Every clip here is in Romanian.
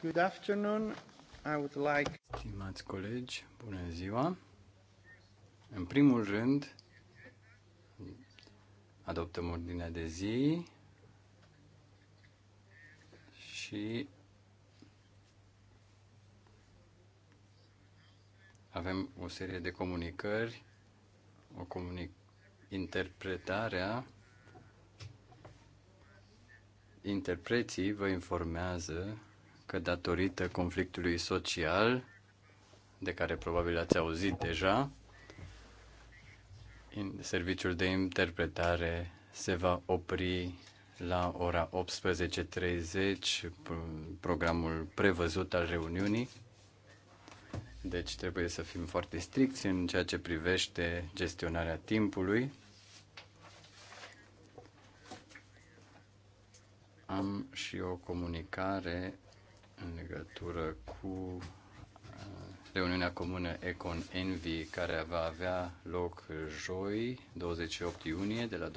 Good afternoon. I would like... Stimați colegi, bună ziua. În primul rând, adoptăm ordinea de zi și avem o serie de comunicări, o comunic interpretarea interpreții vă informează că datorită conflictului social, de care probabil ați auzit deja, serviciul de interpretare se va opri la ora 18.30, programul prevăzut al reuniunii. Deci trebuie să fim foarte stricți în ceea ce privește gestionarea timpului. Am și o comunicare în legătură cu uh, reuniunea comună Econ Envy care va avea loc joi 28 iunie de la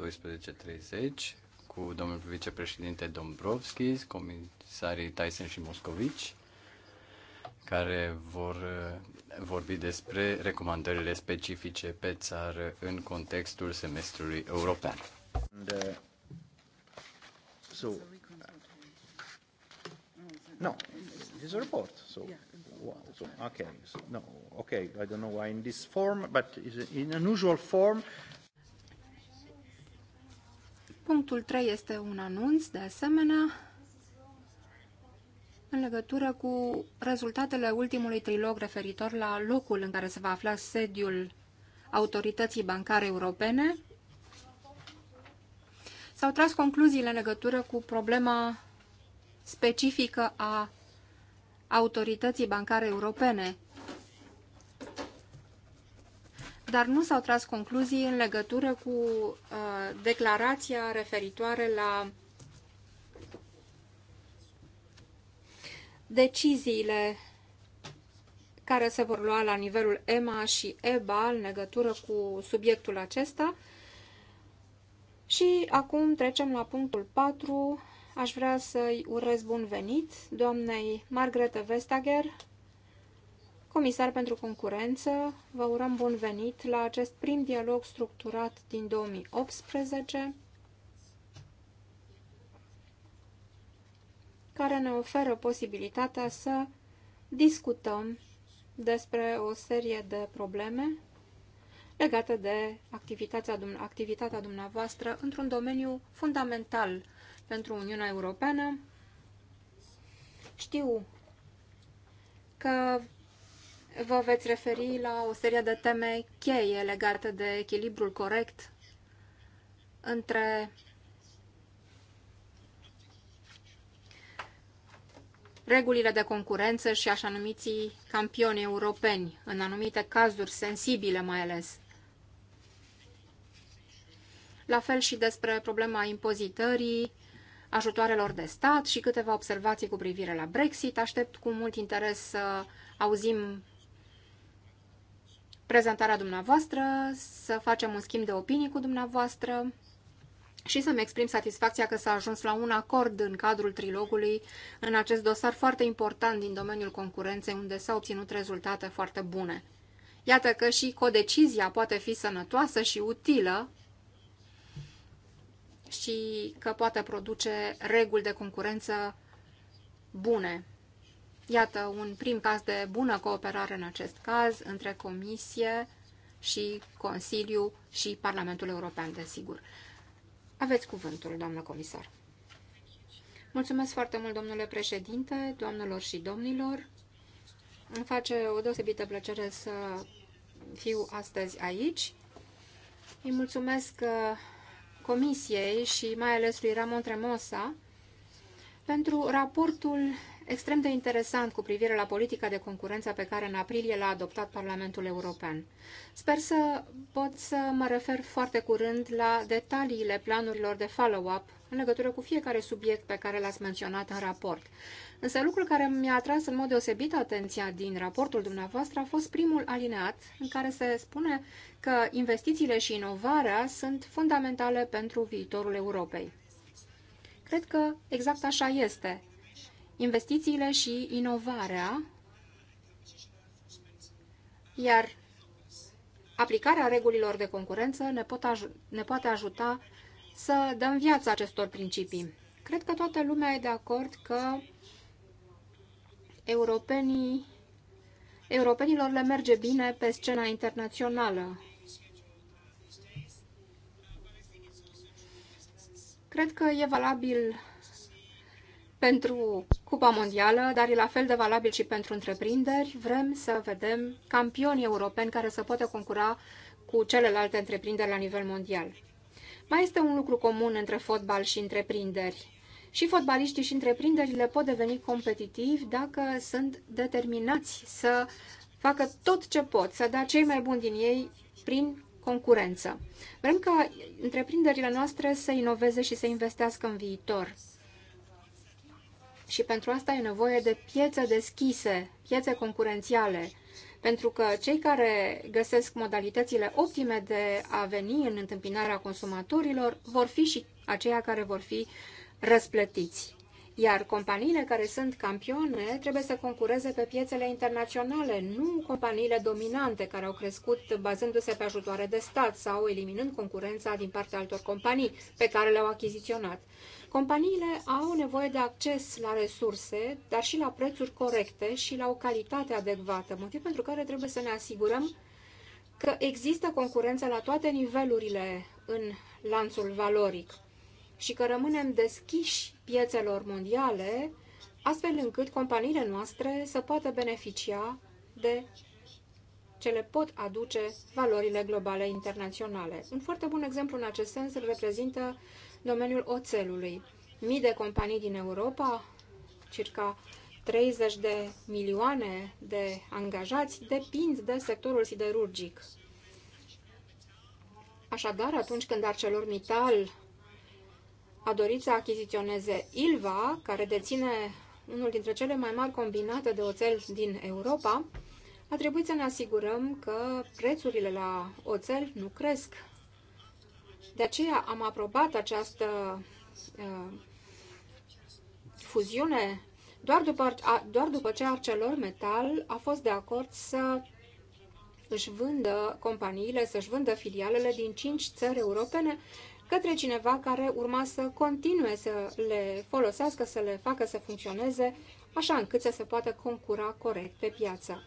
12.30 cu domnul vicepreședinte Dombrovskis, comisarii Tyson și Moscovici care vor uh, vorbi despre recomandările specifice pe țară în contextul semestrului european. And, uh, so, no, is a report. So, yeah, wow, so okay, so, no, okay. I don't know why in this form, but is in an unusual form. Punctul 3 este un anunț, de asemenea, în legătură cu rezultatele ultimului trilog referitor la locul în care se va afla sediul Autorității Bancare Europene. S-au tras concluziile în legătură cu problema specifică a autorității bancare europene, dar nu s-au tras concluzii în legătură cu uh, declarația referitoare la deciziile care se vor lua la nivelul EMA și EBA în legătură cu subiectul acesta. Și acum trecem la punctul 4, Aș vrea să-i urez bun venit doamnei Margrethe Vestager, comisar pentru concurență. Vă urăm bun venit la acest prim dialog structurat din 2018, care ne oferă posibilitatea să discutăm despre o serie de probleme legate de activitatea, activitatea dumneavoastră într-un domeniu fundamental pentru Uniunea Europeană. Știu că vă veți referi la o serie de teme cheie legate de echilibrul corect între regulile de concurență și așa numiții campioni europeni, în anumite cazuri sensibile mai ales. La fel și despre problema impozitării ajutoarelor de stat și câteva observații cu privire la Brexit. Aștept cu mult interes să auzim prezentarea dumneavoastră, să facem un schimb de opinii cu dumneavoastră și să-mi exprim satisfacția că s-a ajuns la un acord în cadrul trilogului în acest dosar foarte important din domeniul concurenței, unde s-au obținut rezultate foarte bune. Iată că și codecizia poate fi sănătoasă și utilă și că poate produce reguli de concurență bune. Iată un prim caz de bună cooperare în acest caz între Comisie și Consiliu și Parlamentul European, desigur. Aveți cuvântul, doamnă comisar. Mulțumesc foarte mult, domnule președinte, doamnelor și domnilor. Îmi face o deosebită plăcere să fiu astăzi aici. Îi mulțumesc Comisiei și mai ales lui Ramon Tremosa pentru raportul extrem de interesant cu privire la politica de concurență pe care în aprilie l-a adoptat Parlamentul European. Sper să pot să mă refer foarte curând la detaliile planurilor de follow-up în legătură cu fiecare subiect pe care l-ați menționat în raport. Însă lucrul care mi-a atras în mod deosebit atenția din raportul dumneavoastră a fost primul alineat în care se spune că investițiile și inovarea sunt fundamentale pentru viitorul Europei. Cred că exact așa este investițiile și inovarea, iar aplicarea regulilor de concurență ne, pot ne poate ajuta să dăm viață acestor principii. Cred că toată lumea e de acord că europenii, europenilor le merge bine pe scena internațională. Cred că e valabil pentru Cupa Mondială, dar e la fel de valabil și pentru întreprinderi. Vrem să vedem campioni europeni care să poată concura cu celelalte întreprinderi la nivel mondial. Mai este un lucru comun între fotbal și întreprinderi. Și fotbaliștii și întreprinderile pot deveni competitivi dacă sunt determinați să facă tot ce pot, să dea cei mai buni din ei prin concurență. Vrem ca întreprinderile noastre să inoveze și să investească în viitor și pentru asta e nevoie de piețe deschise, piețe concurențiale, pentru că cei care găsesc modalitățile optime de a veni în întâmpinarea consumatorilor vor fi și aceia care vor fi răsplătiți. Iar companiile care sunt campioane trebuie să concureze pe piețele internaționale, nu companiile dominante care au crescut bazându-se pe ajutoare de stat sau eliminând concurența din partea altor companii pe care le-au achiziționat. Companiile au nevoie de acces la resurse, dar și la prețuri corecte și la o calitate adecvată, motiv pentru care trebuie să ne asigurăm că există concurență la toate nivelurile în lanțul valoric și că rămânem deschiși piețelor mondiale, astfel încât companiile noastre să poată beneficia de ce le pot aduce valorile globale internaționale. Un foarte bun exemplu în acest sens îl reprezintă domeniul oțelului. Mii de companii din Europa, circa 30 de milioane de angajați, depind de sectorul siderurgic. Așadar, atunci când ArcelorMittal a dorit să achiziționeze Ilva, care deține unul dintre cele mai mari combinate de oțel din Europa, a trebuit să ne asigurăm că prețurile la oțel nu cresc de aceea am aprobat această uh, fuziune doar după, doar după ce ArcelorMittal a fost de acord să își vândă companiile, să-și vândă filialele din cinci țări europene către cineva care urma să continue să le folosească, să le facă să funcționeze, așa încât să se poată concura corect pe piață.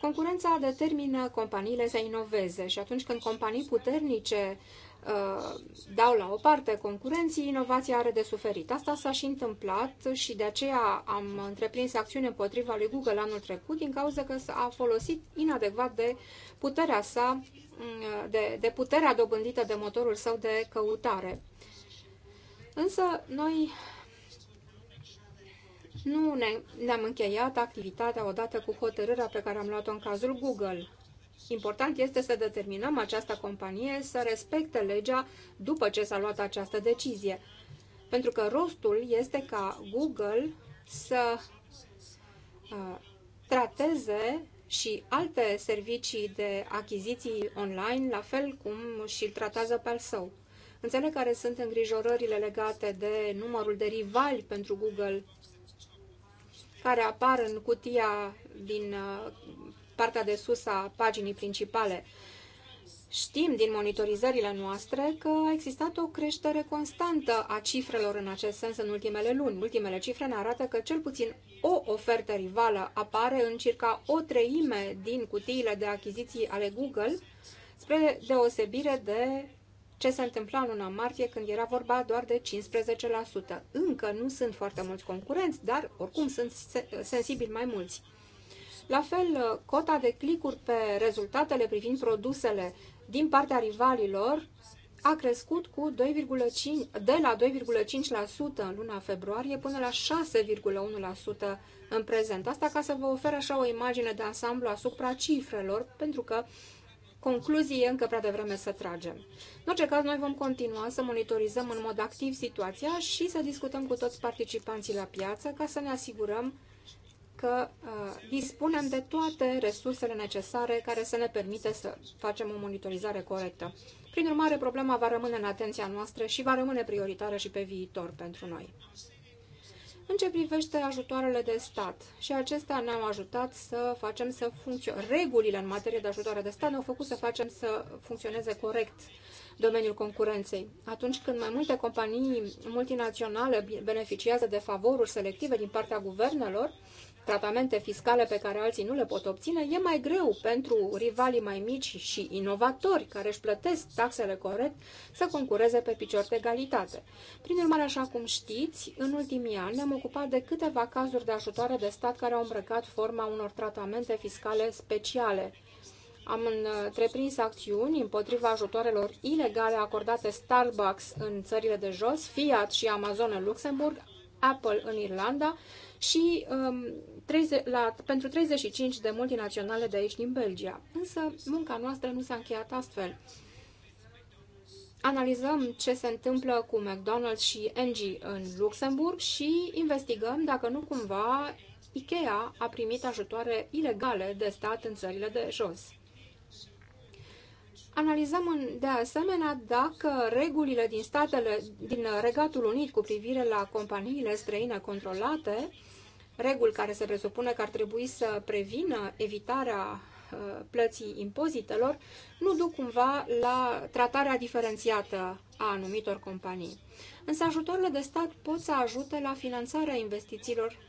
Concurența determină companiile să inoveze și atunci când companii puternice Uh, dau la o parte concurenții, inovația are de suferit. Asta s-a și întâmplat și de aceea am întreprins acțiune împotriva lui Google anul trecut din cauza că s-a folosit inadecvat de puterea sa, mm, de, de puterea dobândită de motorul său de căutare. Însă noi nu ne, ne-am încheiat activitatea odată cu hotărârea pe care am luat-o în cazul Google. Important este să determinăm această companie să respecte legea după ce s-a luat această decizie. Pentru că rostul este ca Google să uh, trateze și alte servicii de achiziții online, la fel cum și îl tratează pe al său. Înțeleg care sunt îngrijorările legate de numărul de rivali pentru Google care apar în cutia din uh, partea de sus a paginii principale. Știm din monitorizările noastre că a existat o creștere constantă a cifrelor în acest sens în ultimele luni. Ultimele cifre ne arată că cel puțin o ofertă rivală apare în circa o treime din cutiile de achiziții ale Google, spre deosebire de ce se întâmpla în luna martie când era vorba doar de 15%. Încă nu sunt foarte mulți concurenți, dar oricum sunt sensibil mai mulți. La fel, uh, cota de clicuri pe rezultatele privind produsele din partea rivalilor a crescut cu 2,5, de la 2,5% în luna februarie până la 6,1% în prezent. Asta ca să vă ofer așa o imagine de ansamblu asupra cifrelor, pentru că concluzie încă prea devreme să tragem. În orice caz, noi vom continua să monitorizăm în mod activ situația și să discutăm cu toți participanții la piață ca să ne asigurăm că uh, dispunem de toate resursele necesare care să ne permite să facem o monitorizare corectă. Prin urmare, problema va rămâne în atenția noastră și va rămâne prioritară și pe viitor pentru noi. În ce privește ajutoarele de stat, și acestea ne-au ajutat să facem să funcționeze, regulile în materie de ajutoare de stat ne-au făcut să facem să funcționeze corect domeniul concurenței. Atunci când mai multe companii multinaționale beneficiază de favoruri selective din partea guvernelor, tratamente fiscale pe care alții nu le pot obține, e mai greu pentru rivalii mai mici și inovatori care își plătesc taxele corect să concureze pe picior de egalitate. Prin urmare, așa cum știți, în ultimii ani ne-am ocupat de câteva cazuri de ajutoare de stat care au îmbrăcat forma unor tratamente fiscale speciale. Am uh, întreprins acțiuni împotriva ajutoarelor ilegale acordate Starbucks în țările de jos, Fiat și Amazon în Luxemburg, Apple în Irlanda, și um, 30, la, pentru 35 de multinaționale de aici din Belgia. Însă munca noastră nu s-a încheiat astfel. Analizăm ce se întâmplă cu McDonald's și Engie în Luxemburg și investigăm dacă nu cumva IKEA a primit ajutoare ilegale de stat în țările de jos. Analizăm de asemenea dacă regulile din statele din Regatul Unit cu privire la companiile străine controlate, reguli care se presupune că ar trebui să prevină evitarea uh, plății impozitelor, nu duc cumva la tratarea diferențiată a anumitor companii. Însă ajutorile de stat pot să ajute la finanțarea investițiilor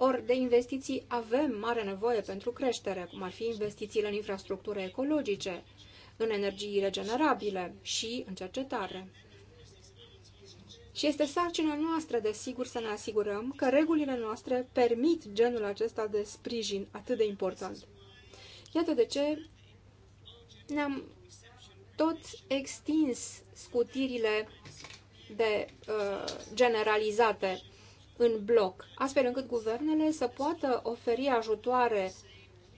Ori de investiții avem mare nevoie pentru creștere, cum ar fi investițiile în infrastructură ecologice, în energii regenerabile și în cercetare. Și este sarcina noastră, desigur, să ne asigurăm că regulile noastre permit genul acesta de sprijin atât de important. Iată de ce ne-am tot extins scutirile de uh, generalizate în bloc, astfel încât guvernele să poată oferi ajutoare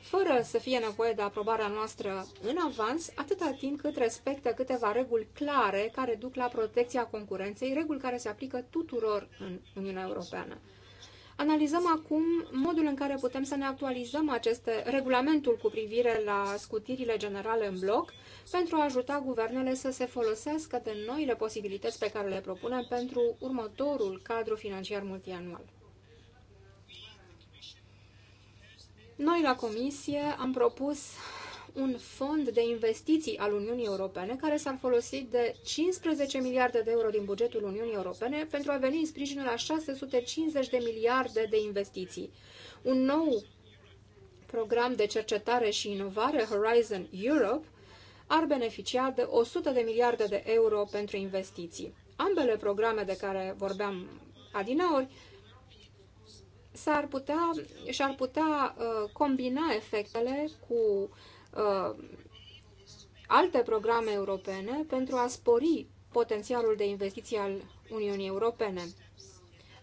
fără să fie nevoie de aprobarea noastră în avans, atâta timp cât respectă câteva reguli clare care duc la protecția concurenței, reguli care se aplică tuturor în Uniunea Europeană. Analizăm acum modul în care putem să ne actualizăm aceste regulamentul cu privire la scutirile generale în bloc pentru a ajuta guvernele să se folosească de noile posibilități pe care le propunem pentru următorul cadru financiar multianual. Noi, la Comisie, am propus un fond de investiții al Uniunii Europene care s-ar folosi de 15 miliarde de euro din bugetul Uniunii Europene pentru a veni în sprijinul la 650 de miliarde de investiții. Un nou program de cercetare și inovare, Horizon Europe, ar beneficia de 100 de miliarde de euro pentru investiții. Ambele programe de care vorbeam adinaori s-ar putea, și-ar putea uh, combina efectele cu uh, alte programe europene pentru a spori potențialul de investiții al Uniunii Europene.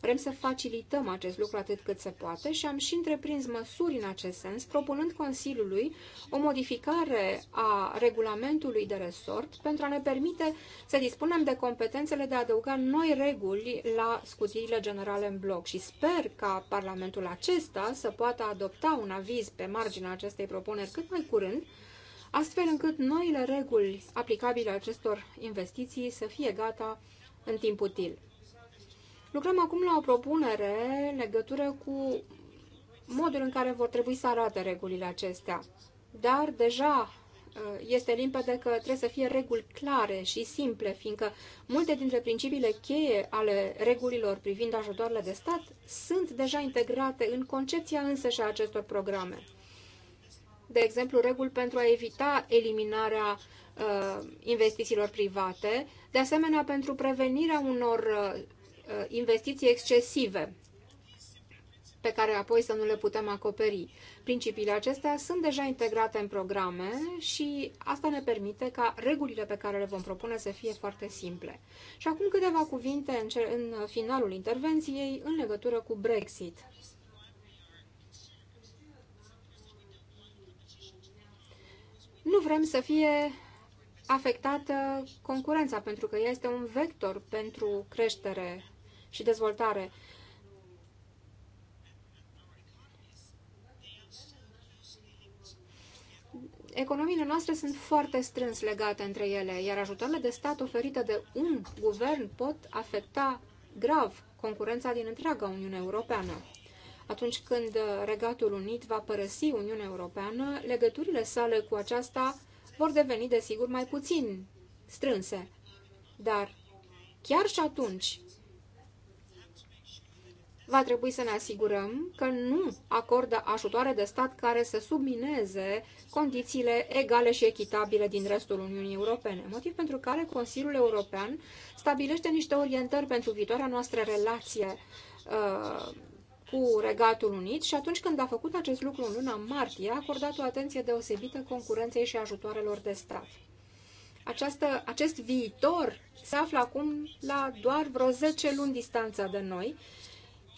Vrem să facilităm acest lucru atât cât se poate și am și întreprins măsuri în acest sens, propunând Consiliului o modificare a regulamentului de resort pentru a ne permite să dispunem de competențele de a adăuga noi reguli la scutirile generale în bloc și sper ca Parlamentul acesta să poată adopta un aviz pe marginea acestei propuneri cât mai curând, astfel încât noile reguli aplicabile acestor investiții să fie gata în timp util. Lucrăm acum la o propunere în legătură cu modul în care vor trebui să arate regulile acestea. Dar deja uh, este limpede că trebuie să fie reguli clare și simple, fiindcă multe dintre principiile cheie ale regulilor privind ajutoarele de stat sunt deja integrate în concepția și a acestor programe. De exemplu, reguli pentru a evita eliminarea uh, investițiilor private, de asemenea pentru prevenirea unor uh, Uh, investiții excesive pe care apoi să nu le putem acoperi. Principiile acestea sunt deja integrate în programe și asta ne permite ca regulile pe care le vom propune să fie foarte simple. Și acum câteva cuvinte în, ce, în finalul intervenției în legătură cu Brexit. Nu vrem să fie afectată concurența, pentru că ea este un vector pentru creștere și dezvoltare. Economiile noastre sunt foarte strâns legate între ele, iar ajutoarele de stat oferite de un guvern pot afecta grav concurența din întreaga Uniune Europeană. Atunci când Regatul Unit va părăsi Uniunea Europeană, legăturile sale cu aceasta vor deveni, desigur, mai puțin strânse. Dar chiar și atunci va trebui să ne asigurăm că nu acordă ajutoare de stat care să submineze condițiile egale și echitabile din restul Uniunii Europene, motiv pentru care Consiliul European stabilește niște orientări pentru viitoarea noastră relație uh, cu Regatul Unit și atunci când a făcut acest lucru în luna martie, a acordat o atenție deosebită concurenței și ajutoarelor de stat. Această, acest viitor se află acum la doar vreo 10 luni distanță de noi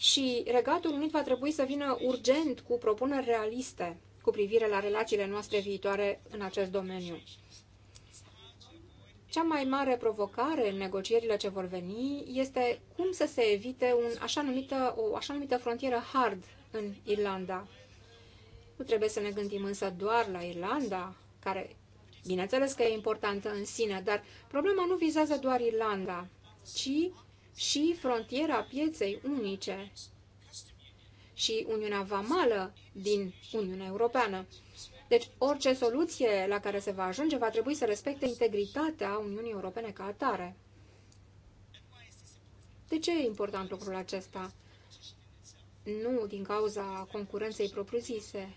și Regatul Unit va trebui să vină urgent cu propuneri realiste cu privire la relațiile noastre viitoare în acest domeniu. Cea mai mare provocare în negocierile ce vor veni este cum să se evite un așa numită, o așa numită frontieră hard în Irlanda. Nu trebuie să ne gândim însă doar la Irlanda, care bineînțeles că e importantă în sine, dar problema nu vizează doar Irlanda, ci și frontiera pieței unice și Uniunea Vamală din Uniunea Europeană. Deci orice soluție la care se va ajunge va trebui să respecte integritatea Uniunii Europene ca atare. De ce e important lucrul acesta? Nu din cauza concurenței propriu-zise,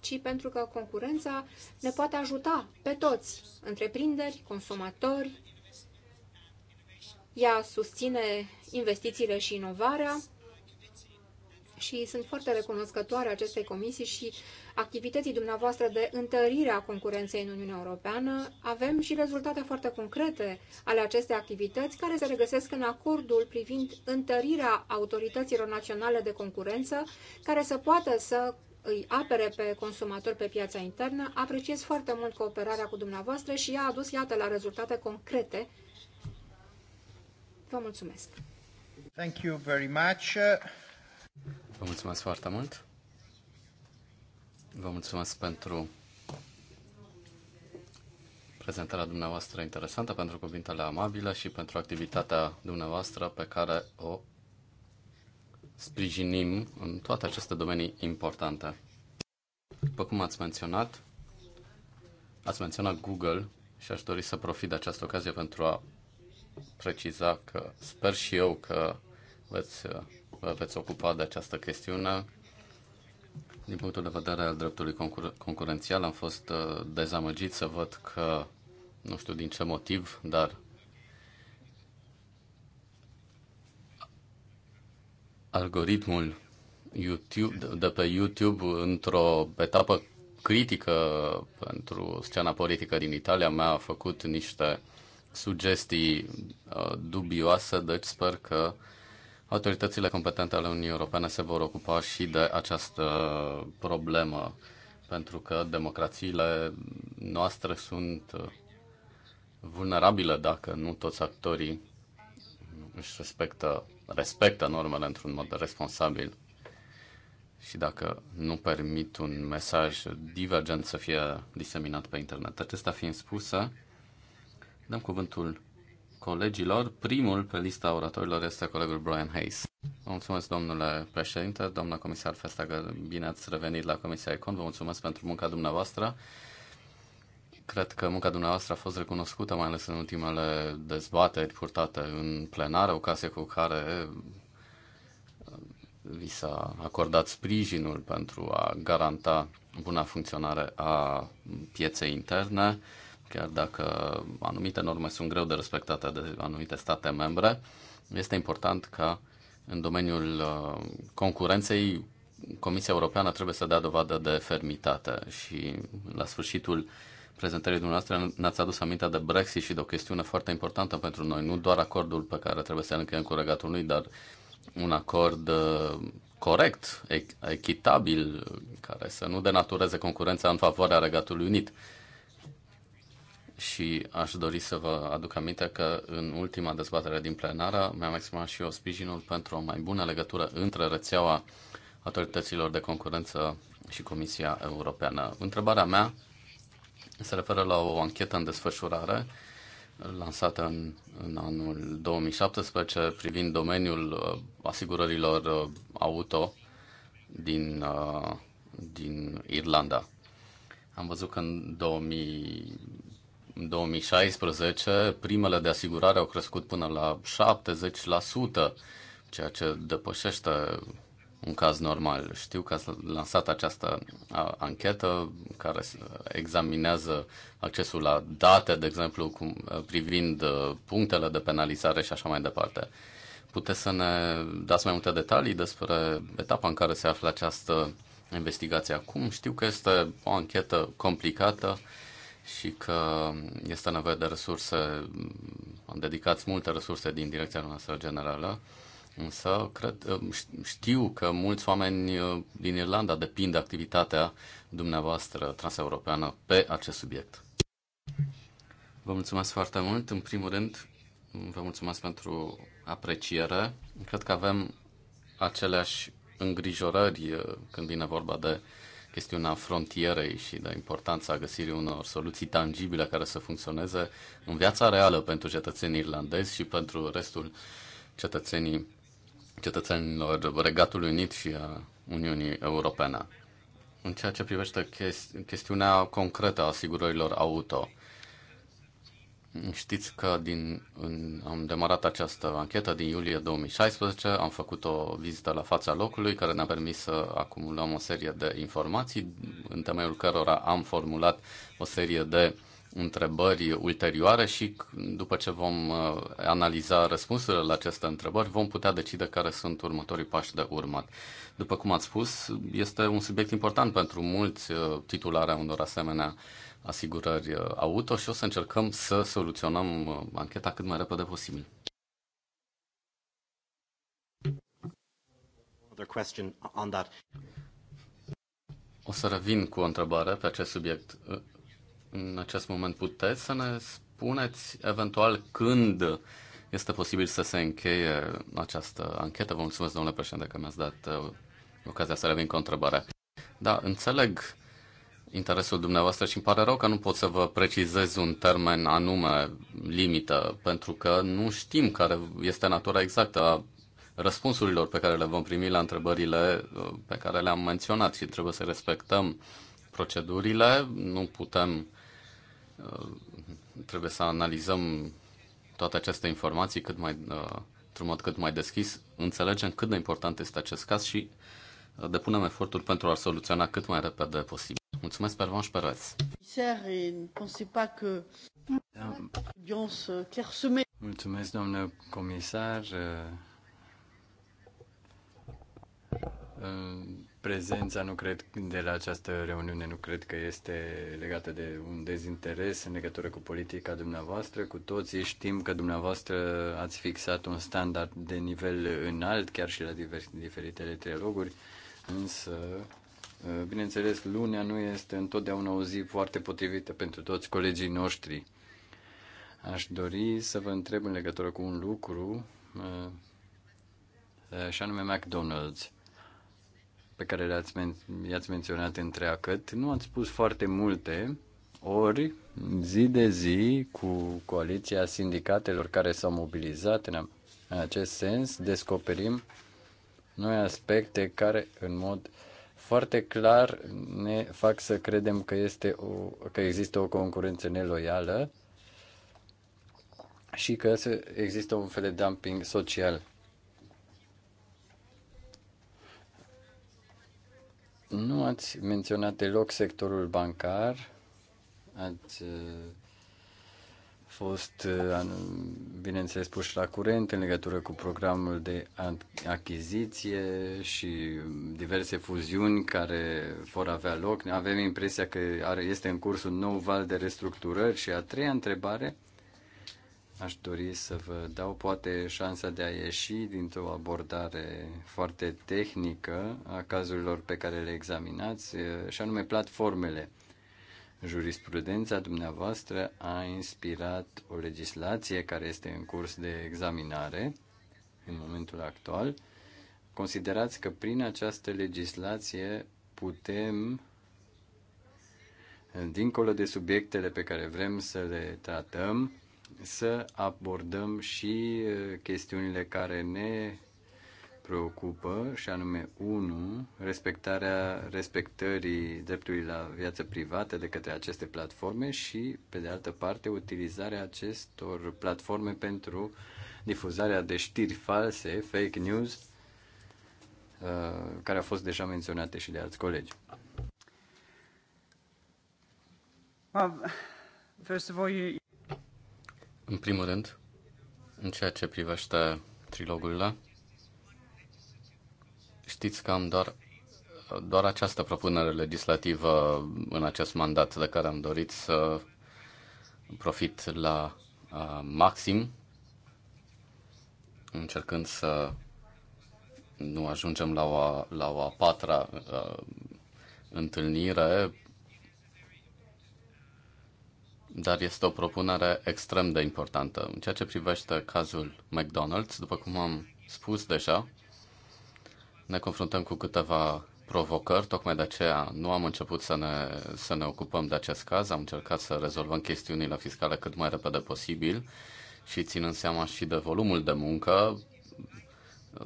ci pentru că concurența ne poate ajuta pe toți, întreprinderi, consumatori, ea susține investițiile și inovarea și sunt foarte recunoscătoare acestei comisii și activității dumneavoastră de întărire a concurenței în Uniunea Europeană. Avem și rezultate foarte concrete ale acestei activități care se regăsesc în acordul privind întărirea autorităților naționale de concurență care să poată să îi apere pe consumatori pe piața internă. Apreciez foarte mult cooperarea cu dumneavoastră și ea a adus, iată, la rezultate concrete Vă mulțumesc! Thank you very much. Vă mulțumesc foarte mult! Vă mulțumesc pentru prezentarea dumneavoastră interesantă, pentru cuvintele amabile și pentru activitatea dumneavoastră pe care o sprijinim în toate aceste domenii importante. După cum ați menționat, ați menționat Google și aș dori să profit de această ocazie pentru a preciza că sper și eu că veți, vă veți ocupa de această chestiune. Din punctul de vedere al dreptului concur- concurențial am fost uh, dezamăgit să văd că, nu știu din ce motiv, dar algoritmul YouTube, de pe YouTube într-o etapă critică pentru scena politică din Italia mi-a făcut niște sugestii uh, dubioase, deci sper că autoritățile competente ale Uniunii Europene se vor ocupa și de această problemă, pentru că democrațiile noastre sunt uh, vulnerabile dacă nu toți actorii își respectă, respectă normele într-un mod responsabil și dacă nu permit un mesaj divergent să fie diseminat pe internet. Acestea fiind spusă, Dăm cuvântul colegilor. Primul pe lista oratorilor este colegul Brian Hayes. Vă mulțumesc, domnule președinte, doamna comisar Festager, bine ați revenit la Comisia Econ. Vă mulțumesc pentru munca dumneavoastră. Cred că munca dumneavoastră a fost recunoscută, mai ales în ultimele dezbateri purtate în plenară, ocazie cu care uh, vi s-a acordat sprijinul pentru a garanta buna funcționare a pieței interne. Chiar dacă anumite norme sunt greu de respectate de anumite state membre, este important ca în domeniul uh, concurenței Comisia Europeană trebuie să dea dovadă de fermitate și la sfârșitul prezentării dumneavoastră ne-ați adus aminte de Brexit și de o chestiune foarte importantă pentru noi, nu doar acordul pe care trebuie să-l încheiem cu Regatul lui, dar un acord uh, corect, echitabil, care să nu denatureze concurența în favoarea Regatului Unit și aș dori să vă aduc aminte că în ultima dezbatere din plenară mi-am exprimat și eu sprijinul pentru o mai bună legătură între rețeaua autorităților de concurență și Comisia Europeană. Întrebarea mea se referă la o anchetă în desfășurare lansată în, în anul 2017 privind domeniul uh, asigurărilor uh, auto din, uh, din Irlanda. Am văzut că în 2000 2016 primele de asigurare au crescut până la 70%, ceea ce depășește un caz normal. Știu că ați lansat această anchetă care examinează accesul la date, de exemplu, cum, privind punctele de penalizare și așa mai departe. Puteți să ne dați mai multe detalii despre etapa în care se află această investigație acum? Știu că este o anchetă complicată și că este nevoie de resurse, am dedicat multe resurse din direcția noastră generală, însă cred, știu că mulți oameni uh, din Irlanda depind de activitatea dumneavoastră transeuropeană pe acest subiect. Vă mulțumesc foarte mult. În primul rând, vă mulțumesc pentru apreciere. Cred că avem aceleași îngrijorări uh, când vine vorba de uh, chestiunea frontierei și de importanța găsirii unor soluții tangibile care să funcționeze în viața reală pentru cetățenii irlandezi și pentru restul cetățenii, cetățenilor Regatului Unit și a Uniunii Europene. În ceea ce privește chesti- chestiunea concretă a asigurărilor auto, Știți că din, în, am demarat această anchetă din iulie 2016, am făcut o vizită la fața locului care ne-a permis să acumulăm o serie de informații, în temeiul cărora am formulat o serie de întrebări ulterioare și după ce vom uh, analiza răspunsurile la aceste întrebări, vom putea decide care sunt următorii pași de urmat. După cum ați spus, este un subiect important pentru mulți uh, titularea unor asemenea asigurări uh, auto și o să încercăm să soluționăm uh, ancheta cât mai repede posibil. O să revin cu o întrebare pe acest subiect. Uh, în acest moment puteți să ne spuneți eventual când este posibil să se încheie această anchetă? Vă mulțumesc, domnule președinte, că mi-ați dat ocazia să revin cu o întrebare. Da, înțeleg interesul dumneavoastră și îmi pare rău că nu pot să vă precizez un termen anume limită, pentru că nu știm care este natura exactă a răspunsurilor pe care le vom primi la întrebările uh, pe care le-am menționat și trebuie să respectăm procedurile, nu putem, uh, trebuie să analizăm toate aceste informații cât mai, uh, într-un mod cât mai deschis, înțelegem cât de important este acest caz și depunem eforturi pentru a-l soluționa cât mai repede posibil. Mulțumesc, Pervanș Perez. Mulțumesc, doamnă comisar. Prezența, nu cred, de la această reuniune nu cred că este legată de un dezinteres în legătură cu politica dumneavoastră. Cu toții știm că dumneavoastră ați fixat un standard de nivel înalt, chiar și la diver- diferitele triloguri, însă Eh, bineînțeles, lunea nu este întotdeauna o zi foarte potrivită pentru toți colegii noștri. Aș dori să vă întreb în legătură cu un lucru, eh, eh, și anume McDonald's, pe care le-ați men- i-ați menționat întreagăt. Nu ați spus foarte multe, ori zi de zi cu coaliția sindicatelor care s-au mobilizat în acest sens, descoperim noi aspecte care în mod foarte clar ne fac să credem că, este o, că există o concurență neloială și că există un fel de dumping social. Nu ați menționat deloc sectorul bancar, ați fost, uh, bineînțeles, puși la curent în legătură cu programul de achiziție și diverse fuziuni care vor avea loc. Avem impresia că are, este în curs un nou val de restructurări și a treia întrebare aș dori să vă dau poate șansa de a ieși dintr-o abordare foarte tehnică a cazurilor pe care le examinați, uh, și anume platformele. Jurisprudența dumneavoastră a inspirat o legislație care este în curs de examinare în momentul actual. Considerați că prin această legislație putem, dincolo de subiectele pe care vrem să le tratăm, să abordăm și uh, chestiunile care ne preocupă, și anume 1. Respectarea respectării dreptului la viață privată de către aceste platforme și, pe de altă parte, utilizarea acestor platforme pentru difuzarea de știri false, fake news, uh, care au fost deja menționate și de alți colegi. În primul rând, în ceea ce privește trilogul la Știți că am doar, doar această propunere legislativă în acest mandat de care am dorit să profit la uh, maxim, încercând să nu ajungem la o, la o a patra uh, întâlnire, dar este o propunere extrem de importantă. În ceea ce privește cazul McDonald's, după cum am spus deja, ne confruntăm cu câteva provocări, tocmai de aceea nu am început să ne, să ne ocupăm de acest caz, am încercat să rezolvăm chestiunile fiscale cât mai repede posibil și ținând seama și de volumul de muncă,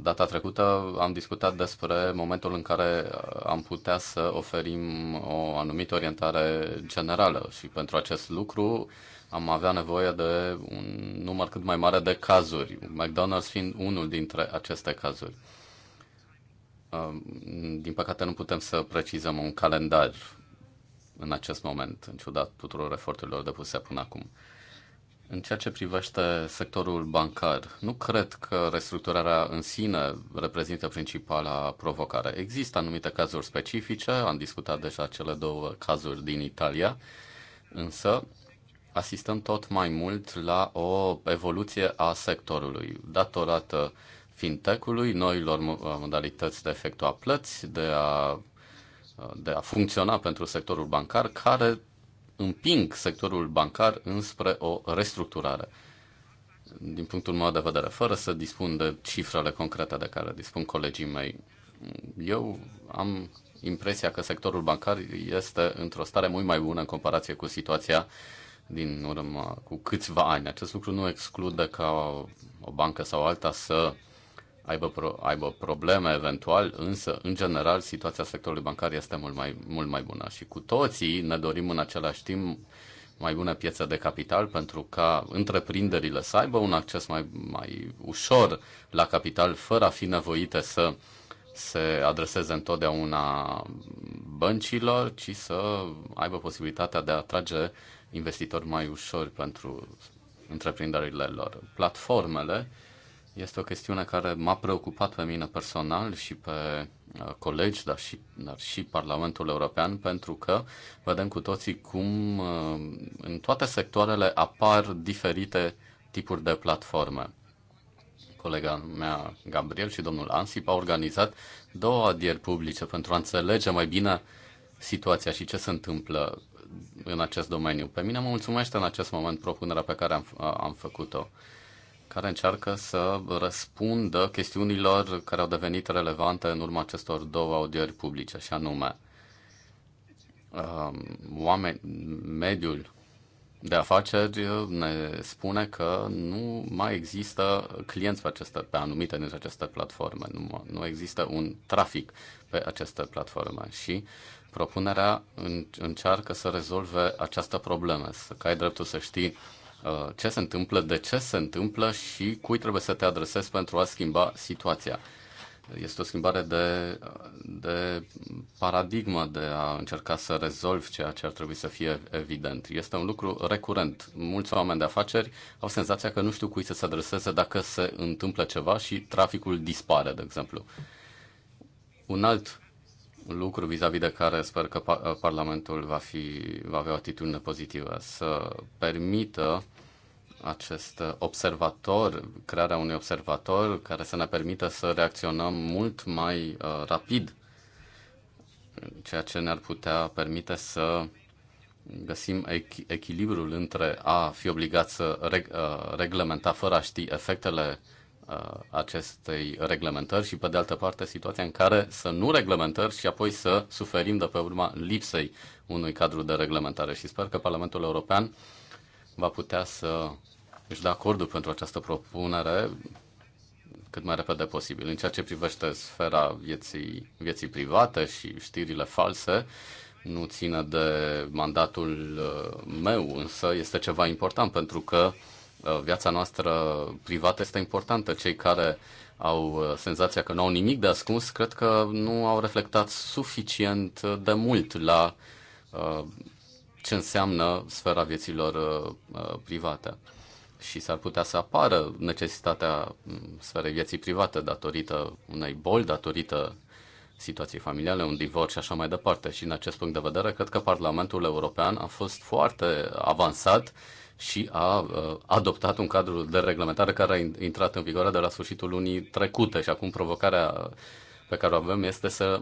data trecută am discutat despre momentul în care am putea să oferim o anumită orientare generală și pentru acest lucru am avea nevoie de un număr cât mai mare de cazuri, McDonald's fiind unul dintre aceste cazuri. Um, din păcate nu putem să precizăm un calendar în acest moment, în ciuda tuturor eforturilor depuse până acum. În ceea ce privește sectorul bancar, nu cred că restructurarea în sine reprezintă principala provocare. Există anumite cazuri specifice, am discutat deja cele două cazuri din Italia, însă asistăm tot mai mult la o evoluție a sectorului datorată uh, fintech-ului, noilor uh, modalități de efectua plăți, de a, uh, de a funcționa pentru sectorul bancar, care împing sectorul bancar înspre o restructurare. Din punctul meu de vedere, fără să dispun de cifrele concrete de care dispun colegii mei, eu am impresia că sectorul bancar este într-o stare mult mai bună în comparație cu situația din urmă cu câțiva ani. Acest lucru nu exclude ca o, o bancă sau alta să uh, aibă, pro, aibă probleme eventual, însă, în general, situația sectorului bancar este mult mai, mult mai bună și cu toții ne dorim în același timp mai bună piață de capital pentru ca întreprinderile să aibă un acces mai, mai ușor la capital fără a fi nevoite să se adreseze întotdeauna băncilor, ci să aibă posibilitatea de a atrage investitori mai ușor pentru întreprinderile lor. Platformele este o chestiune care m-a preocupat pe mine personal și pe uh, colegi, dar și, dar și Parlamentul European, pentru că vedem cu toții cum uh, în toate sectoarele apar diferite tipuri de platforme. Colega mea, Gabriel și domnul Ansip, au organizat două adieri publice pentru a înțelege mai bine situația și ce se întâmplă în acest domeniu. Pe mine mă mulțumește în acest moment propunerea pe care am, uh, am făcut-o. Uh, care încearcă să răspundă chestiunilor care au devenit relevante în urma acestor două audieri publice, și anume um, oameni, mediul de afaceri ne spune că nu mai există clienți pe, aceste, pe anumite dintre aceste platforme, nu, nu există un trafic pe aceste platforme și propunerea în, încearcă să rezolve această problemă, să, ai dreptul să știi Uh, ce se întâmplă, de ce se întâmplă și cui trebuie să te adresezi pentru a schimba situația. Este o schimbare de, de paradigmă de a încerca să rezolvi ceea ce ar trebui să fie evident. Este un lucru recurent. Mulți oameni de afaceri au senzația că nu știu cui să se adreseze dacă se întâmplă ceva și traficul dispare, de exemplu. Un alt lucru vis-a-vis -vis de care sper că Parlamentul va, fi, va avea o atitudine pozitivă, să permită acest observator, crearea unui observator care să ne permită să reacționăm mult mai uh, rapid, ceea ce ne-ar putea permite să găsim echilibrul între a fi obligat să reg- uh, reglementa fără a ști efectele uh, Uh, acestei reglementări și, pe de altă parte, situația în care să nu reglementări și apoi să suferim de pe urma lipsei unui cadru de reglementare. Și sper că Parlamentul European va putea să își dea acordul pentru această propunere cât mai repede posibil. În ceea ce privește sfera vieții, vieții private și știrile false, nu ține de mandatul uh, meu, însă este ceva important pentru că Uh, viața noastră privată este importantă. Cei care au uh, senzația că nu au nimic de ascuns, cred că nu au reflectat suficient uh, de mult la ce înseamnă sfera vieților private. Și s-ar putea să apară necesitatea mm, sferei vieții private datorită unei boli, datorită situației familiale, un divorț și așa mai departe. Și în acest punct de vedere, cred că Parlamentul European a fost foarte avansat și a uh, adoptat un cadru de reglementare care a intrat în vigoare de la sfârșitul lunii trecute și acum provocarea pe care o avem este să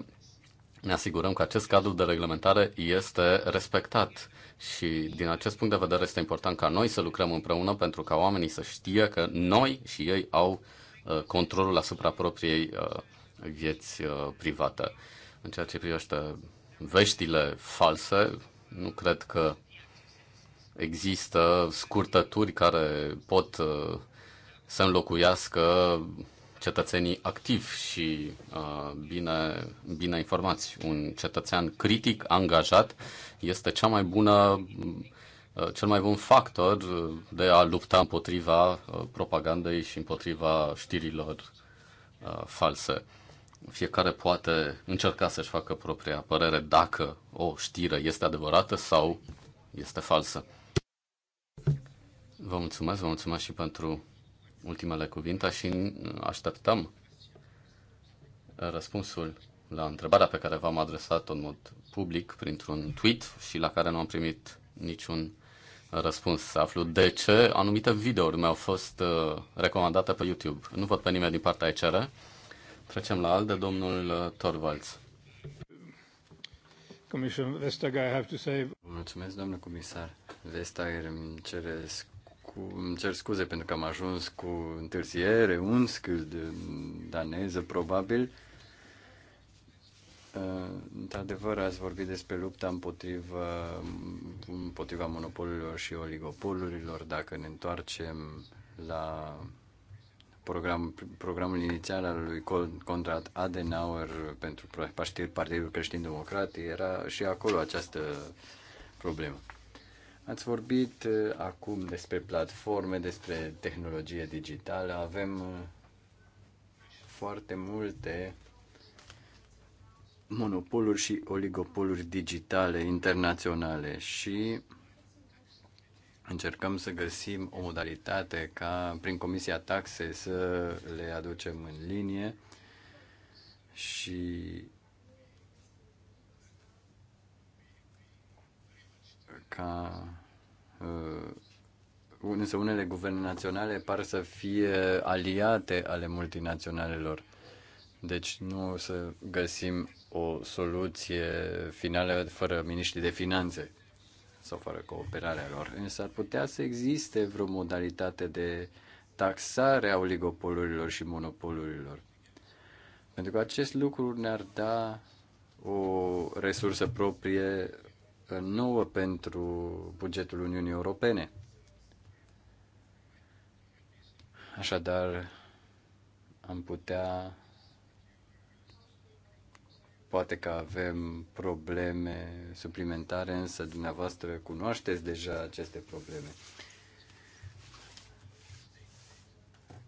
ne asigurăm că acest cadru de reglementare este respectat și din acest punct de vedere este important ca noi să lucrăm împreună pentru ca oamenii să știe că noi și ei au uh, controlul asupra propriei uh, vieți private. În ceea ce privește veștile false, nu cred că există scurtături care pot uh, să înlocuiască cetățenii activi și uh, bine, bine informați. Un cetățean critic, angajat, este cea mai bună, uh, cel mai bun factor de a lupta împotriva propagandei și împotriva știrilor false. Fiecare poate încerca să-și facă propria părere dacă o știre este adevărată sau este falsă. Vă mulțumesc, vă mulțumesc și pentru ultimele cuvinte și așteptăm răspunsul la întrebarea pe care v-am adresat-o în mod public printr-un tweet și la care nu am primit niciun răspuns. Să aflu de ce anumite videouri mi-au fost uh, recomandate pe YouTube. Nu văd pe nimeni din partea ECR. Trecem la alt de domnul uh, Torvalds. Vestager, I have to say. Mulțumesc, domnule comisar. Vestager îmi cere cu, îmi cer scuze pentru că am ajuns cu întârziere, un de daneză probabil. Uh, într-adevăr, ați vorbit despre lupta împotriva, împotriva monopolurilor și oligopolurilor. Dacă ne întoarcem la program, programul inițial al lui Conrad Adenauer pentru Partidul Creștin Democrat, era și acolo această problemă. Ați vorbit uh, acum despre platforme, despre tehnologie digitală. Avem uh, foarte multe monopoluri și oligopoluri digitale internaționale și încercăm să găsim o modalitate ca prin Comisia Taxe să le aducem în linie și ca uh, însă unele guverne naționale par să fie aliate ale multinaționalelor. Deci nu o să găsim o soluție finală fără miniștri de finanțe sau fără cooperarea lor. Însă ar putea să existe vreo modalitate de taxare a oligopolurilor și monopolurilor. Pentru că acest lucru ne-ar da o resursă proprie nouă pentru bugetul Uniunii Europene. Așadar, am putea poate că avem probleme suplimentare, însă dumneavoastră cunoașteți deja aceste probleme.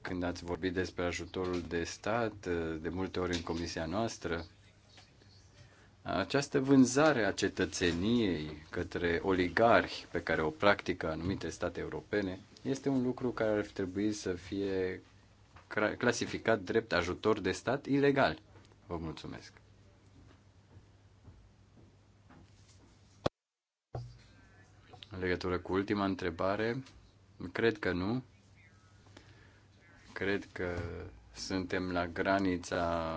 Când ați vorbit despre ajutorul de stat, de multe ori în comisia noastră, această vânzare a cetățeniei către oligarhi pe care o practică anumite state europene este un lucru care ar trebui să fie clasificat drept ajutor de stat ilegal. Vă mulțumesc. În legătură cu ultima întrebare, cred că nu. Cred că suntem la granița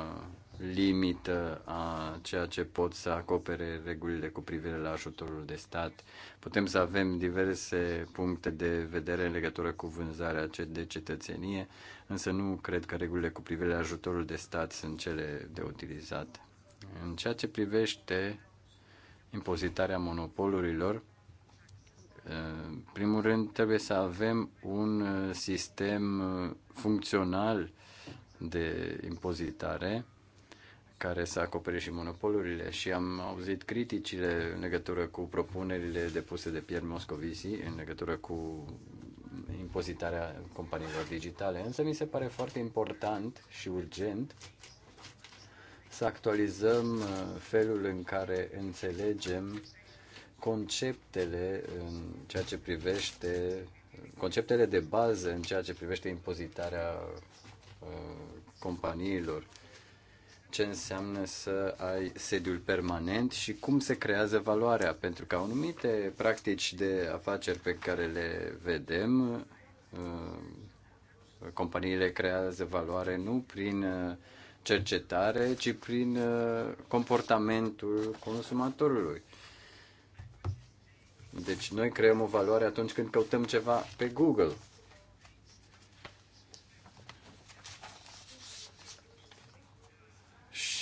limită a ceea ce pot să acopere regulile cu privire la ajutorul de stat. Putem să avem diverse puncte de vedere în legătură cu vânzarea de cetățenie, însă nu cred că regulile cu privire la ajutorul de stat sunt cele de utilizat. În ceea ce privește impozitarea monopolurilor, în primul rând trebuie să avem un sistem funcțional de impozitare care să acopere și monopolurile și am auzit criticile în legătură cu propunerile depuse de Pierre Moscovici în legătură cu impozitarea companiilor digitale, însă mi se pare foarte important și urgent să actualizăm uh, felul în care înțelegem conceptele în ceea ce privește conceptele de bază în ceea ce privește impozitarea uh, companiilor ce înseamnă să ai sediul permanent și cum se creează valoarea, pentru că anumite practici de afaceri pe care le vedem, uh, companiile creează valoare nu prin uh, cercetare, ci prin uh, comportamentul consumatorului. Deci noi creăm o valoare atunci când căutăm ceva pe Google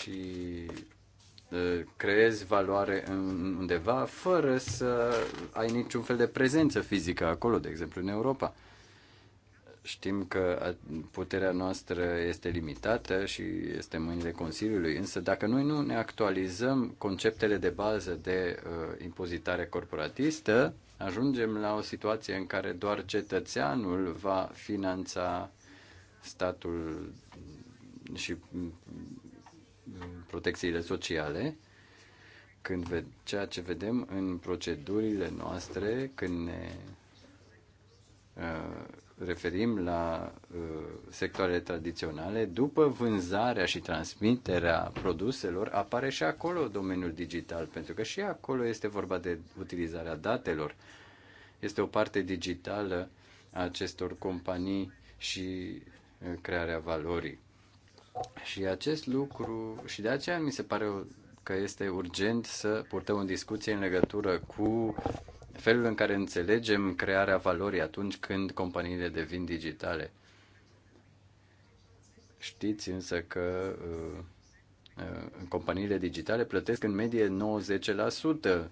și creezi valoare undeva fără să ai niciun fel de prezență fizică acolo, de exemplu în Europa. Știm că puterea noastră este limitată și este în mâinile Consiliului, însă dacă noi nu ne actualizăm conceptele de bază de uh, impozitare corporatistă, ajungem la o situație în care doar cetățeanul va finanța statul și protecțiile sociale, când ceea ce vedem în procedurile noastre, când ne uh, referim la uh, sectoarele tradiționale, după vânzarea și transmiterea produselor, apare și acolo domeniul digital, pentru că și acolo este vorba de utilizarea datelor. Este o parte digitală a acestor companii și uh, crearea valorii. Și acest lucru, și de aceea mi se pare că este urgent să purtăm o discuție în legătură cu felul în care înțelegem crearea valorii atunci când companiile devin digitale. Știți însă că uh, uh, companiile digitale plătesc în medie 90%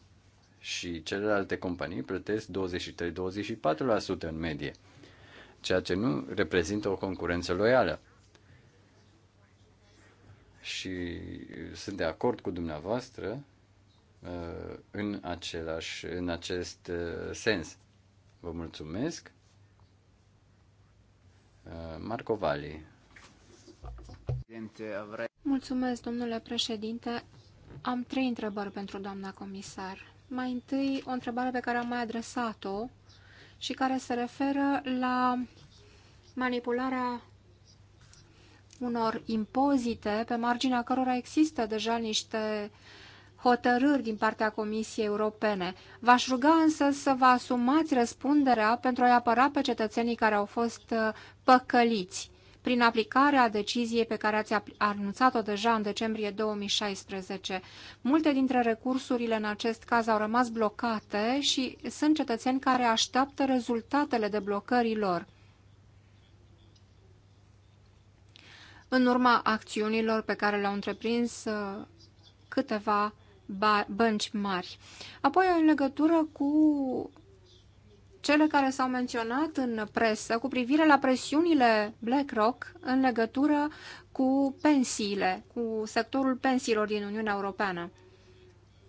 și celelalte companii plătesc 23-24% în medie, ceea ce nu reprezintă o concurență loială și uh, sunt de acord cu dumneavoastră uh, în, același, în acest uh, sens. Vă mulțumesc. Marco Vali. Mulțumesc, domnule președinte. Am trei întrebări pentru doamna comisar. Mai întâi, o întrebare pe care am mai adresat-o și care se referă la manipularea unor impozite pe marginea cărora există deja niște hotărâri din partea Comisiei Europene. V-aș ruga însă să vă asumați răspunderea pentru a-i apăra pe cetățenii care au fost uh, păcăliți prin aplicarea deciziei pe care ați anunțat-o deja în decembrie 2016. Multe dintre recursurile în acest caz au rămas blocate și sunt cetățeni care așteaptă rezultatele deblocărilor. lor. în urma acțiunilor pe care le-au întreprins uh, câteva bănci mari. Apoi, în legătură cu cele care s-au menționat în presă cu privire la presiunile BlackRock în legătură cu pensiile, cu sectorul pensiilor din Uniunea Europeană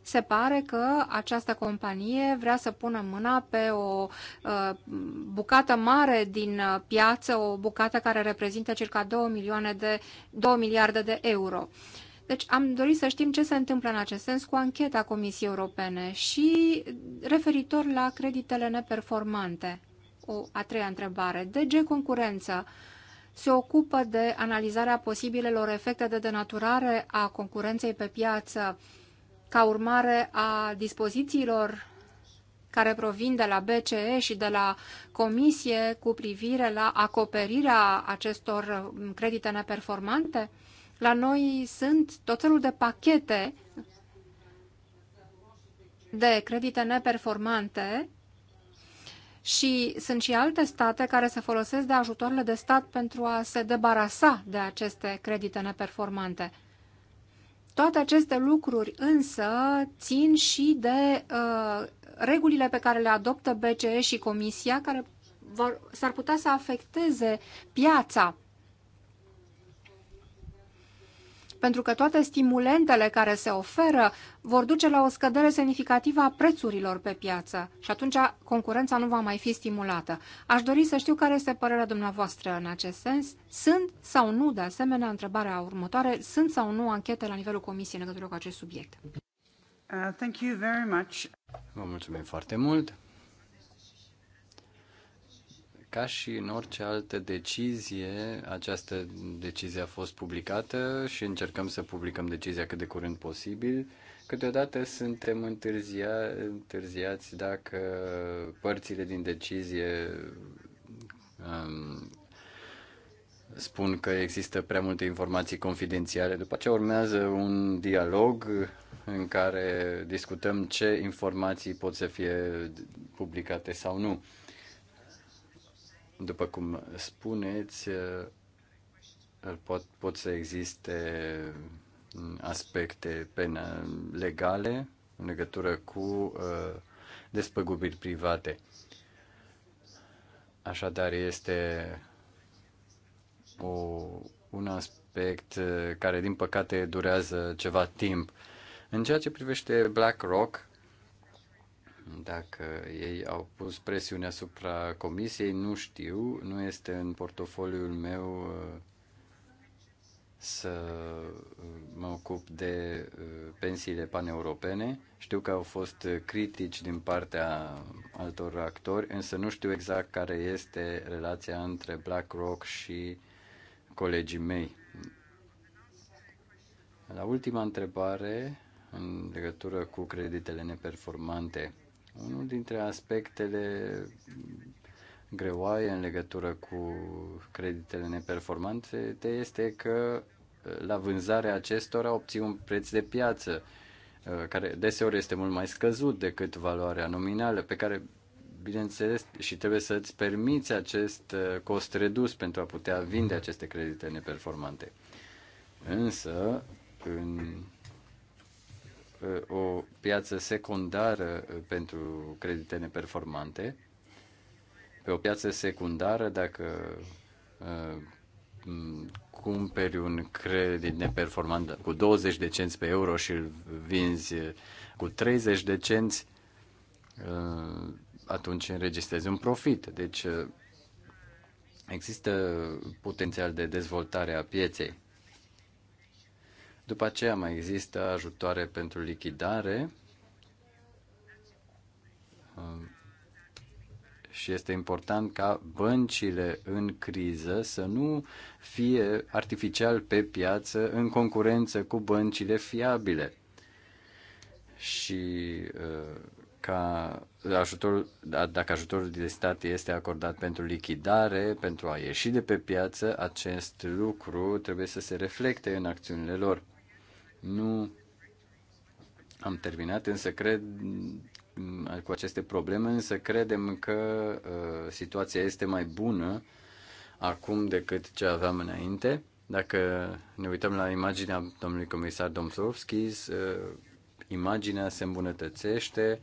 se pare că această companie vrea să pună mâna pe o uh, bucată mare din uh, piață, o bucată care reprezintă circa 2, milioane de, 2 miliarde de euro. Deci am dorit să știm ce se întâmplă în acest sens cu ancheta Comisiei Europene și referitor la creditele neperformante. O a treia întrebare. DG Concurență se ocupă de analizarea posibilelor efecte de denaturare a concurenței pe piață ca urmare a dispozițiilor care provin de la BCE și de la Comisie cu privire la acoperirea acestor um, credite neperformante? La noi sunt tot felul de pachete de credite neperformante și sunt și alte state care se folosesc de ajutoarele de stat pentru a se debarasa de aceste credite neperformante. Toate aceste lucruri însă țin și de uh, regulile pe care le adoptă BCE și Comisia, care s-ar putea să afecteze piața pentru că toate stimulentele care se oferă vor duce la o scădere semnificativă a prețurilor pe piață și atunci concurența nu va mai fi stimulată. Aș dori să știu care este părerea dumneavoastră în acest sens. Sunt sau nu, de asemenea, întrebarea următoare, sunt sau nu anchete la nivelul Comisiei în legătură cu acest subiect? Uh, thank you very much. Vă mulțumim foarte mult. Ca și în orice altă decizie, această decizie a fost publicată și încercăm să publicăm decizia cât de curând posibil. Câteodată suntem întârzia, întârziați dacă părțile din decizie um, spun că există prea multe informații confidențiale. După ce urmează un dialog în care discutăm ce informații pot să fie publicate sau nu. După cum spuneți, pot, pot să existe aspecte penale legale în legătură cu uh, despăgubiri private. Așadar, este o, un aspect uh, care, din păcate, durează ceva timp. În ceea ce privește BlackRock, dacă ei au pus presiune asupra comisiei, nu știu, nu este în portofoliul meu uh, să uh, mă ocup de uh, pensiile paneuropene. Știu că au fost critici din partea altor actori, însă nu știu exact care este relația între BlackRock și colegii mei. La ultima întrebare, în legătură cu creditele neperformante, unul dintre aspectele greoaie în legătură cu creditele neperformante este că la vânzarea acestora obții un preț de piață uh, care deseori este mult mai scăzut decât valoarea nominală pe care bineînțeles și trebuie să îți permiți acest uh, cost redus pentru a putea vinde aceste credite neperformante. Însă, în Uh, o piață secundară uh, pentru credite neperformante. Pe o piață secundară, dacă uh, cumperi un credit neperformant cu 20 de cenți pe euro și îl vinzi cu 30 de cenți, atunci înregistrezi un profit. Deci există potențial de dezvoltare a pieței. După aceea mai există ajutoare pentru lichidare um, și este important ca băncile în criză să nu fie artificial pe piață în concurență cu băncile fiabile și uh, ca ajutorul, da, dacă ajutorul de stat este acordat pentru lichidare, pentru a ieși de pe piață, acest lucru trebuie să se reflecte în acțiunile lor. Nu am terminat, însă cred cu aceste probleme, însă credem că uh, situația este mai bună acum decât ce aveam înainte. Dacă ne uităm la imaginea domnului comisar Domsovskis, uh, imaginea se îmbunătățește,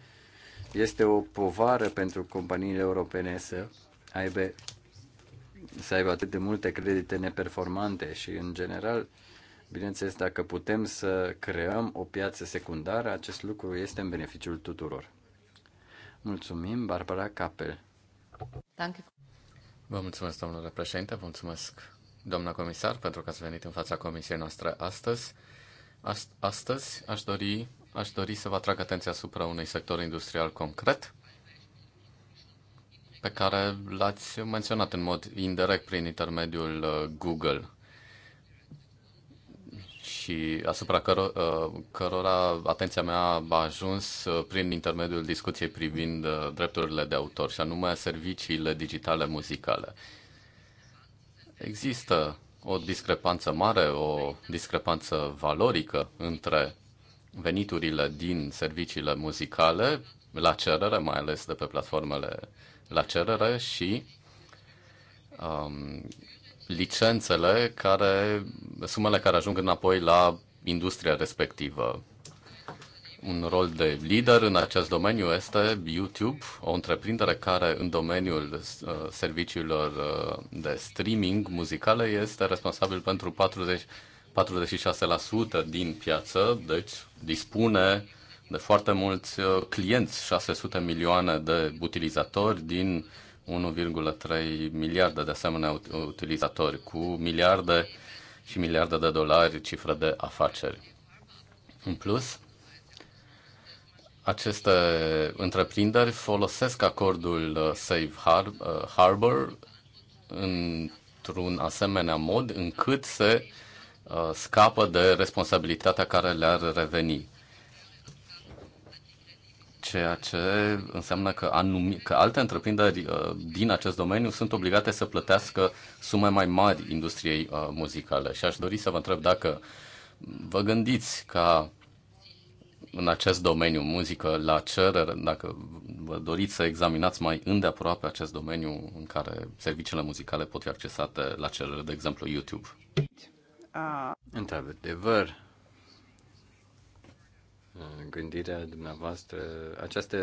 este o povară pentru companiile europene să aibă, să aibă atât de multe credite neperformante și, în general, uh, Bineînțeles, dacă putem să creăm o piață secundară, acest lucru este în beneficiul tuturor. Mulțumim, Barbara Capel. Vă mulțumesc, domnule președinte, vă mulțumesc, doamna comisar, pentru că ați venit în fața comisiei noastre astăzi. Astăzi aș dori, aș dori să vă atrag atenția asupra unui sector industrial concret pe care l-ați menționat în mod indirect prin intermediul uh, Google și asupra căro- uh, cărora atenția mea a ajuns uh, prin intermediul discuției privind uh, drepturile de autor, și anume serviciile digitale muzicale. Există o discrepanță mare, o discrepanță valorică între veniturile din serviciile muzicale, la cerere, mai ales de pe platformele la cerere, și um, licențele care, sumele care ajung înapoi la industria respectivă. Un rol de lider în acest domeniu este YouTube, o întreprindere care în domeniul uh, serviciilor uh, de streaming muzicale este responsabil pentru 40, 46% din piață, deci dispune de foarte mulți uh, clienți, 600 milioane de utilizatori din 1,3 miliarde de asemenea utilizatori, cu miliarde și miliarde de dolari cifră de afaceri. În plus, aceste întreprinderi folosesc acordul uh, Safe uh, Harbor într-un asemenea mod încât se uh, scapă de responsabilitatea care le-ar reveni ceea ce înseamnă că, anumi, că alte întreprinderi uh, din acest domeniu sunt obligate să plătească sume mai mari industriei uh, muzicale. Și aș dori să vă întreb dacă vă gândiți ca în acest domeniu, muzică la cerere, dacă vă doriți să examinați mai îndeaproape acest domeniu în care serviciile muzicale pot fi accesate la cerere, de exemplu YouTube. Într-adevăr, Uh, gândirea dumneavoastră, această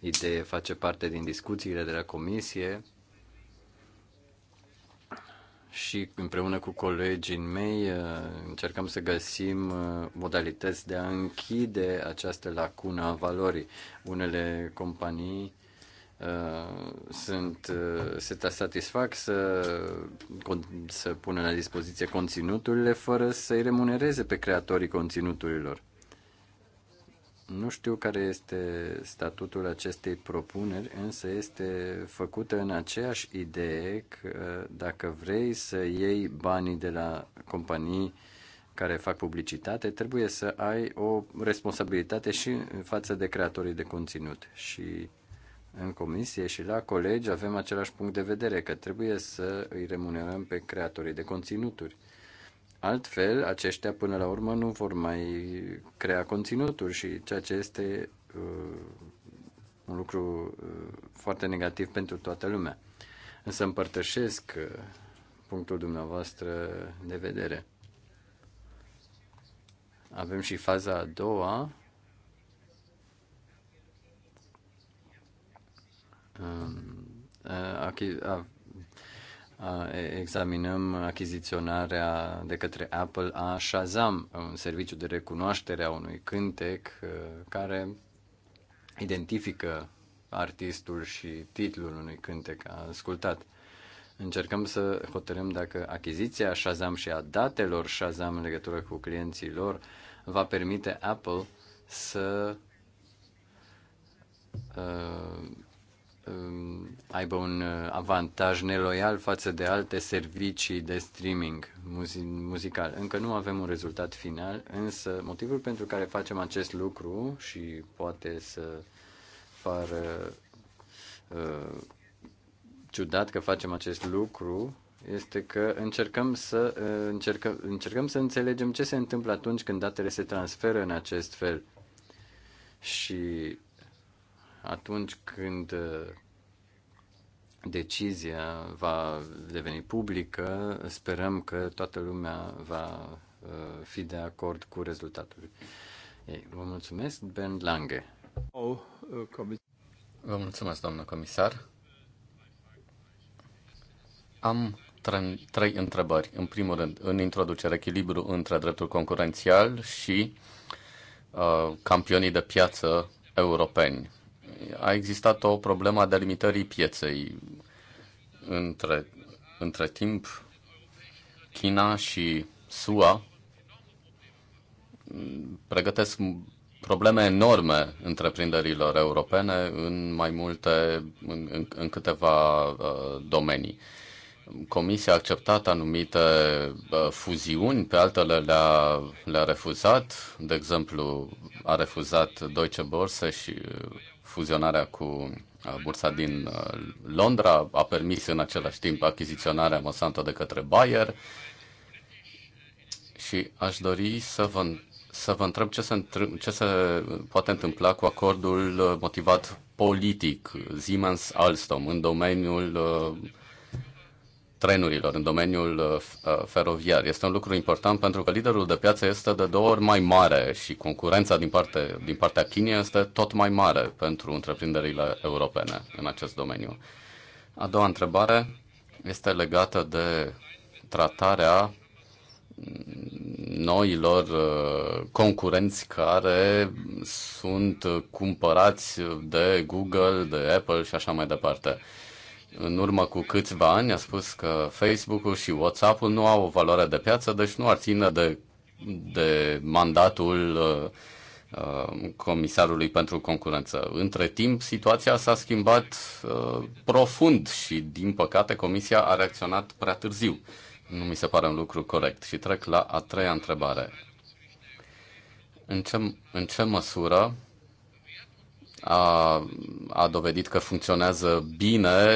idee face parte din discuțiile de la comisie și împreună cu colegii mei uh, încercăm să găsim uh, modalități de a închide această lacună a valorii. Unele companii sunt, se satisfac să, să pună la dispoziție conținuturile fără să-i remunereze pe creatorii conținuturilor. Nu știu care este statutul acestei propuneri, însă este făcută în aceeași idee că uh, dacă vrei să iei banii de la companii care fac publicitate, trebuie să ai o responsabilitate și față de creatorii de conținut. Și în comisie și la colegi avem același punct de vedere, că trebuie să îi remunerăm pe creatorii de conținuturi. Altfel, aceștia până la urmă nu vor mai crea conținuturi și ceea ce este uh, un lucru uh, foarte negativ pentru toată lumea. Însă împărtășesc uh, punctul dumneavoastră de vedere. Avem și faza a doua. Um, uh, uh, examinăm achiziționarea de către Apple a Shazam, un serviciu de recunoaștere a unui cântec uh, care identifică artistul și titlul unui cântec ascultat. Încercăm să hotărâm dacă achiziția Shazam și a datelor Shazam în legătură cu clienții lor va permite Apple să uh, Um, aibă un uh, avantaj neloial față de alte servicii de streaming muzical. Încă nu avem un rezultat final, însă motivul pentru care facem acest lucru și poate să pară uh, ciudat că facem acest lucru este că încercăm să, uh, încercăm, încercăm să înțelegem ce se întâmplă atunci când datele se transferă în acest fel. Și atunci când uh, decizia va deveni publică, sperăm că toată lumea va uh, fi de acord cu rezultatul. Ei, vă mulțumesc, Ben Lange. Oh, uh, vă mulțumesc, doamnă comisar. Am trei întrebări. În primul rând, în introducere, echilibru între dreptul concurențial și uh, campionii de piață europeni a existat o problemă a delimitării pieței. Între, între timp, China și SUA pregătesc probleme enorme întreprinderilor europene în mai multe, în, în, în câteva uh, domenii. Comisia a acceptat anumite uh, fuziuni, pe altele le-a, le-a refuzat. De exemplu, a refuzat Deutsche Börse și uh, fuzionarea cu uh, bursa din uh, Londra, a permis în același timp achiziționarea Monsanto de către Bayer și aș dori să vă, să vă întreb ce se, ce se poate întâmpla cu acordul uh, motivat politic Siemens-Alstom în domeniul uh, trenurilor, în domeniul uh, uh, feroviar. Este un lucru important pentru că liderul de piață este de două ori mai mare și concurența din, parte, din partea Chinei este tot mai mare pentru întreprinderile europene în acest domeniu. A doua întrebare este legată de tratarea noilor uh, concurenți care sunt cumpărați de Google, de Apple și așa mai departe în urmă cu câțiva ani a spus că Facebook-ul și WhatsApp-ul nu au o valoare de piață, deci nu ar ține de, de mandatul uh, uh, comisarului pentru concurență. Între timp, situația s-a schimbat uh, profund și, din păcate, comisia a reacționat prea târziu. Nu mi se pare un lucru corect. Și trec la a treia întrebare. În ce, în ce măsură a, a dovedit că funcționează bine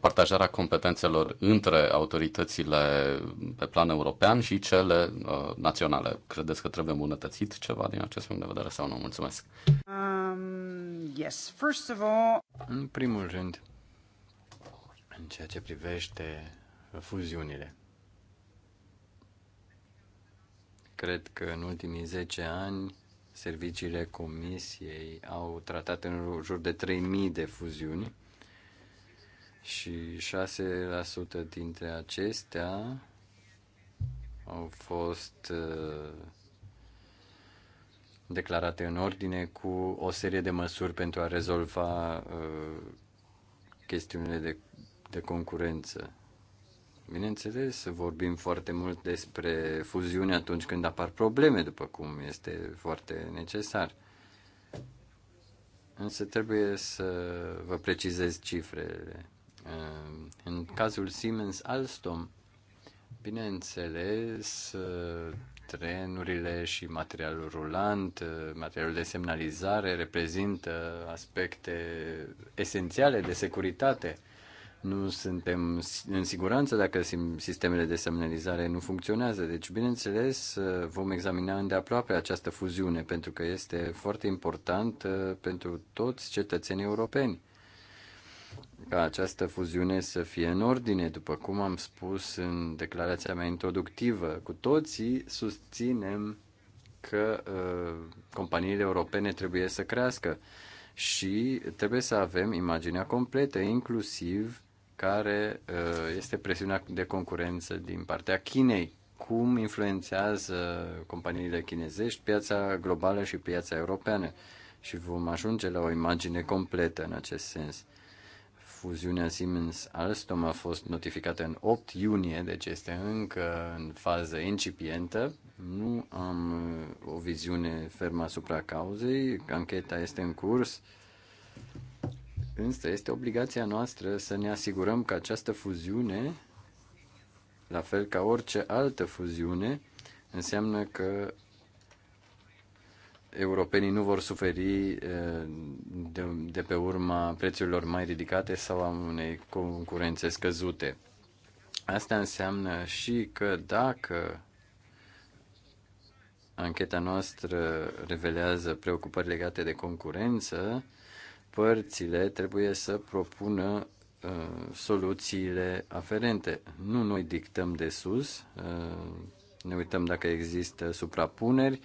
partajarea competențelor între autoritățile pe plan european și cele uh, naționale. Credeți că trebuie îmbunătățit ceva din acest punct de vedere sau nu? Mulțumesc. Um, yes. First of all... În primul rând, în ceea ce privește fuziunile. Cred că în ultimii 10 ani Serviciile comisiei au tratat în jur de 3000 de fuziuni și 6% dintre acestea au fost uh, declarate în ordine cu o serie de măsuri pentru a rezolva uh, chestiunile de, de concurență. Bineînțeles, vorbim foarte mult despre fuziune atunci când apar probleme, după cum este foarte necesar. Însă trebuie să vă precizez cifrele. Ehm, în cazul Siemens Alstom, bineînțeles, trenurile și materialul rulant, materialul de semnalizare reprezintă aspecte esențiale de securitate nu suntem în siguranță dacă sistemele de semnalizare nu funcționează. Deci, bineînțeles, uh, vom examina îndeaproape această fuziune, pentru că este foarte important uh, pentru toți cetățenii europeni ca această fuziune să fie în ordine, după cum am spus în declarația mea introductivă. Cu toții susținem că uh, companiile europene trebuie să crească și trebuie să avem imaginea completă, inclusiv care uh, este presiunea de concurență din partea Chinei. Cum influențează companiile chinezești piața globală și piața europeană? Și vom ajunge la o imagine completă în acest sens. Fuziunea Siemens-Alstom a fost notificată în 8 iunie, deci este încă în fază incipientă. Nu am uh, o viziune fermă asupra cauzei, ancheta este în curs Însă este obligația noastră să ne asigurăm că această fuziune, la fel ca orice altă fuziune, înseamnă că europenii nu vor suferi eh, de, de pe urma prețurilor mai ridicate sau a unei concurențe scăzute. Asta înseamnă și că dacă ancheta noastră revelează preocupări legate de concurență, părțile trebuie să propună uh, soluțiile aferente. Nu noi dictăm de sus, uh, ne uităm dacă există suprapuneri,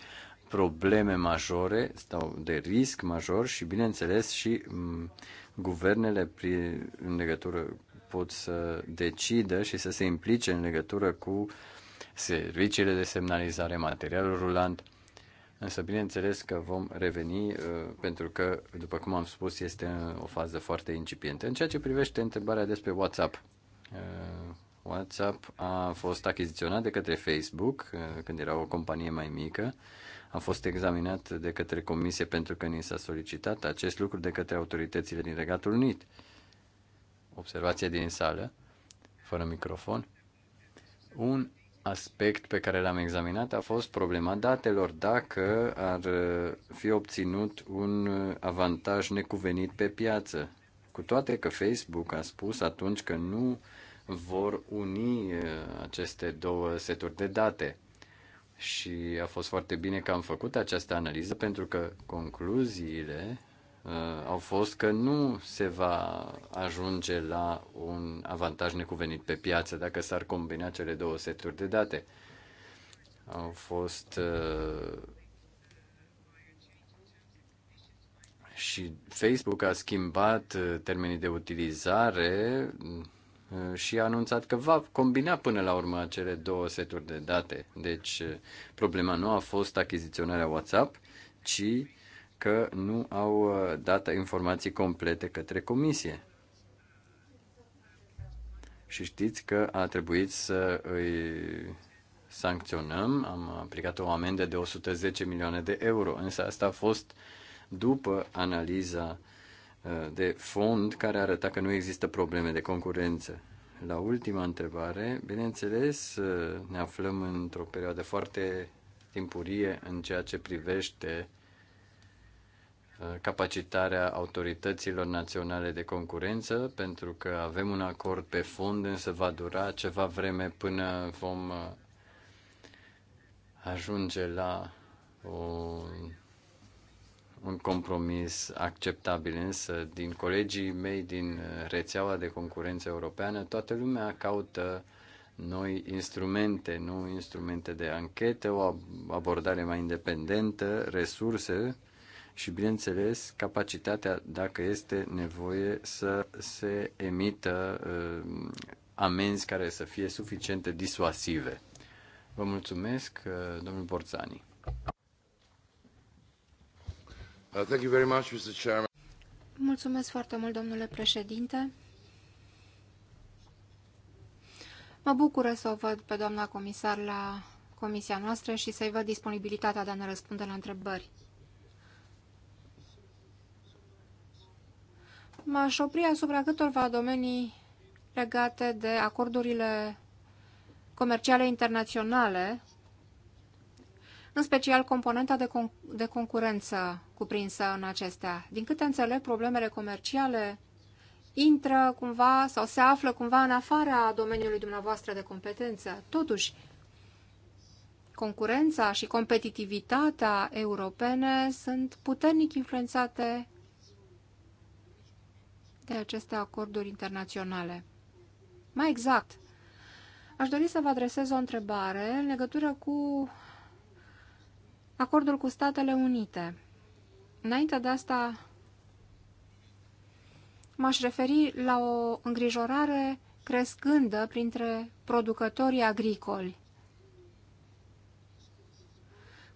probleme majore sau de risc major și, bineînțeles, și um, guvernele în legătură pot să decidă și să se implice în legătură cu serviciile de semnalizare, materialul rulant, Însă, bineînțeles că vom reveni, uh, pentru că, după cum am spus, este o fază foarte incipientă. În ceea ce privește întrebarea despre WhatsApp, uh, WhatsApp a fost achiziționat de către Facebook uh, când era o companie mai mică. A fost examinat de către comisie pentru că ni s-a solicitat acest lucru de către autoritățile din Regatul Unit. Observație din sală, fără microfon. Un aspect pe care l-am examinat a fost problema datelor, dacă ar uh, fi obținut un uh, avantaj necuvenit pe piață. Cu toate că Facebook a spus atunci că nu vor uni uh, aceste două seturi de date. Și a fost foarte bine că am făcut această analiză pentru că concluziile Uh, au fost că nu se va ajunge la un avantaj necuvenit pe piață dacă s-ar combina cele două seturi de date. Au fost uh, și Facebook a schimbat uh, termenii de utilizare și a anunțat că va combina până la urmă cele două seturi de date. Deci problema nu a fost achiziționarea WhatsApp, ci că nu au uh, dat informații complete către comisie. Și știți că a trebuit să îi sancționăm, am aplicat o amendă de 110 milioane de euro, însă asta a fost după analiza uh, de fond care arăta că nu există probleme de concurență. La ultima întrebare, bineînțeles, uh, ne aflăm într-o perioadă foarte timpurie în ceea ce privește capacitarea autorităților naționale de concurență, pentru că avem un acord pe fond, însă va dura ceva vreme până vom uh, ajunge la o, un compromis acceptabil. Însă, din colegii mei din rețeaua de concurență europeană, toată lumea caută noi instrumente, nu instrumente de anchetă, o abordare mai independentă, resurse și, bineînțeles, capacitatea, dacă este nevoie, să se emită uh, amenzi care să fie suficiente disuasive. Vă mulțumesc, uh, domnul Borțani. Uh, thank you very much, Mr. Chairman. Mulțumesc foarte mult, domnule președinte. Mă bucură să o văd pe doamna comisar la comisia noastră și să-i văd disponibilitatea de a ne răspunde la întrebări. M-aș opri asupra câtorva domenii legate de acordurile comerciale internaționale, în special componenta de, con de concurență cuprinsă în acestea. Din câte înțeleg, problemele comerciale intră cumva sau se află cumva în afara domeniului dumneavoastră de competență. Totuși, concurența și competitivitatea europene sunt puternic influențate de aceste acorduri internaționale. Mai exact, aș dori să vă adresez o întrebare în legătură cu acordul cu Statele Unite. Înainte de asta, m-aș referi la o îngrijorare crescândă printre producătorii agricoli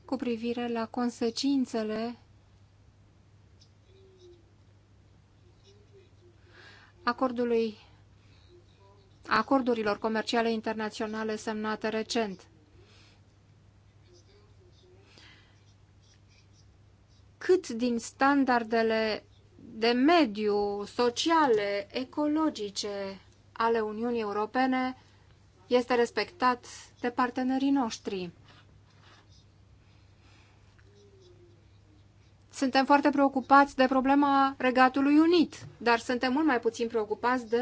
cu privire la consecințele acordului, acordurilor comerciale internaționale semnate recent. Cât din standardele de mediu, sociale, ecologice ale Uniunii Europene este respectat de partenerii noștri. Suntem foarte preocupați de problema Regatului Unit, dar suntem mult mai puțin preocupați de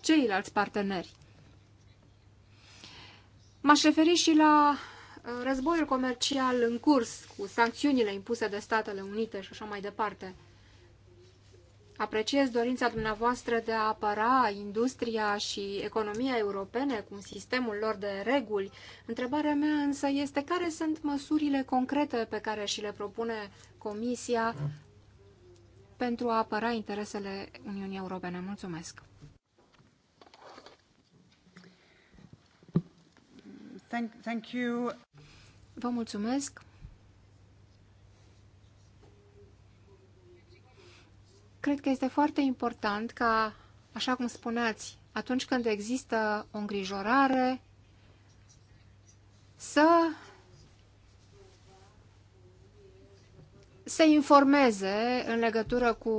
ceilalți parteneri. M-aș referi și la uh, războiul comercial în curs, cu sancțiunile impuse de Statele Unite și așa mai departe. Apreciez dorința dumneavoastră de a apăra industria și economia europene cu sistemul lor de reguli. Întrebarea mea însă este care sunt măsurile concrete pe care și le propune Comisia pentru a apăra interesele Uniunii Europene. Mulțumesc! Thank, thank you. Vă mulțumesc! Cred că este foarte important ca, așa cum spuneați, atunci când există o îngrijorare, să se informeze în legătură cu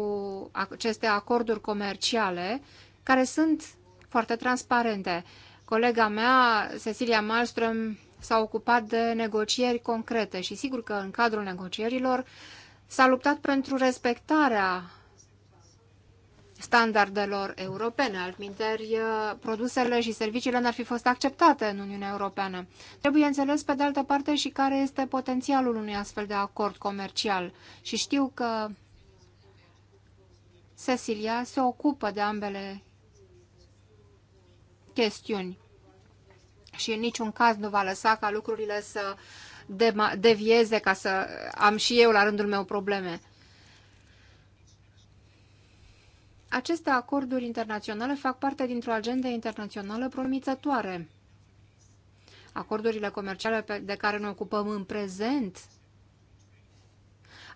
aceste acorduri comerciale, care sunt foarte transparente. Colega mea, Cecilia Malmström, s-a ocupat de negocieri concrete și sigur că în cadrul negocierilor s-a luptat pentru respectarea standardelor europene. Altminteri, uh, produsele și serviciile n-ar fi fost acceptate în Uniunea Europeană. Trebuie înțeles, pe de altă parte, și care este potențialul unui astfel de acord comercial. Și știu că Cecilia se ocupă de ambele chestiuni și în niciun caz nu va lăsa ca lucrurile să devieze ca să am și eu la rândul meu probleme. Aceste acorduri internaționale fac parte dintr-o agendă internațională promițătoare. Acordurile comerciale de care ne ocupăm în prezent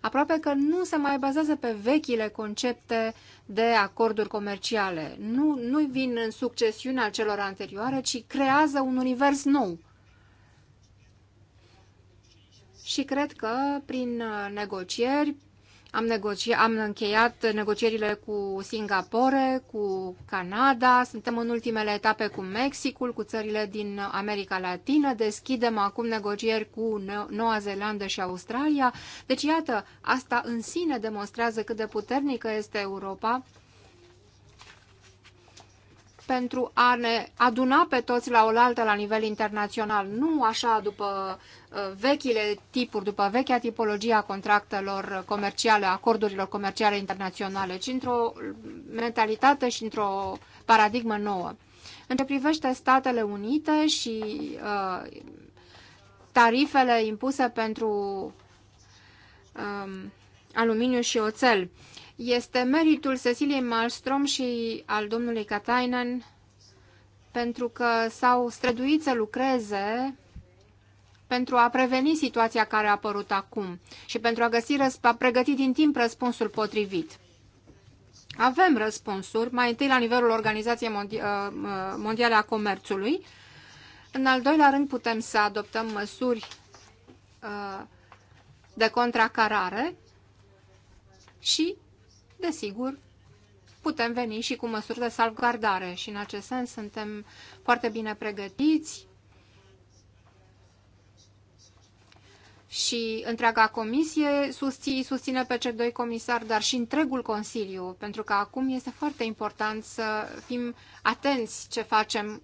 aproape că nu se mai bazează pe vechile concepte de acorduri comerciale. Nu, nu vin în succesiunea celor anterioare, ci creează un univers nou. Și cred că prin uh, negocieri am, negoci- am încheiat negocierile cu Singapore, cu Canada, suntem în ultimele etape cu Mexicul, cu țările din America Latină, deschidem acum negocieri cu Noua Zeelandă și Australia. Deci, iată, asta în sine demonstrează cât de puternică este Europa pentru a ne aduna pe toți la oaltă la nivel internațional, nu așa după uh, vechile tipuri, după vechea tipologie a contractelor comerciale, a acordurilor comerciale internaționale, ci într-o mentalitate și într-o paradigmă nouă. În ce privește Statele Unite și uh, tarifele impuse pentru um, aluminiu și oțel, uh, este meritul Ceciliei Malmström și al domnului Katainen pentru că s-au străduit să lucreze pentru a preveni situația care a apărut acum și pentru a, găsi, a pregăti din timp răspunsul potrivit. Avem răspunsuri, mai întâi la nivelul Organizației uh, uh, Mondiale a Comerțului. În al doilea rând putem să adoptăm măsuri uh, de contracarare și desigur, putem veni și cu măsuri de salvgardare și în acest sens suntem foarte bine pregătiți și întreaga comisie susține susține pe cei doi comisari, dar și întregul Consiliu, pentru că acum este foarte important să fim atenți ce facem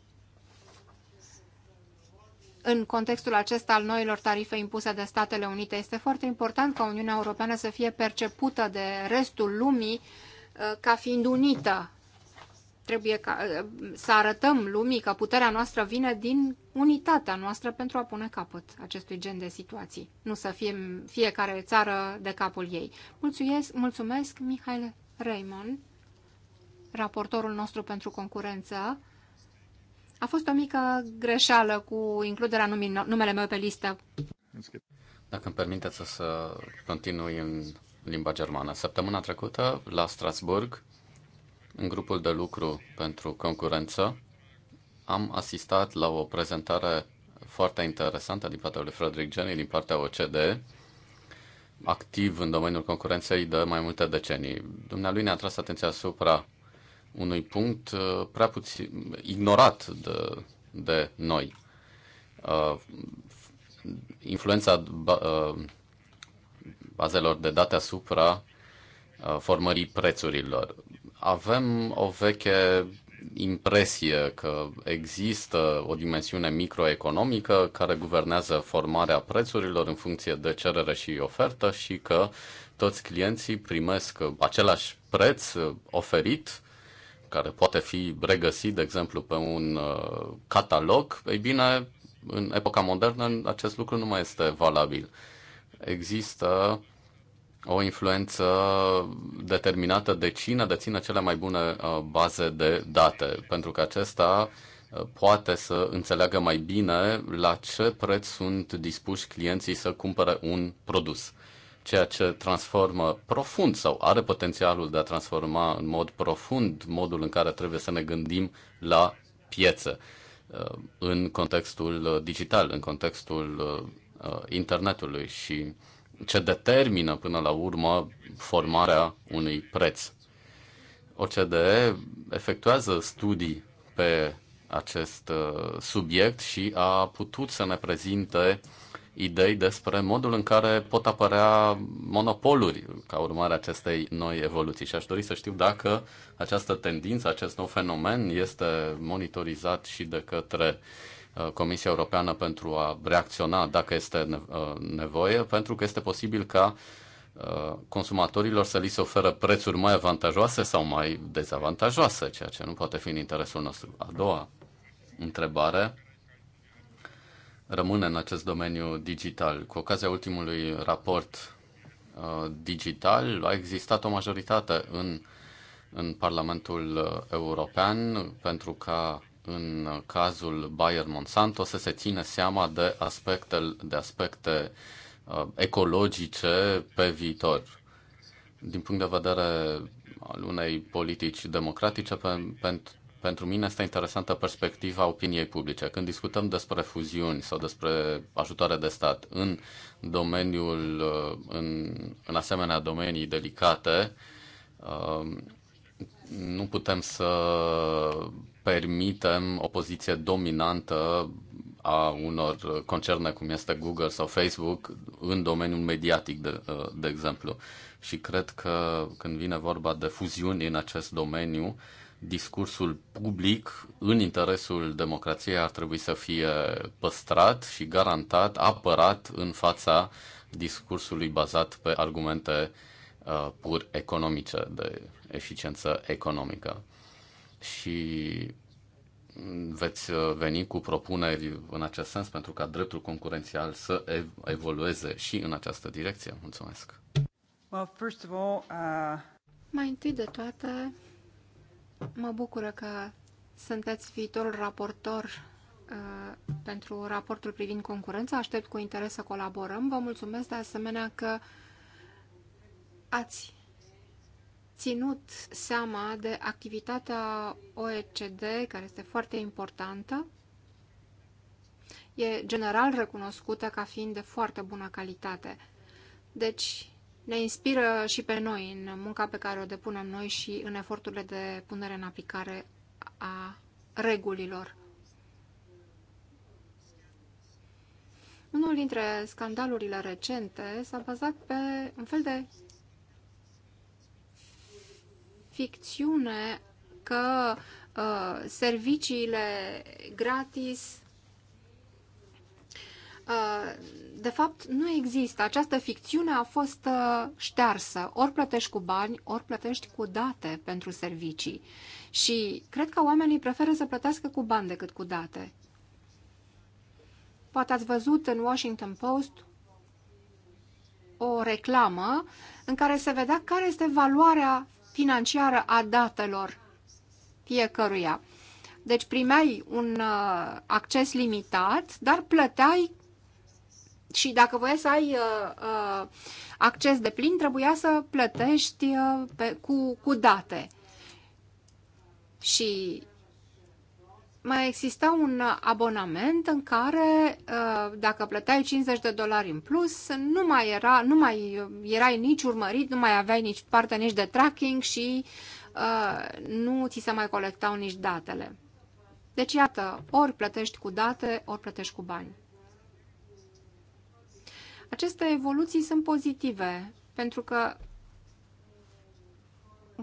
în contextul acesta al noilor tarife impuse de Statele Unite. Este foarte important ca Uniunea Europeană să fie percepută de restul lumii uh, ca fiind unită. Trebuie ca, uh, să arătăm lumii că puterea noastră vine din unitatea noastră pentru a pune capăt acestui gen de situații. Nu să fie fiecare țară de capul ei. Mulțumesc, mulțumesc Mihail Raymond, raportorul nostru pentru concurență. A fost o mică greșeală cu includerea numele meu pe listă. Dacă îmi permiteți să continui în limba germană. Săptămâna trecută, la Strasburg, în grupul de lucru pentru concurență, am asistat la o prezentare foarte interesantă din partea lui Frederick Jenny, din partea OCDE, activ în domeniul concurenței de mai multe decenii. Dumnealui ne-a tras atenția asupra unui punct uh, prea puțin ignorat de, de noi. Uh, influența uh, bazelor de date asupra formării prețurilor. Avem o veche impresie că există o dimensiune microeconomică care guvernează formarea prețurilor în funcție de cerere și ofertă și că toți clienții primesc același preț oferit care poate fi regăsit, de exemplu, pe un uh, catalog, ei bine, în epoca modernă acest lucru nu mai este valabil. Există o influență determinată de cine deține cele mai bune uh, baze de date, pentru că acesta uh, poate să înțeleagă mai bine la ce preț sunt dispuși clienții să cumpere un produs ceea ce transformă profund sau are potențialul de a transforma în mod profund modul în care trebuie să ne gândim la piață uh, în contextul uh, digital, în contextul uh, internetului și ce determină până la urmă formarea unui preț. OCDE efectuează studii pe acest subiect și a putut să ne prezinte uh, idei despre modul în care pot apărea monopoluri ca urmare a acestei noi evoluții și aș dori să știu dacă această tendință, acest nou fenomen este monitorizat și de către uh, Comisia Europeană pentru a reacționa dacă este uh, nevoie, pentru că este posibil ca uh, consumatorilor să li se oferă prețuri mai avantajoase sau mai dezavantajoase, ceea ce nu poate fi în interesul nostru. A doua întrebare rămâne în acest domeniu digital. Cu ocazia ultimului raport uh, digital a existat o majoritate în, în Parlamentul uh, European pentru ca în cazul Bayer Monsanto să se țină seama de aspecte, de aspecte uh, ecologice pe viitor. Din punct de vedere al unei politici democratice, pentru pentru mine este interesantă perspectiva opiniei publice. Când discutăm despre fuziuni sau despre ajutoare de stat în domeniul, uh, în, în asemenea domenii delicate, uh, nu putem să permitem o poziție dominantă a unor concerne cum este Google sau Facebook în domeniul mediatic, de, uh, de exemplu. Și cred că când vine vorba de fuziuni în acest domeniu, uh, discursul public în interesul democrației ar trebui să fie păstrat și garantat, apărat în fața discursului bazat pe argumente uh, pur economice, de eficiență economică. Și veți uh, veni cu propuneri în acest sens pentru ca dreptul concurențial să evolueze și în această direcție? Mulțumesc! Well, first of all, uh... Mai întâi de toate, Mă bucură că sunteți viitorul raportor uh, pentru raportul privind concurența. Aștept cu interes să colaborăm. Vă mulțumesc de asemenea că ați ținut seama de activitatea OECD, care este foarte importantă. E general recunoscută ca fiind de foarte bună calitate. Deci, ne inspiră și pe noi în munca pe care o depunem noi și în eforturile de punere în aplicare a regulilor. Unul dintre scandalurile recente s-a bazat pe un fel de ficțiune că uh, serviciile gratis Uh, de fapt, nu există. Această ficțiune a fost uh, ștearsă. Ori plătești cu bani, ori plătești cu date pentru servicii. Și cred că oamenii preferă să plătească cu bani decât cu date. Poate ați văzut în Washington Post o reclamă în care se vedea care este valoarea financiară a datelor fiecăruia. Deci primeai un uh, acces limitat, dar plăteai și dacă voiai să ai uh, uh, acces de plin, trebuia să plătești uh, pe, cu, cu date. Și mai exista un abonament în care uh, dacă plăteai 50 de dolari în plus, nu mai, era, nu mai erai nici urmărit, nu mai aveai nici parte nici de tracking și uh, nu ți se mai colectau nici datele. Deci, iată, ori plătești cu date, ori plătești cu bani. Aceste evoluții sunt pozitive, pentru că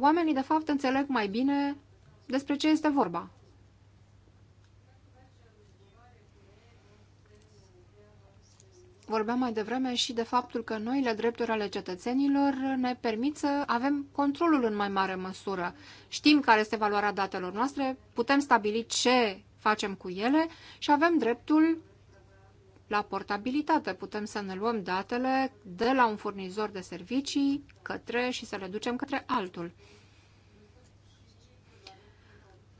oamenii, de fapt, înțeleg mai bine despre ce este vorba. Vorbeam mai devreme și de faptul că noile drepturi ale cetățenilor ne permit să avem controlul în mai mare măsură. Știm care este valoarea datelor noastre, putem stabili ce facem cu ele și avem dreptul la portabilitate. Putem să ne luăm datele de la un furnizor de servicii către și să le ducem către altul.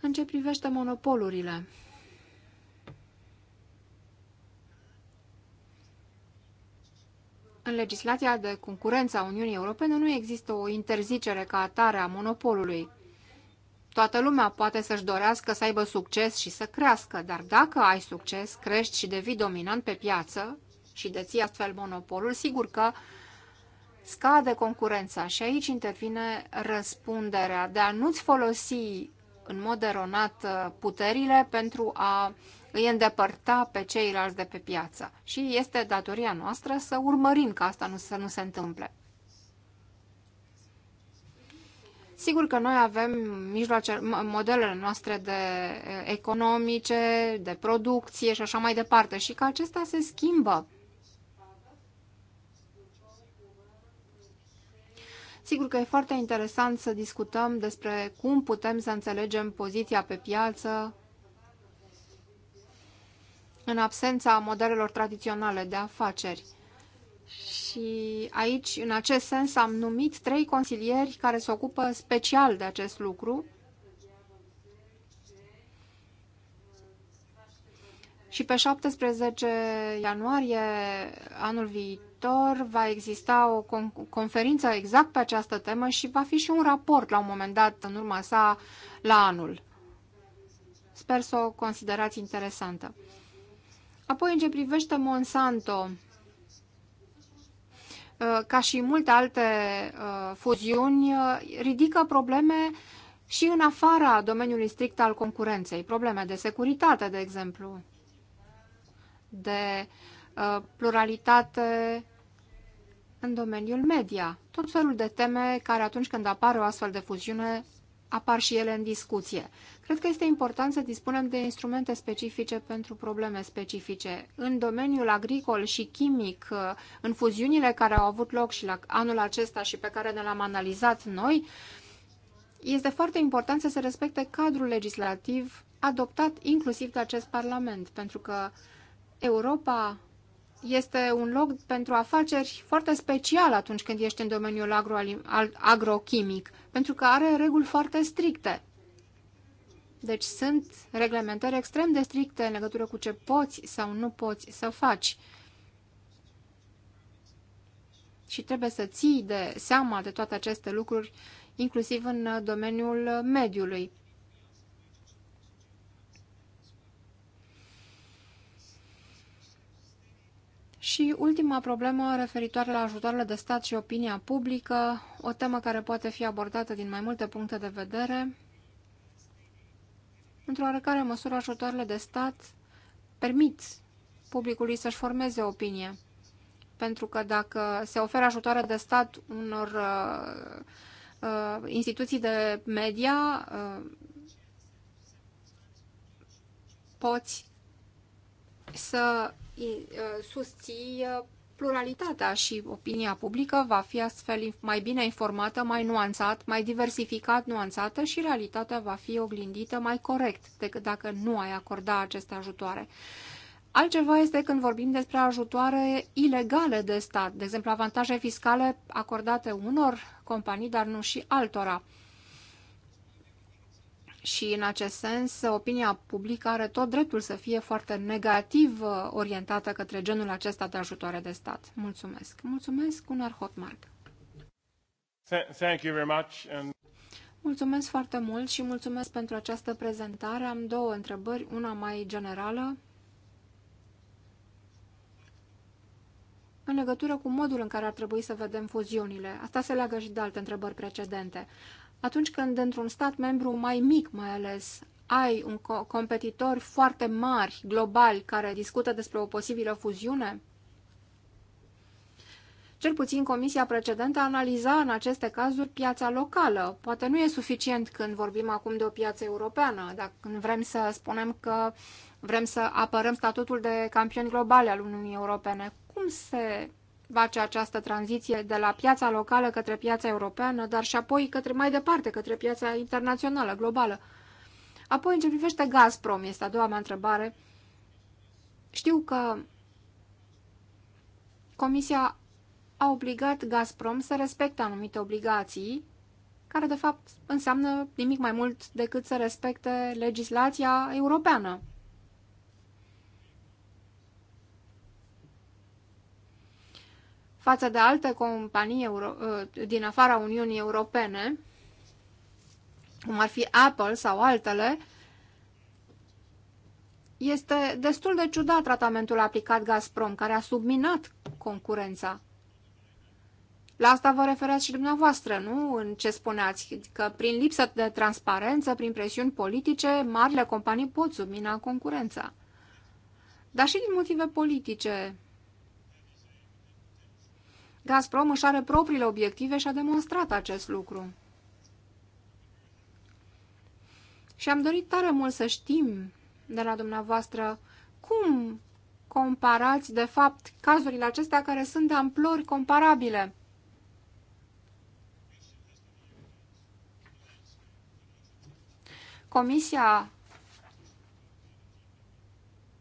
În ce privește monopolurile? În legislația de concurență a Uniunii Europene nu există o interzicere ca atare a monopolului. Toată lumea poate să-și dorească să aibă succes și să crească, dar dacă ai succes, crești și devii dominant pe piață și deții astfel monopolul, sigur că scade concurența și aici intervine răspunderea de a nu-ți folosi în mod eronat uh, puterile pentru a îi îndepărta pe ceilalți de pe piață. Și este datoria noastră să urmărim ca asta nu, să nu se întâmple. Sigur că noi avem mijloace, modelele noastre de economice, de producție și așa mai departe și că acestea se schimbă. Sigur că e foarte interesant să discutăm despre cum putem să înțelegem poziția pe piață în absența modelelor tradiționale de afaceri. Și aici, în acest sens, am numit trei consilieri care se ocupă special de acest lucru. Și pe 17 ianuarie anul viitor va exista o conferință exact pe această temă și va fi și un raport la un moment dat în urma sa la anul. Sper să o considerați interesantă. Apoi, în ce privește Monsanto, Uh, ca și multe alte uh, fuziuni, uh, ridică probleme și în afara domeniului strict al concurenței, probleme de securitate, de exemplu, de pluralitate în domeniul media, tot felul de teme care atunci când apare o astfel de fuziune apar și ele în discuție. Cred că este important să dispunem de instrumente specifice pentru probleme specifice. În domeniul agricol și chimic, în fuziunile care au avut loc și la anul acesta și pe care ne l-am analizat noi, este foarte important să se respecte cadrul legislativ adoptat inclusiv de acest Parlament, pentru că Europa este un loc pentru afaceri foarte special atunci când ești în domeniul agro agrochimic, pentru că are reguli foarte stricte. Deci sunt reglementări extrem de stricte în legătură cu ce poți sau nu poți să faci. Și trebuie să ții de seama de toate aceste lucruri, inclusiv în domeniul mediului. Și ultima problemă referitoare la ajutoarele de stat și opinia publică, o temă care poate fi abordată din mai multe puncte de vedere. Într-o oarecare măsură, ajutoarele de stat permit publicului să-și formeze opinie. Pentru că dacă se oferă ajutoare de stat unor uh, uh, instituții de media, uh, poți să susții pluralitatea și opinia publică va fi astfel mai bine informată, mai nuanțat, mai diversificat, nuanțată și realitatea va fi oglindită mai corect decât dacă nu ai acorda aceste ajutoare. Altceva este când vorbim despre ajutoare ilegale de stat, de exemplu avantaje fiscale acordate unor companii, dar nu și altora. Și în acest sens, opinia publică are tot dreptul să fie foarte negativ uh, orientată către genul acesta de ajutoare de stat. Mulțumesc. Mulțumesc, Gunnar Hotmark. Thank you very much. And... Mulțumesc foarte mult și mulțumesc pentru această prezentare. Am două întrebări, una mai generală. În legătură cu modul în care ar trebui să vedem fuziunile. Asta se leagă și de alte întrebări precedente atunci când într-un stat membru mai mic mai ales ai un co competitor foarte mari, globali, care discută despre o posibilă fuziune? Cel puțin comisia precedentă analiza în aceste cazuri piața locală. Poate nu e suficient când vorbim acum de o piață europeană, dacă când vrem să spunem că vrem să apărăm statutul de campion global al Uniunii Europene. Cum se face această tranziție de la piața locală către piața europeană, dar și apoi către mai departe, către piața internațională, globală. Apoi, în ce privește Gazprom, este a doua mea întrebare. Știu că Comisia a obligat Gazprom să respecte anumite obligații, care de fapt înseamnă nimic mai mult decât să respecte legislația europeană. față de alte companii euro, uh, din afara Uniunii Europene, cum ar fi Apple sau altele, este destul de ciudat tratamentul aplicat Gazprom, care a subminat concurența. La asta vă referați și dumneavoastră, nu? În ce spuneați? Că prin lipsă de transparență, prin presiuni politice, marile companii pot submina concurența. Dar și din motive politice Gazprom își are propriile obiective și a demonstrat acest lucru. Și am dorit tare mult să știm de la dumneavoastră cum comparați, de fapt, cazurile acestea care sunt de amplori comparabile. Comisia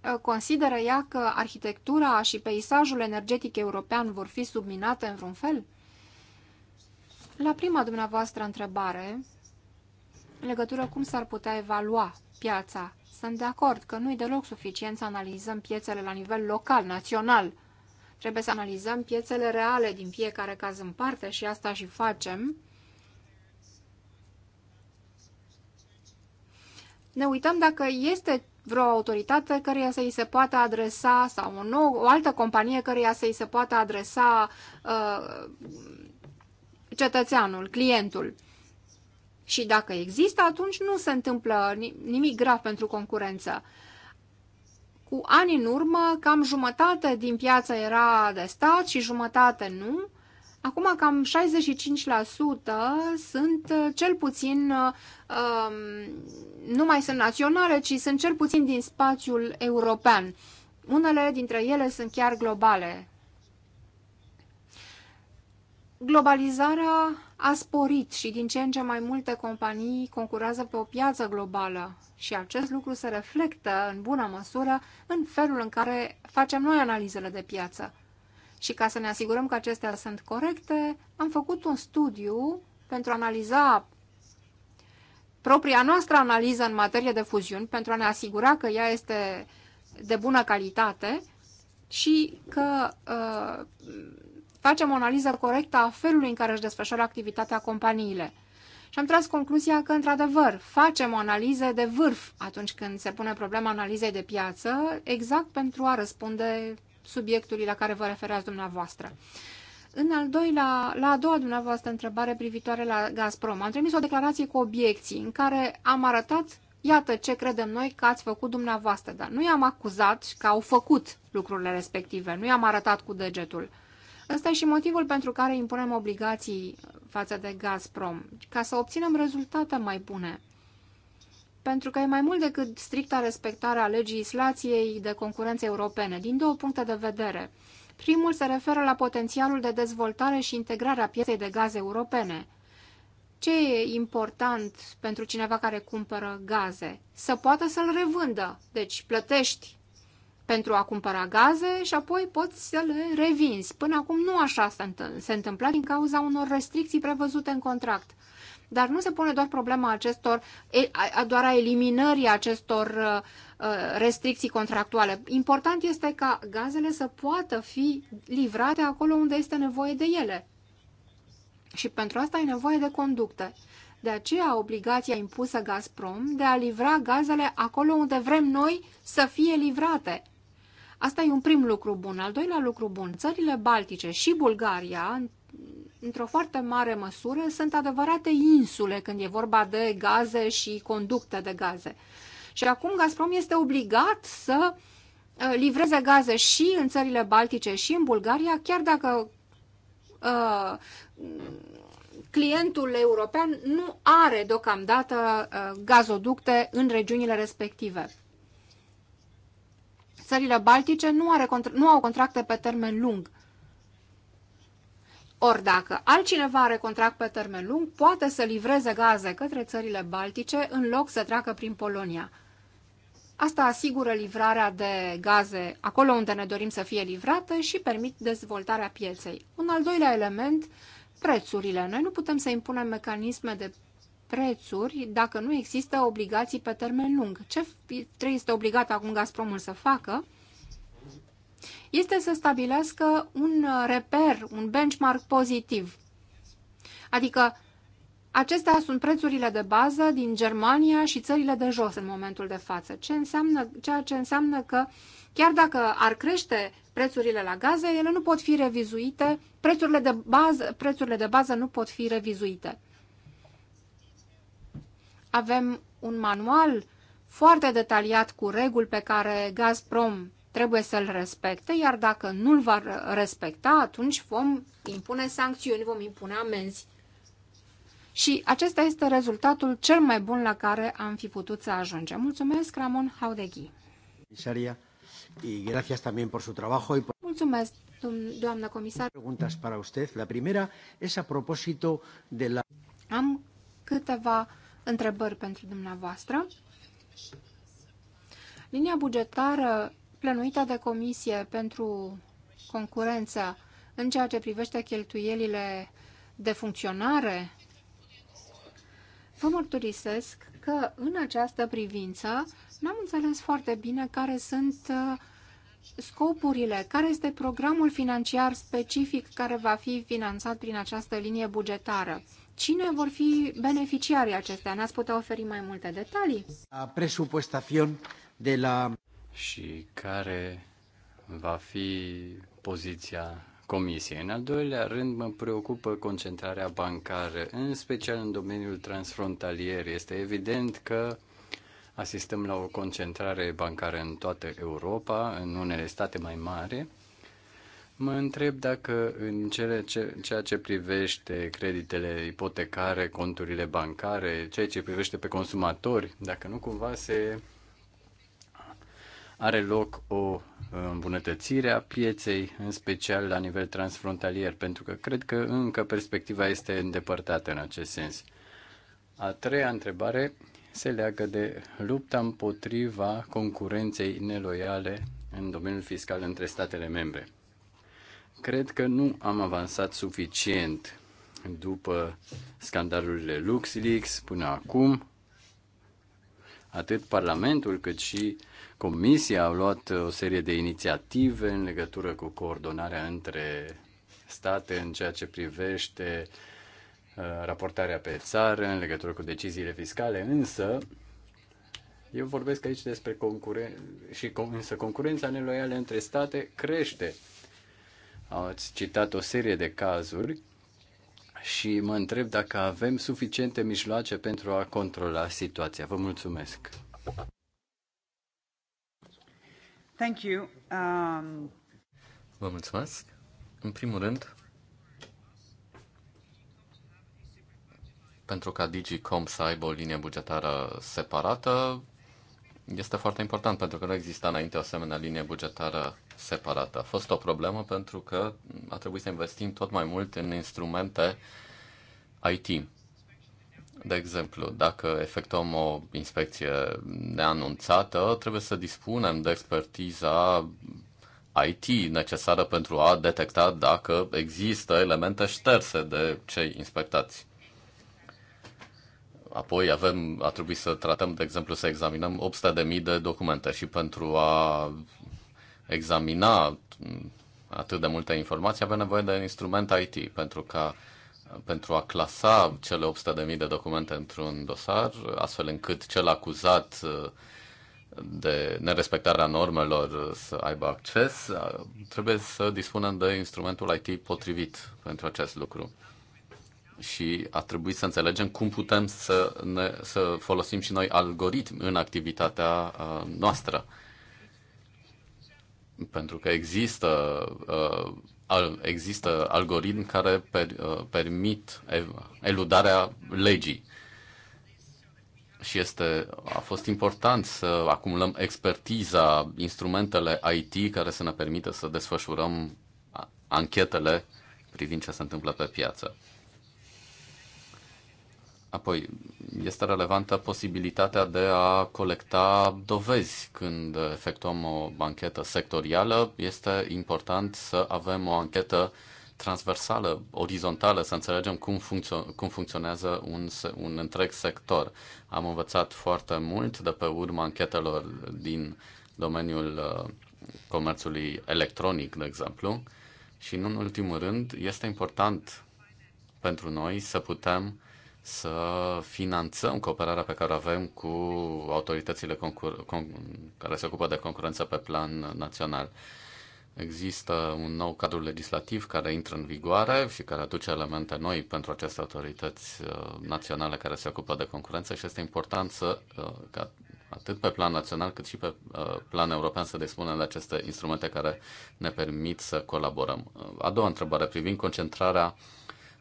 Uh, consideră ea că arhitectura și peisajul energetic european vor fi subminate în vreun fel? La prima dumneavoastră întrebare, în legătură cum s-ar putea evalua piața, sunt de acord că nu-i deloc suficient să analizăm piețele la nivel local, național. Trebuie să analizăm piețele reale din fiecare caz în parte și asta și facem. Ne uităm dacă este vreo autoritate care să-i se poată adresa sau o, nou, o altă companie care să-i se poată adresa uh, cetățeanul, clientul. Și dacă există, atunci nu se întâmplă nimic grav pentru concurență. Cu ani în urmă, cam jumătate din piață era de stat și jumătate nu. Acum cam 65% sunt uh, cel puțin, uh, um, nu mai sunt naționale, ci sunt cel puțin din spațiul european. Unele dintre ele sunt chiar globale. Globalizarea a sporit și din ce în ce mai multe companii concurează pe o piață globală și acest lucru se reflectă în bună măsură în felul în care facem noi analizele de piață. Și ca să ne asigurăm că acestea sunt corecte, am făcut un studiu pentru a analiza propria noastră analiză în materie de fuziuni, pentru a ne asigura că ea este de bună calitate și că uh, facem o analiză corectă a felului în care își desfășoară activitatea companiile. Și am tras concluzia că, într-adevăr, facem o analiză de vârf atunci când se pune problema analizei de piață, exact pentru a răspunde subiectului la care vă referați dumneavoastră. În al doilea, la a doua dumneavoastră întrebare privitoare la Gazprom, am trimis o declarație cu obiecții în care am arătat, iată ce credem noi că ați făcut dumneavoastră, dar nu i-am acuzat că au făcut lucrurile respective, nu i-am arătat cu degetul. Ăsta e și motivul pentru care impunem obligații față de Gazprom, ca să obținem rezultate mai bune pentru că e mai mult decât stricta respectarea legislației de concurență europene, din două puncte de vedere. Primul se referă la potențialul de dezvoltare și integrare a pieței de gaze europene. Ce e important pentru cineva care cumpără gaze? Să poată să-l revândă. Deci plătești pentru a cumpăra gaze și apoi poți să le revinzi. Până acum nu așa se întâmpla din cauza unor restricții prevăzute în contract. Dar nu se pune doar problema acestor, doar a eliminării acestor uh, uh, restricții contractuale. Important este ca gazele să poată fi livrate acolo unde este nevoie de ele. Și pentru asta e nevoie de conducte. De aceea obligația impusă Gazprom de a livra gazele acolo unde vrem noi să fie livrate. Asta e un prim lucru bun. Al doilea lucru bun, țările Baltice și Bulgaria, într-o foarte mare măsură, sunt adevărate insule când e vorba de gaze și conducte de gaze. Și acum Gazprom este obligat să uh, livreze gaze și în țările baltice și în Bulgaria, chiar dacă uh, clientul european nu are deocamdată uh, gazoducte în regiunile respective. Țările baltice nu, are, nu au contracte pe termen lung ori dacă altcineva are contract pe termen lung, poate să livreze gaze către țările baltice în loc să treacă prin Polonia. Asta asigură livrarea de gaze acolo unde ne dorim să fie livrată și permit dezvoltarea pieței. Un al doilea element, prețurile. Noi nu putem să impunem mecanisme de prețuri dacă nu există obligații pe termen lung. Ce este obligat acum Gazpromul să facă? este să stabilească un reper, un benchmark pozitiv. Adică Acestea sunt prețurile de bază din Germania și țările de jos în momentul de față, ce înseamnă, ceea ce înseamnă că chiar dacă ar crește prețurile la gaze, ele nu pot fi revizuite, prețurile de bază, prețurile de bază nu pot fi revizuite. Avem un manual foarte detaliat cu reguli pe care Gazprom trebuie să-l respecte, iar dacă nu-l va respecta, atunci vom impune sancțiuni, vom impune amenzi. Și acesta este rezultatul cel mai bun la care am fi putut să ajungem. Mulțumesc, Ramon Haudeghi. Mulțumesc, doamnă comisar. La primera es a propósito de la... Am câteva întrebări pentru dumneavoastră. Linia bugetară plănuită de Comisie pentru concurență în ceea ce privește cheltuielile de funcționare, vă mărturisesc că în această privință n-am înțeles foarte bine care sunt uh, scopurile, care este programul financiar specific care va fi finanțat prin această linie bugetară. Cine vor fi beneficiarii acestea? Ne-ați putea oferi mai multe detalii? A presupuestación de la și care va fi poziția Comisiei. În al doilea rând, mă preocupă concentrarea bancară, în special în domeniul transfrontalier. Este evident că asistăm la o concentrare bancară în toată Europa, în unele state mai mari. Mă întreb dacă în cele, ce, ceea ce privește creditele ipotecare, conturile bancare, ceea ce privește pe consumatori, dacă nu cumva se are loc o uh, îmbunătățire a pieței, în special la nivel transfrontalier, pentru că cred că încă perspectiva este îndepărtată în acest sens. A treia întrebare se leagă de lupta împotriva concurenței neloiale în domeniul fiscal între statele membre. Cred că nu am avansat suficient după scandalurile LuxLeaks până acum. Atât Parlamentul cât și Comisia a luat uh, o serie de inițiative în legătură cu coordonarea între state în ceea ce privește uh, raportarea pe țară, în legătură cu deciziile fiscale, însă eu vorbesc aici despre concurență și însă concurența neloială între state crește. Ați citat o serie de cazuri și mă întreb dacă avem suficiente mijloace pentru a controla situația. Vă mulțumesc! Thank you. Um... Vă mulțumesc. În primul rând, pentru ca DigiCom să aibă o linie bugetară separată, este foarte important pentru că nu exista înainte o asemenea linie bugetară separată. A fost o problemă pentru că a trebuit să investim tot mai mult în instrumente IT. De exemplu, dacă efectuăm o inspecție neanunțată, trebuie să dispunem de expertiza IT necesară pentru a detecta dacă există elemente șterse de cei inspectați. Apoi avem, a trebuit să tratăm, de exemplu, să examinăm 800.000 de de documente și pentru a examina atât de multe informații avem nevoie de instrument IT pentru ca pentru a clasa cele 800.000 de documente într-un dosar, astfel încât cel acuzat uh, de nerespectarea normelor uh, să aibă acces, uh, trebuie să dispunem de instrumentul IT potrivit pentru acest lucru. Și a trebuit să înțelegem cum putem să, ne, să folosim și noi algoritm în activitatea noastră. Pentru că există uh, există algoritmi care per, uh, permit eludarea legii. Și este, a fost important să acumulăm expertiza, instrumentele IT care să ne permită să desfășurăm anchetele privind ce se întâmplă pe piață. Apoi, este relevantă posibilitatea de a colecta dovezi când efectuăm o anchetă sectorială. Este important să avem o anchetă transversală, orizontală, să înțelegem cum, funcțio- cum funcționează un, un întreg sector. Am învățat foarte mult de pe urma anchetelor din domeniul uh, comerțului electronic, de exemplu, și, în ultimul rând, este important pentru noi să putem să finanțăm cooperarea pe care o avem cu autoritățile concur- con- care se ocupă de concurență pe plan național. Există un nou cadru legislativ care intră în vigoare și care aduce elemente noi pentru aceste autorități uh, naționale care se ocupă de concurență și este important să, uh, ca atât pe plan național cât și pe uh, plan european să dispunem de aceste instrumente care ne permit să colaborăm. A doua întrebare privind concentrarea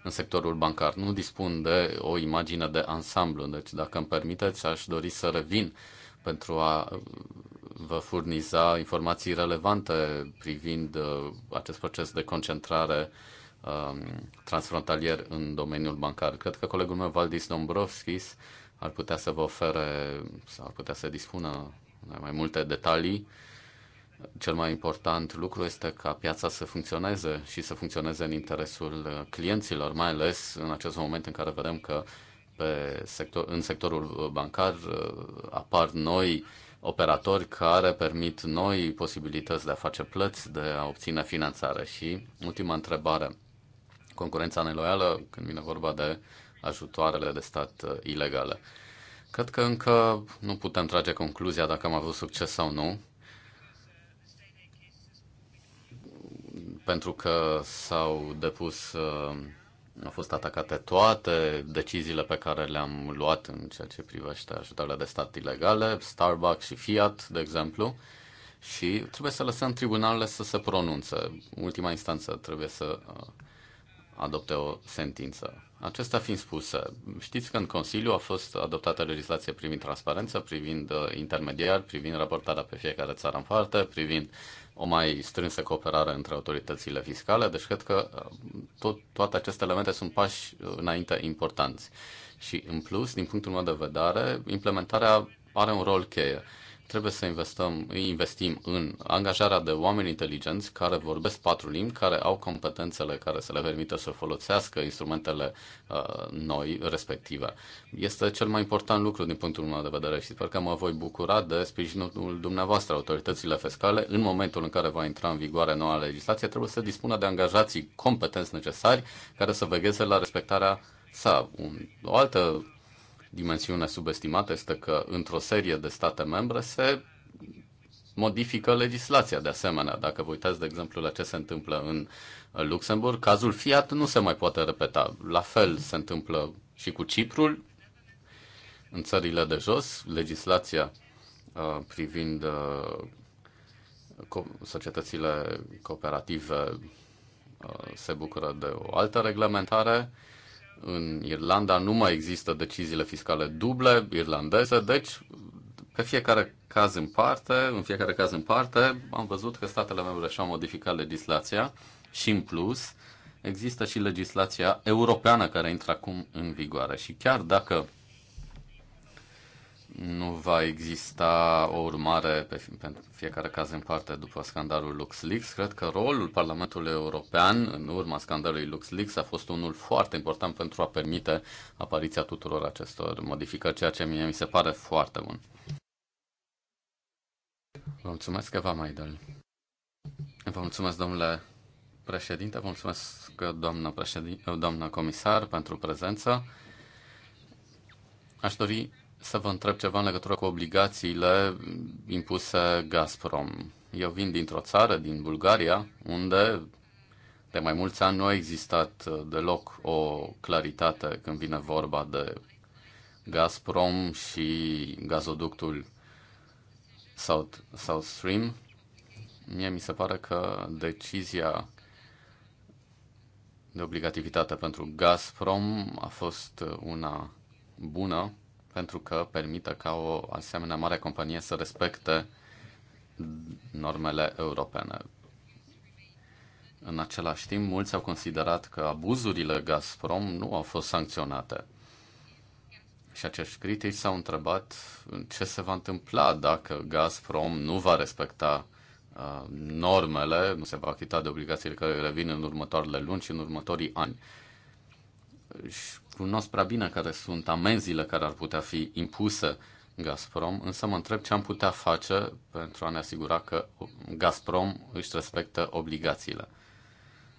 în sectorul bancar. Nu dispun de o imagine de ansamblu, deci dacă îmi permiteți, aș dori să revin pentru a uh, vă furniza informații relevante privind uh, acest proces de concentrare um, transfrontalier în domeniul bancar. Cred că colegul meu, Valdis Dombrovskis, ar putea să vă ofere sau ar putea să dispună mai multe detalii cel mai important lucru este ca piața să funcționeze și să funcționeze în interesul clienților, mai ales în acest moment în care vedem că pe sector, în sectorul bancar uh, apar noi operatori care permit noi posibilități de a face plăți, de a obține finanțare. Și ultima întrebare, concurența neloială când vine vorba de ajutoarele de stat uh, ilegale. Cred că încă nu putem trage concluzia dacă am avut succes sau nu, pentru că s-au depus, uh, au fost atacate toate deciziile pe care le-am luat în ceea ce privește ajutoarele de stat ilegale, Starbucks și Fiat, de exemplu, și trebuie să lăsăm tribunalele să se pronunțe. Ultima instanță trebuie să uh, adopte o sentință. Acestea fiind spuse, știți că în Consiliu a fost adoptată legislație privind transparență, privind uh, intermediar, privind raportarea pe fiecare țară în parte, privind o mai strânsă cooperare între autoritățile fiscale, deci cred că uh, tot, toate aceste elemente sunt pași uh, înainte importanți. Și în plus, din punctul meu de vedere, implementarea are un rol cheie. Trebuie să investăm, investim în angajarea de oameni inteligenți care vorbesc patru limbi, care au competențele care să le permită să folosească instrumentele uh, noi respective. Este cel mai important lucru din punctul meu de vedere și sper că mă voi bucura de sprijinul dumneavoastră, autoritățile fiscale, în momentul în care va intra în vigoare noua legislație, trebuie să dispună de angajații competenți necesari care să vegheze la respectarea sau Un, o altă dimensiune subestimată este că într-o serie de state membre se modifică legislația de asemenea. Dacă vă uitați, de exemplu, la ce se întâmplă în Luxemburg, cazul Fiat nu se mai poate repeta. La fel se întâmplă și cu Ciprul. În țările de jos, legislația uh, privind uh, societățile cooperative uh, se bucură de o altă reglementare în Irlanda nu mai există deciziile fiscale duble irlandeze, deci pe fiecare caz în parte, în fiecare caz în parte, am văzut că statele membre și-au modificat legislația și în plus există și legislația europeană care intră acum în vigoare și chiar dacă nu va exista o urmare pe, pentru fiecare caz în parte după scandalul LuxLeaks. Cred că rolul Parlamentului European în urma scandalului LuxLeaks a fost unul foarte important pentru a permite apariția tuturor acestor modificări, ceea ce mie mi se pare foarte bun. Vă mulțumesc, Eva Maidel. Vă mulțumesc, domnule președinte, vă mulțumesc, doamnă, președin... doamnă comisar, pentru prezență. Aș dori să vă întreb ceva în legătură cu obligațiile impuse Gazprom. Eu vin dintr-o țară, din Bulgaria, unde de mai mulți ani nu a existat uh, deloc o claritate când vine vorba de Gazprom și gazoductul South, South Stream. Mie mi se pare că decizia de obligativitate pentru Gazprom a fost uh, una bună pentru că permite ca o asemenea mare companie să respecte normele europene. În același timp, mulți au considerat că abuzurile Gazprom nu au fost sancționate. Și acești critici s-au întrebat ce se va întâmpla dacă Gazprom nu va respecta uh, normele, nu se va achita de obligațiile care revin în următoarele luni și în următorii ani își cunosc prea bine care sunt amenziile care ar putea fi impuse Gazprom, însă mă întreb ce am putea face pentru a ne asigura că Gazprom își respectă obligațiile.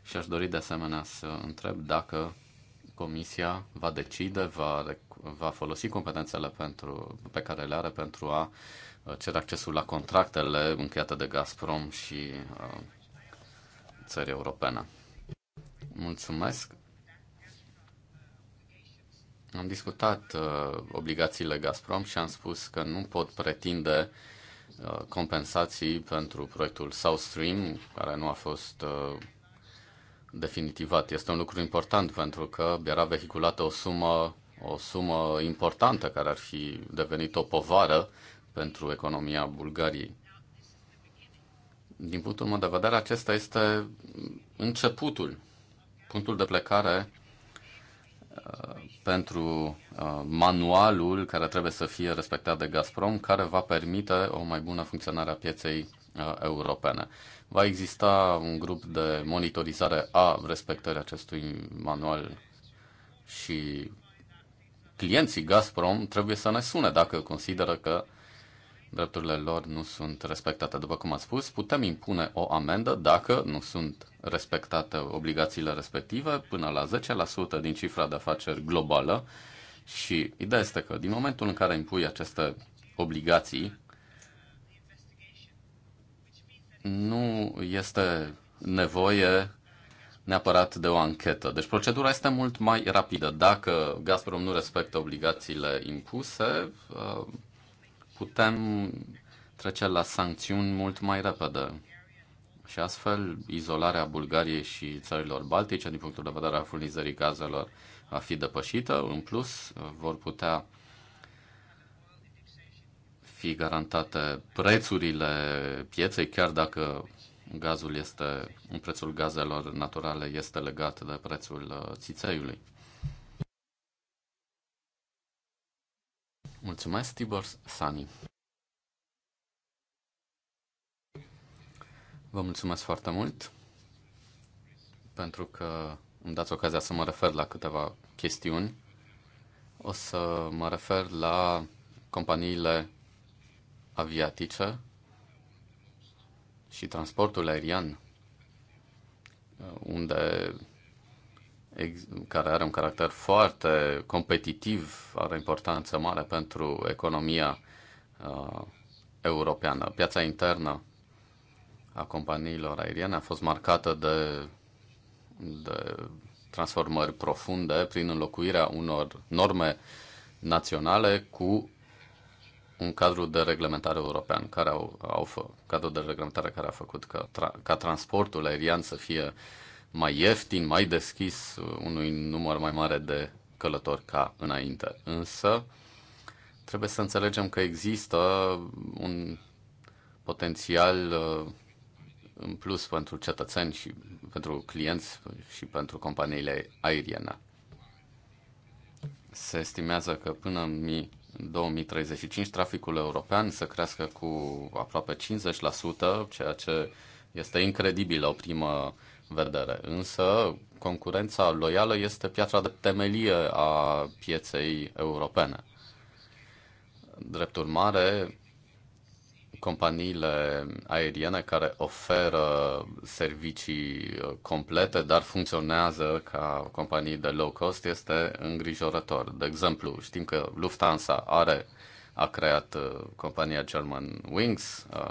Și aș dori de asemenea să întreb dacă Comisia va decide, va, va folosi competențele pentru, pe care le are pentru a uh, cere accesul la contractele încheiate de Gazprom și uh, țări europene. Mulțumesc. Am discutat uh, obligațiile Gazprom și am spus că nu pot pretinde uh, compensații pentru proiectul South Stream, care nu a fost uh, definitivat. Este un lucru important pentru că era vehiculată o sumă, o sumă importantă care ar fi devenit o povară pentru economia Bulgariei. Din punctul meu de vedere, acesta este începutul, punctul de plecare pentru uh, manualul care trebuie să fie respectat de Gazprom, care va permite o mai bună funcționare a pieței uh, europene. Va exista un grup de monitorizare a respectării acestui manual și clienții Gazprom trebuie să ne sune dacă consideră că uh, drepturile lor nu sunt respectate. După cum ați spus, putem impune o amendă dacă nu sunt respectate obligațiile respective până la 10% din cifra de afaceri globală și ideea este că din momentul în care impui aceste obligații, nu este nevoie neapărat de o anchetă. Deci procedura este mult mai rapidă. Dacă Gazprom nu respectă obligațiile impuse, uh, putem trece la sancțiuni mult mai repede. Și astfel, izolarea Bulgariei și țărilor baltice, din punctul de vedere al furnizării gazelor, va fi depășită. În plus, vor putea fi garantate prețurile pieței, chiar dacă gazul este, prețul gazelor naturale este legat de prețul uh, țițeiului. Mulțumesc, Tibor Sani. Vă mulțumesc foarte mult pentru că îmi dați ocazia să mă refer la câteva chestiuni. O să mă refer la companiile aviatice și transportul aerian, unde care are un caracter foarte competitiv, are importanță mare pentru economia uh, europeană. Piața internă a companiilor aeriene a fost marcată de, de transformări profunde prin înlocuirea unor norme naționale cu un cadru de reglementare european, care au, au fă, cadru de reglementare care a făcut ca, tra, ca transportul aerian să fie uh, mai ieftin, mai deschis uh, unui număr mai mare de călători ca înainte. Însă, trebuie să înțelegem că există un potențial uh, în plus pentru cetățeni și pentru clienți și pentru companiile aeriene. Se estimează că până în 2035 traficul european să crească cu aproape 50%, ceea ce este incredibil o primă vedere. Însă, concurența loială este piatra de temelie a pieței europene. Drept urmare, companiile aeriene care oferă servicii complete, dar funcționează ca companii de low cost, este îngrijorător. De exemplu, știm că Lufthansa are, a creat uh, compania German Wings, uh,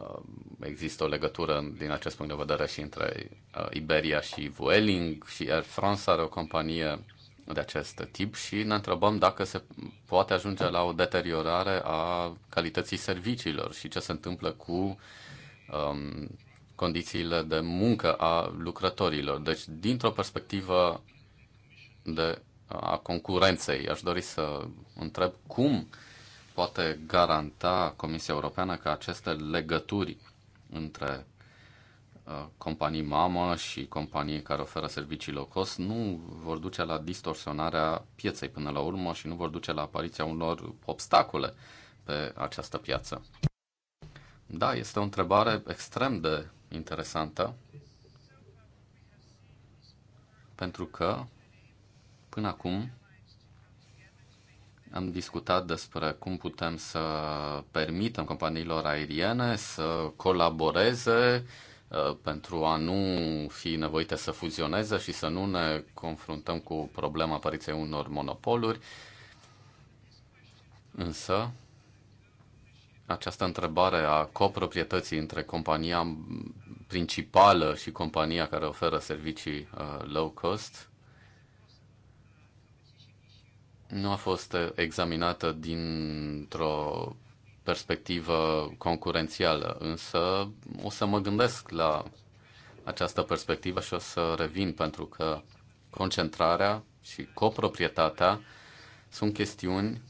Um, există o legătură din acest punct de vedere și între uh, Iberia și Vueling și Air France are o companie de acest tip și ne întrebăm dacă se poate ajunge la o deteriorare a calității serviciilor și ce se întâmplă cu um, condițiile de muncă a lucrătorilor. Deci, dintr-o perspectivă de, a concurenței, aș dori să întreb cum uh, poate garanta Comisia Europeană că aceste legături între uh, companii mamă și companii care oferă servicii low cost nu vor duce la distorsionarea pieței până la urmă și nu vor duce la apariția unor obstacole pe această piață. Da, este o întrebare extrem de interesantă pentru că până acum am discutat despre cum putem să permitem companiilor aeriene să colaboreze uh, pentru a nu fi nevoite să fuzioneze și să nu ne confruntăm cu problema apariției unor monopoluri. Însă, această întrebare a coproprietății între compania principală și compania care oferă servicii uh, low cost nu a fost uh, examinată dintr-o perspectivă concurențială, însă o să mă gândesc la această perspectivă și o să revin pentru că concentrarea și coproprietatea sunt chestiuni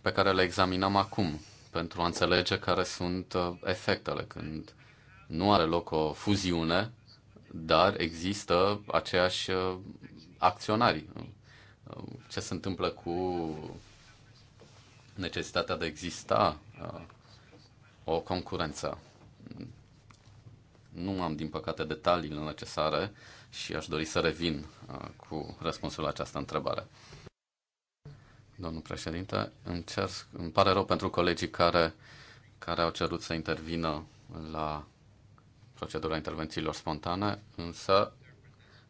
pe care le examinăm acum pentru a înțelege care sunt uh, efectele când nu are loc o fuziune, dar există aceiași uh, acționari ce se întâmplă cu necesitatea de a exista uh, o concurență. Nu am, din păcate, detaliile necesare și aș dori să revin uh, cu răspunsul la această întrebare. Domnul președinte, îmi, cer, îmi pare rău pentru colegii care, care au cerut să intervină la procedura intervențiilor spontane, însă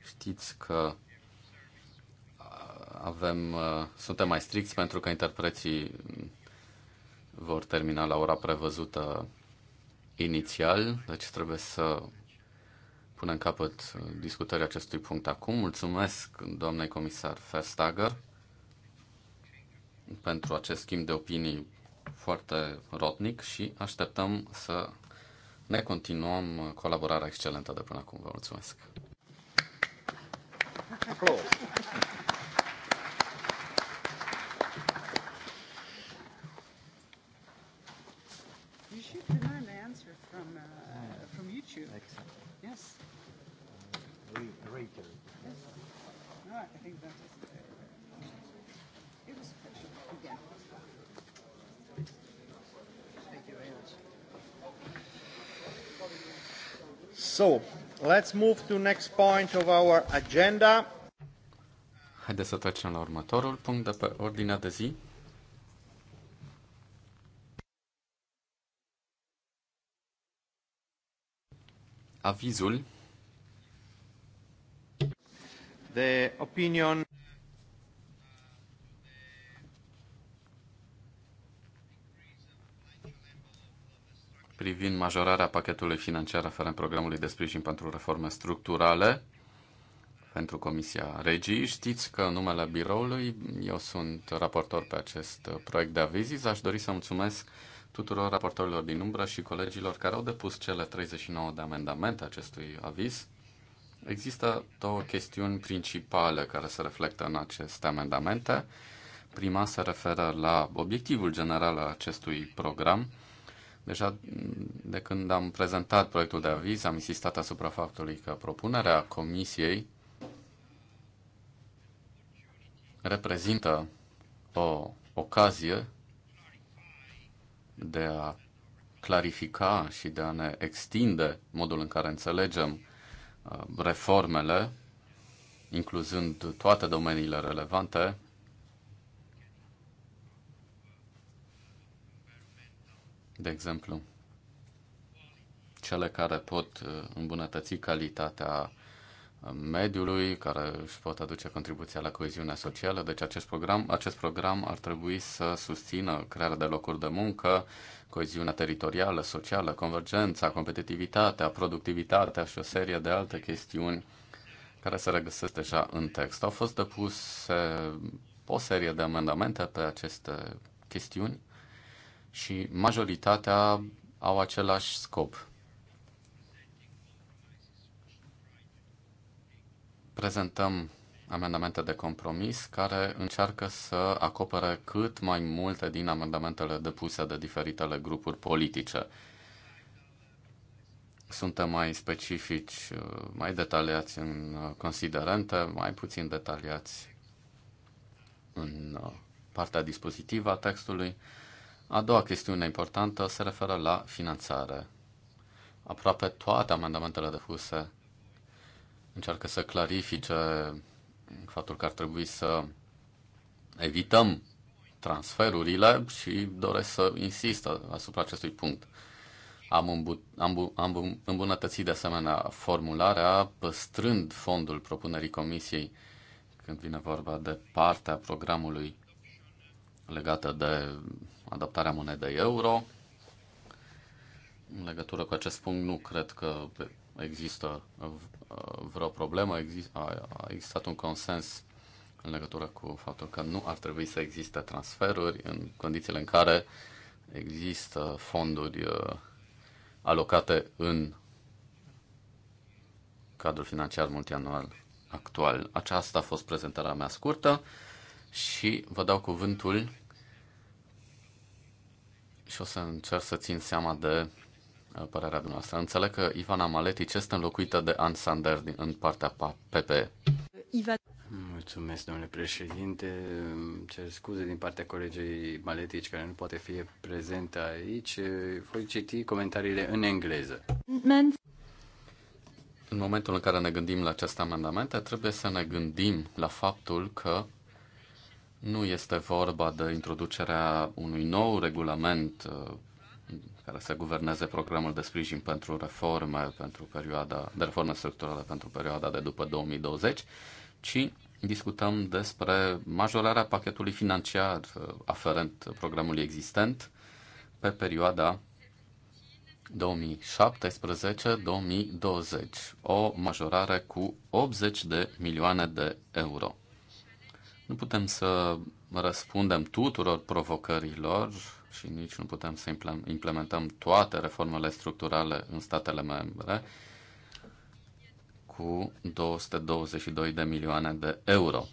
știți că avem, uh, suntem mai stricți pentru că interpreții vor termina la ora prevăzută inițial, deci trebuie să punem capăt discutării acestui punct acum. Mulțumesc doamnei comisar Verstager pentru acest schimb de opinii foarte rotnic și așteptăm să ne continuăm colaborarea excelentă de până acum. Vă mulțumesc! Aplausos. breaker. Uh, so, let's move to next point of our agenda. Haideți să trecem la următorul punct de pe ordinea de zi. Avizul the opinion privind majorarea pachetului financiar aferent programului de sprijin pentru reforme structurale pentru Comisia Regii. Știți că în numele biroului eu sunt raportor pe acest proiect de aviziz. Aș dori să mulțumesc tuturor raportorilor din umbră și colegilor care au depus cele 39 de amendamente acestui aviz. Există două chestiuni principale care se reflectă în aceste amendamente. Prima se referă la obiectivul general al acestui program. Deja de când am prezentat proiectul de aviz, am insistat asupra faptului că propunerea Comisiei reprezintă o ocazie de a clarifica și de a ne extinde modul în care înțelegem reformele, incluzând toate domeniile relevante, de exemplu, cele care pot uh, îmbunătăți calitatea uh, mediului, care își pot aduce contribuția la coeziunea socială. Deci acest program, acest program ar trebui să susțină crearea de locuri de muncă, coeziunea teritorială, socială, convergența, competitivitatea, productivitatea și o serie de alte chestiuni care se regăsesc deja în text. Au fost depuse o serie de amendamente pe aceste chestiuni și majoritatea au același scop. Prezentăm amendamente de compromis care încearcă să acopere cât mai multe din amendamentele depuse de diferitele grupuri politice. Suntem mai specifici, mai detaliați în considerente, mai puțin detaliați în partea dispozitivă a textului. A doua chestiune importantă se referă la finanțare. Aproape toate amendamentele depuse încearcă să clarifice faptul că ar trebui să evităm transferurile și doresc să insist asupra acestui punct. Am, îmbunătățit de asemenea formularea păstrând fondul propunerii comisiei când vine vorba de partea programului legată de adaptarea monedei euro. În legătură cu acest punct nu cred că există uh, uh, vreo problemă, a existat un consens în legătură cu faptul că nu ar trebui să existe transferuri în condițiile în care există fonduri uh, alocate în cadrul financiar multianual actual. Aceasta a fost prezentarea mea scurtă și vă dau cuvântul și o să încerc să țin seama de părerea dumneavoastră. Înțeleg că Ivana Maletic este înlocuită de Anne Sander din, în partea PPE. Iva... Mulțumesc, domnule președinte. Cer scuze din partea colegei Maletici, care nu poate fi prezentă aici. Voi citi comentariile în engleză. Men- în momentul în care ne gândim la aceste amendamente, trebuie să ne gândim la faptul că nu este vorba de introducerea unui nou regulament uh, care să guverneze programul de sprijin pentru reforme, pentru perioada de reforme structurale pentru perioada de după 2020, ci discutăm despre majorarea pachetului financiar uh, aferent programului existent pe perioada 2017-2020, o majorare cu 80 de milioane de euro. Nu putem să răspundem tuturor provocărilor și nici nu putem să implementăm toate reformele structurale în statele membre cu 222 de milioane de euro.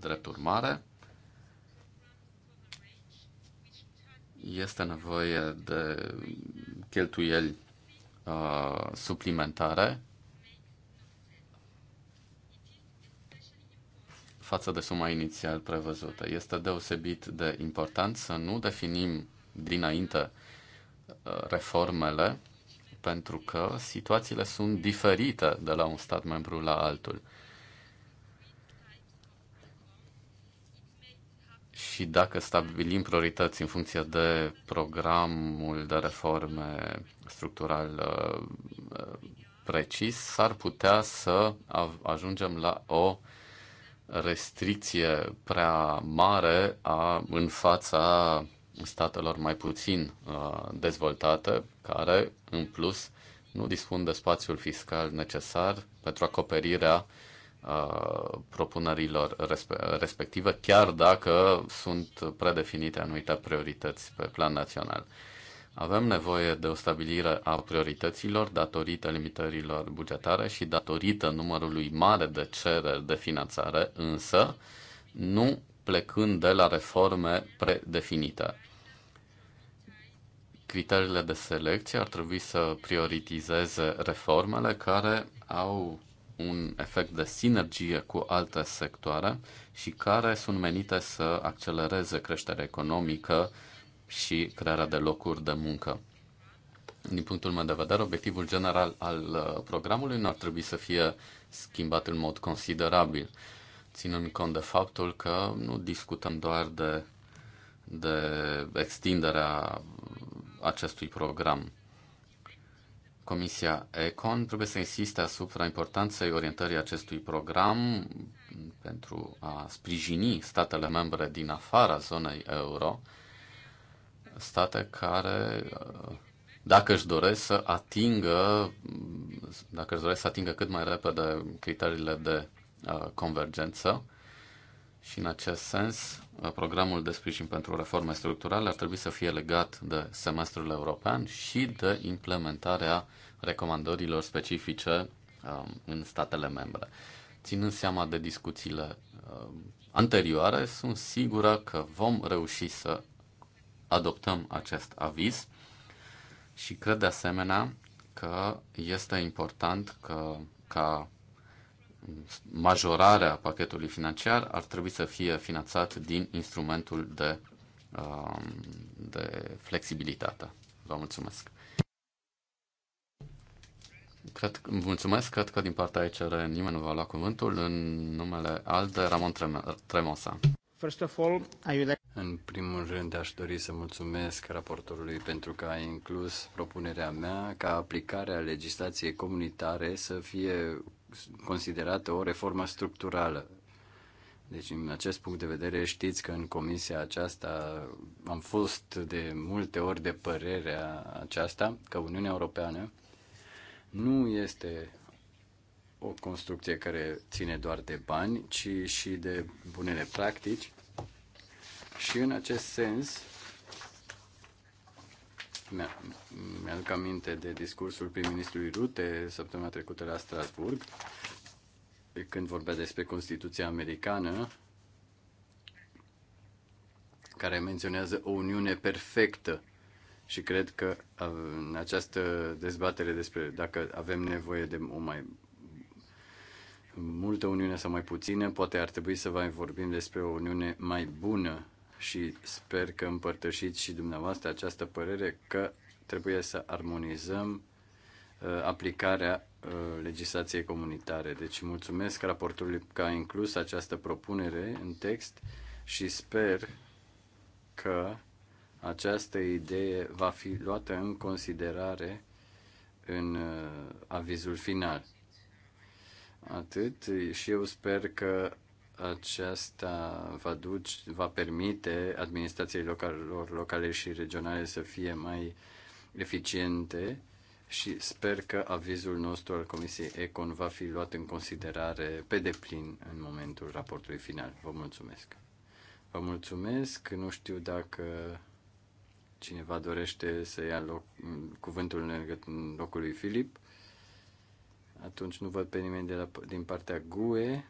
Drept urmare, este nevoie de cheltuieli uh, suplimentare față de suma inițial prevăzută. Este deosebit de important să nu definim dinainte uh, reformele, pentru că situațiile sunt diferite de la un stat membru la altul. Și dacă stabilim priorități în funcție de programul de reforme structural uh, uh, precis, s-ar putea să ajungem la o restricție prea mare a, în fața statelor mai puțin a, dezvoltate, care, în plus, nu dispun de spațiul fiscal necesar pentru acoperirea a, propunerilor respe- respective, chiar dacă sunt predefinite anumite priorități pe plan național. Avem nevoie de o stabilire a priorităților datorită limitărilor bugetare și datorită numărului mare de cereri de finanțare, însă nu plecând de la reforme predefinite. Criteriile de selecție ar trebui să prioritizeze reformele care au un efect de sinergie cu alte sectoare și care sunt menite să accelereze creșterea economică și crearea de locuri de muncă. Din punctul meu de vedere, obiectivul general al uh, programului nu ar trebui să fie schimbat în mod considerabil, ținând cont de faptul că nu discutăm doar de, de extinderea acestui program. Comisia Econ trebuie să insiste asupra importanței orientării acestui program pentru a sprijini statele membre din afara zonei euro, state care, dacă își doresc să atingă, dacă își doresc să atingă cât mai repede criteriile de uh, convergență, și în acest sens, uh, programul de sprijin pentru reforme structurale ar trebui să fie legat de semestrul european și de implementarea recomandărilor specifice um, în statele membre. Ținând seama de discuțiile um, anterioare, sunt sigură că vom reuși să adoptăm acest aviz și cred de asemenea că este important că ca majorarea pachetului financiar ar trebui să fie finanțat din instrumentul de, um, de flexibilitate. Vă mulțumesc! Cred, mulțumesc, cred că din partea ECR nimeni nu va lua cuvântul. În numele de Ramon Tremosa. First of all, I would like... În primul rând, aș dori să mulțumesc raportorului pentru că a inclus propunerea mea ca aplicarea legislației comunitare să fie considerată o reformă structurală. Deci, în acest punct de vedere, știți că în comisia aceasta am fost de multe ori de părerea aceasta că Uniunea Europeană nu este o construcție care ține doar de bani, ci și de bunele practici. Și în acest sens, mi-aduc aminte de discursul prim-ministrului Rute săptămâna trecută la Strasburg, când vorbea despre Constituția Americană, care menționează o uniune perfectă. Și cred că în această dezbatere despre dacă avem nevoie de o mai multă Uniune sau mai puțină, poate ar trebui să mai vorbim despre o Uniune mai bună și sper că împărtășiți și dumneavoastră această părere că trebuie să armonizăm uh, aplicarea uh, legislației comunitare. Deci mulțumesc raportului că a inclus această propunere în text și sper că această idee va fi luată în considerare în uh, avizul final. Atât și eu sper că aceasta va, duce, va permite administrației localelor locale și regionale să fie mai eficiente și sper că avizul nostru al Comisiei Econ va fi luat în considerare pe deplin în momentul raportului final. Vă mulțumesc! Vă mulțumesc, nu știu dacă cineva dorește să ia loc, cuvântul în locul lui Filip. Atunci nu văd pe nimeni de la, din partea GUE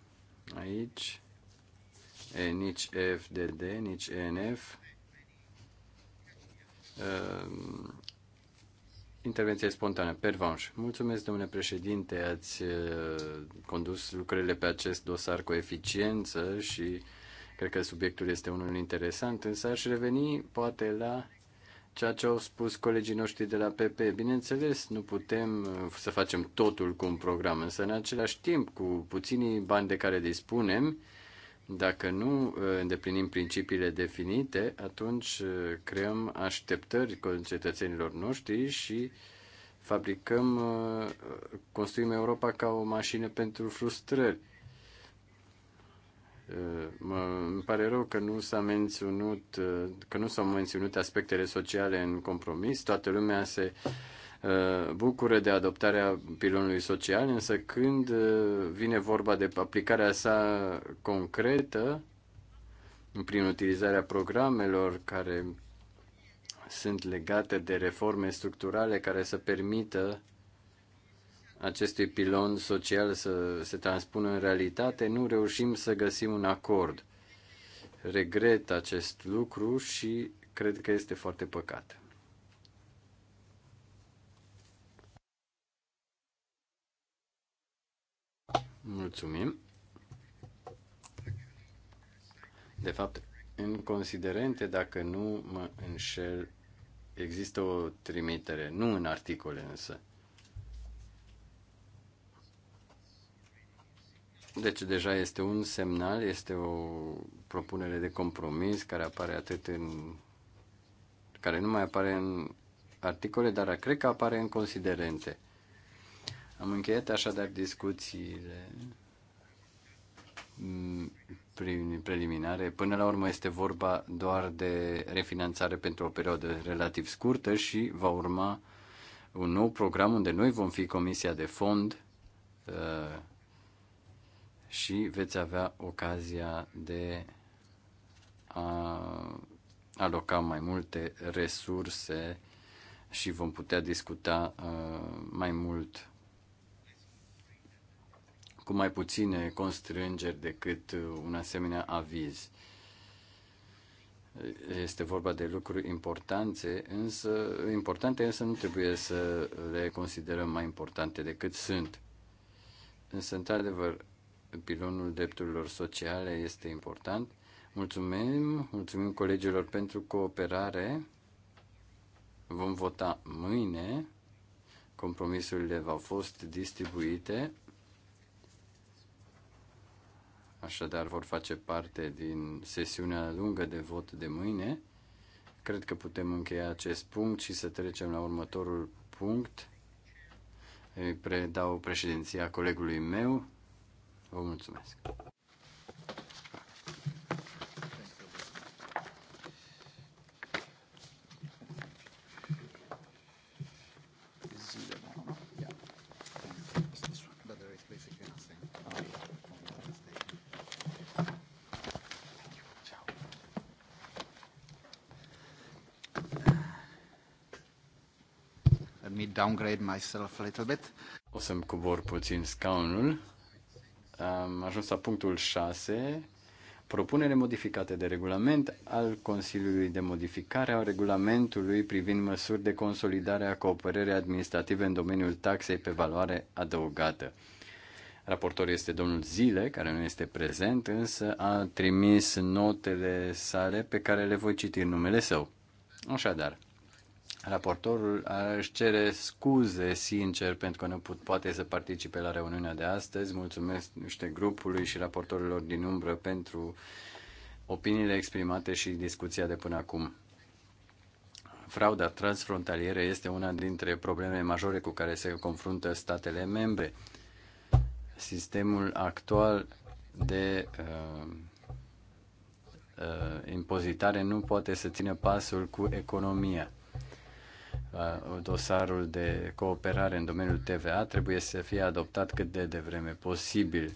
aici. E, nici FDD, nici ENF. Uh, ehm, intervenție spontană. Pervanș. Mulțumesc, domnule președinte, ați condus lucrările pe acest dosar cu eficiență și cred că subiectul este unul interesant, însă aș reveni poate la ceea ce au spus colegii noștri de la PP. Bineînțeles, nu putem uh, să facem totul cu un program, însă în același timp, cu puținii bani de care dispunem, dacă nu uh, îndeplinim principiile definite, atunci uh, creăm așteptări cetățenilor noștri și fabricăm, construim Europa ca o mașină pentru frustrări. Mă îmi pare rău că nu s-a menționat, că nu s-au menționat aspectele sociale în compromis. Toată lumea se uh, bucură de adoptarea pilonului social, însă când uh, vine vorba de aplicarea sa concretă, prin utilizarea programelor care sunt legate de reforme structurale care să permită acestui pilon social să se transpună în realitate, nu reușim să găsim un acord. Regret acest lucru și cred că este foarte păcat. Mulțumim. De fapt, în considerente, dacă nu mă înșel, există o trimitere, nu în articole însă. Deci deja este un semnal, este o propunere de compromis care apare atât în care nu mai apare în articole, dar cred că apare în considerente. Am încheiat așadar discuțiile mm, prin preliminare. Până la urmă este vorba doar de refinanțare pentru o perioadă relativ scurtă și va urma un nou program unde noi vom fi comisia de fond uh, și veți avea ocazia de a aloca mai multe resurse și vom putea discuta uh, mai mult cu mai puține constrângeri decât un asemenea aviz. Este vorba de lucruri importante, însă, importante, însă nu trebuie să le considerăm mai importante decât sunt. Însă, într-adevăr, pilonul drepturilor sociale este important. Mulțumim, mulțumim colegilor pentru cooperare. Vom vota mâine. Compromisurile v-au fost distribuite. Așadar, vor face parte din sesiunea lungă de vot de mâine. Cred că putem încheia acest punct și să trecem la următorul punct. Îi predau președinția colegului meu, Vă mulțumesc! downgrade myself a little bit. O să-mi cobor puțin scaunul. Am ajuns la punctul 6, propunere modificate de regulament al Consiliului de modificare a regulamentului privind măsuri de consolidare a cooperării administrative în domeniul taxei pe valoare adăugată. Raportor este domnul Zile, care nu este prezent, însă a trimis notele sale pe care le voi citi în numele său. Așadar, Raportorul își cere scuze sincer pentru că nu put, poate să participe la reuniunea de astăzi. Mulțumesc niște grupului și raportorilor din umbră pentru opiniile exprimate și discuția de până acum. Frauda transfrontalieră este una dintre problemele majore cu care se confruntă statele membre. Sistemul actual de uh, uh, impozitare nu poate să țină pasul cu economia dosarul de cooperare în domeniul TVA trebuie să fie adoptat cât de devreme posibil,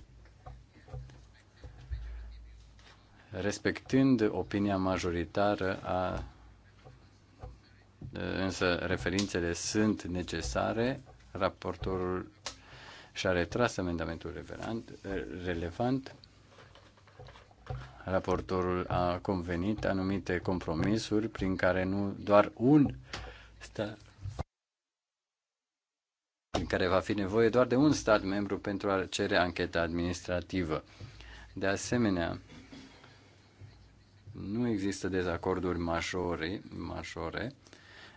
respectând opinia majoritară a însă referințele sunt necesare, raportorul și-a retras amendamentul relevant, raportorul a convenit anumite compromisuri prin care nu doar un sta- în care va fi nevoie doar de un stat membru pentru a cere ancheta administrativă. De asemenea, nu există dezacorduri majore, majore.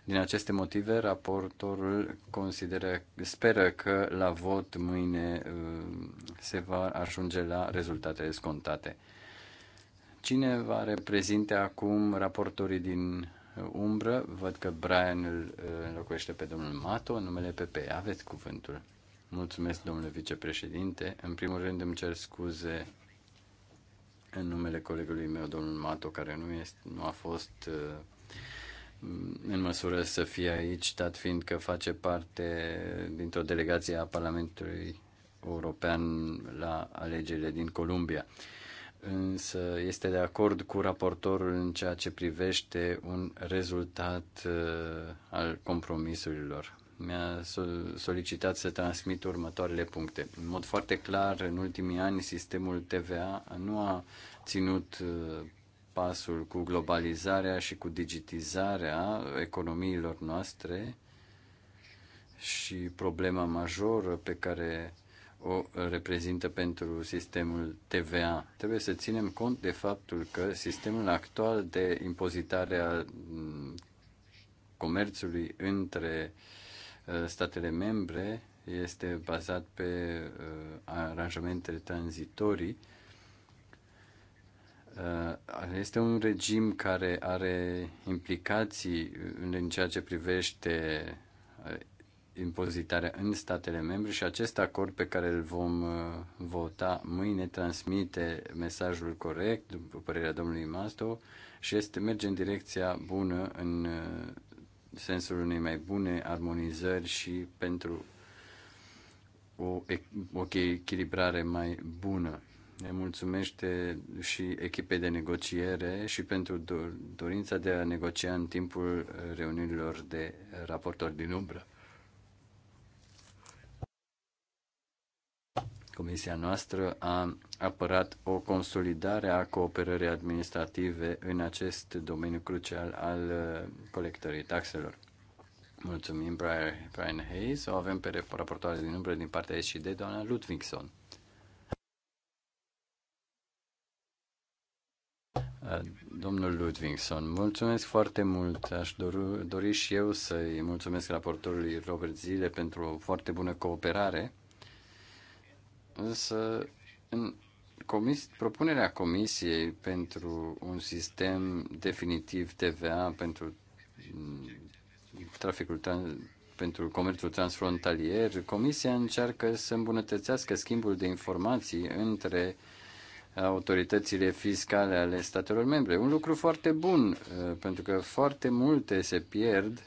Din aceste motive, raportorul consideră, speră că la vot mâine uh, se va ajunge la rezultatele scontate. Cine va reprezinte acum raportorii din umbră. Văd că Brian îl înlocuiește pe domnul Mato numele PP. Aveți cuvântul. Mulțumesc, domnule vicepreședinte. În primul rând îmi cer scuze în numele colegului meu, domnul Mato, care nu, este, nu a fost uh, în măsură să fie aici, dat fiind că face parte dintr-o delegație a Parlamentului European la alegerile din Columbia însă este de acord cu raportorul în ceea ce privește un rezultat uh, al compromisurilor. Mi-a solicitat să transmit următoarele puncte. În mod foarte clar, în ultimii ani, sistemul TVA nu a ținut uh, pasul cu globalizarea și cu digitizarea economiilor noastre și problema majoră pe care o reprezintă pentru sistemul TVA. Trebuie să ținem cont de faptul că sistemul actual de impozitare a mm, comerțului între ă, statele membre este bazat pe ă, aranjamente tranzitorii. Ă, este un regim care are implicații în ceea ce privește impozitare în statele membre și acest acord pe care îl vom uh, vota mâine transmite mesajul corect, după părerea domnului Masto, și este, merge în direcția bună în uh, sensul unei mai bune armonizări și pentru o, o echilibrare mai bună. Ne mulțumește și echipei de negociere și pentru dorința de a negocia în timpul reunirilor de raportori din umbră. Comisia noastră a apărat o consolidare a cooperării administrative în acest domeniu crucial al uh, colectării taxelor. Mulțumim, Brian, Hayes. O avem pe raportoare din umbră din partea SCD, doamna Ludvigson. Uh, domnul Ludvigson, mulțumesc foarte mult. Aș dori, dori și eu să-i mulțumesc raportorului Robert Zile pentru o foarte bună cooperare însă în comis- propunerea Comisiei pentru un sistem definitiv TVA pentru mm, traficul pentru comerțul transfrontalier, Comisia încearcă să îmbunătățească schimbul de informații între autoritățile fiscale ale statelor membre. Un lucru foarte bun, uh, pentru că foarte multe se pierd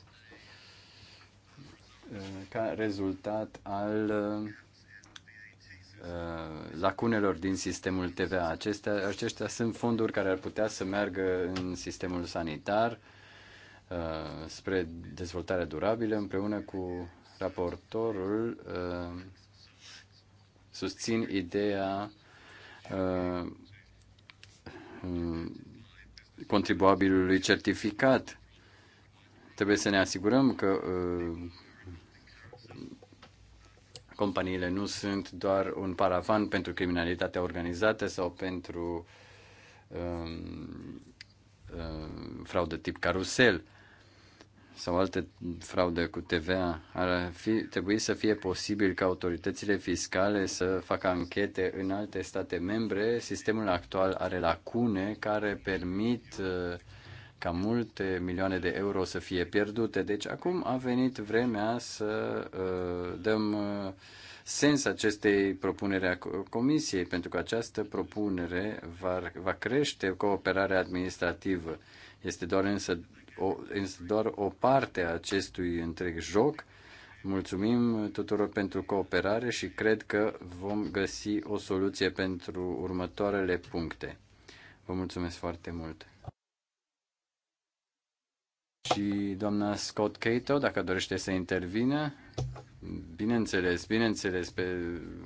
uh, ca rezultat al uh, Uh, lacunelor din sistemul TVA. Acestea, aceștia sunt fonduri care ar putea să meargă în sistemul sanitar uh, spre dezvoltare durabilă împreună cu raportorul uh, susțin ideea contribuabilului certificat. Trebuie să ne asigurăm că Companiile nu sunt doar un paravan pentru criminalitatea organizată sau pentru um, um, fraudă tip carusel sau alte fraude cu TVA. Ar fi, trebui să fie posibil ca autoritățile fiscale să facă anchete în alte state membre. Sistemul actual are lacune care permit uh, ca multe milioane de euro să fie pierdute. Deci acum a venit vremea să uh, dăm uh, sens acestei propunere a Comisiei, pentru că această propunere va, va crește cooperarea administrativă. Este doar însă o, însă doar o parte a acestui întreg joc. Mulțumim tuturor pentru cooperare și cred că vom găsi o soluție pentru următoarele puncte. Vă mulțumesc foarte mult! și doamna Scott Cato, dacă dorește să intervină. Bineînțeles, bineînțeles, pe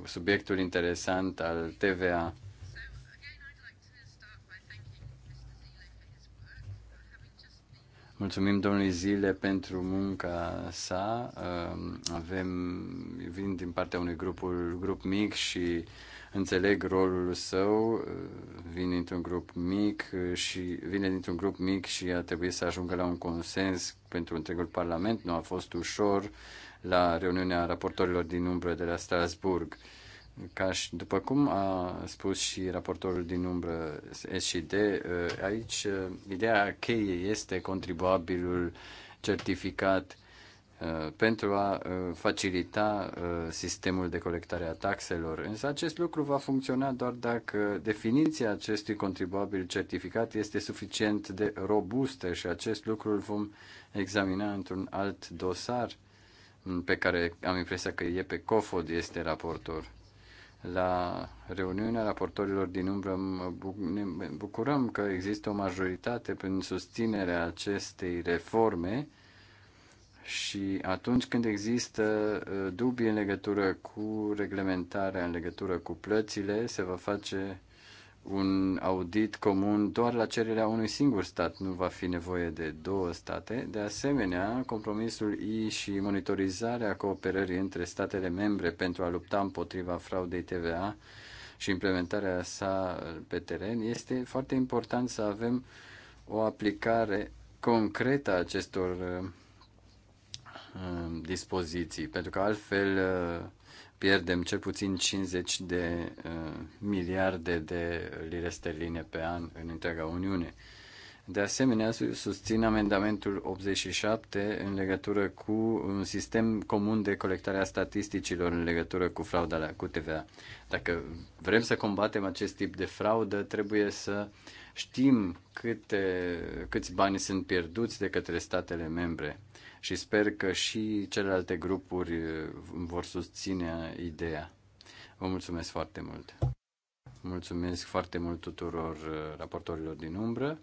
subiectul interesant al TVA. Mulțumim domnului Zile pentru munca sa. Avem, vin din partea unui grupul, grup mic și înțeleg rolul său, vine dintr-un grup mic și vine dintr-un grup mic și a trebuit să ajungă la un consens pentru întregul Parlament. Nu a fost ușor la reuniunea raportorilor din umbră de la Strasburg. Ca și, după cum a spus și raportorul din umbră SCD, aici uh, ideea cheie este contribuabilul certificat Uh, pentru a uh, facilita uh, sistemul de colectare a taxelor. Însă acest lucru va funcționa doar dacă definiția acestui contribuabil certificat este suficient de robustă și acest lucru îl vom examina într-un alt dosar mm, pe care am impresia că e pe COFOD, este raportor. La reuniunea raportorilor din umbră ne bucurăm că există o majoritate prin susținerea acestei reforme și atunci când există uh, dubii în legătură cu reglementarea, în legătură cu plățile, se va face un audit comun doar la cererea unui singur stat, nu va fi nevoie de două state. De asemenea, compromisul I și monitorizarea cooperării între statele membre pentru a lupta împotriva fraudei TVA și implementarea sa pe teren, este foarte important să avem o aplicare concretă a acestor uh, Uh, dispoziții, pentru că altfel uh, pierdem cel puțin 50 de uh, miliarde de lire sterline pe an în întreaga Uniune. De asemenea, susțin amendamentul 87 în legătură cu un sistem comun de colectare a statisticilor în legătură cu frauda la cu TVA. Dacă vrem să combatem acest tip de fraudă, trebuie să știm câte, câți bani sunt pierduți de către statele membre și sper că și celelalte grupuri uh, vor susține ideea. Vă mulțumesc foarte mult! Mulțumesc foarte mult tuturor uh, raportorilor din umbră.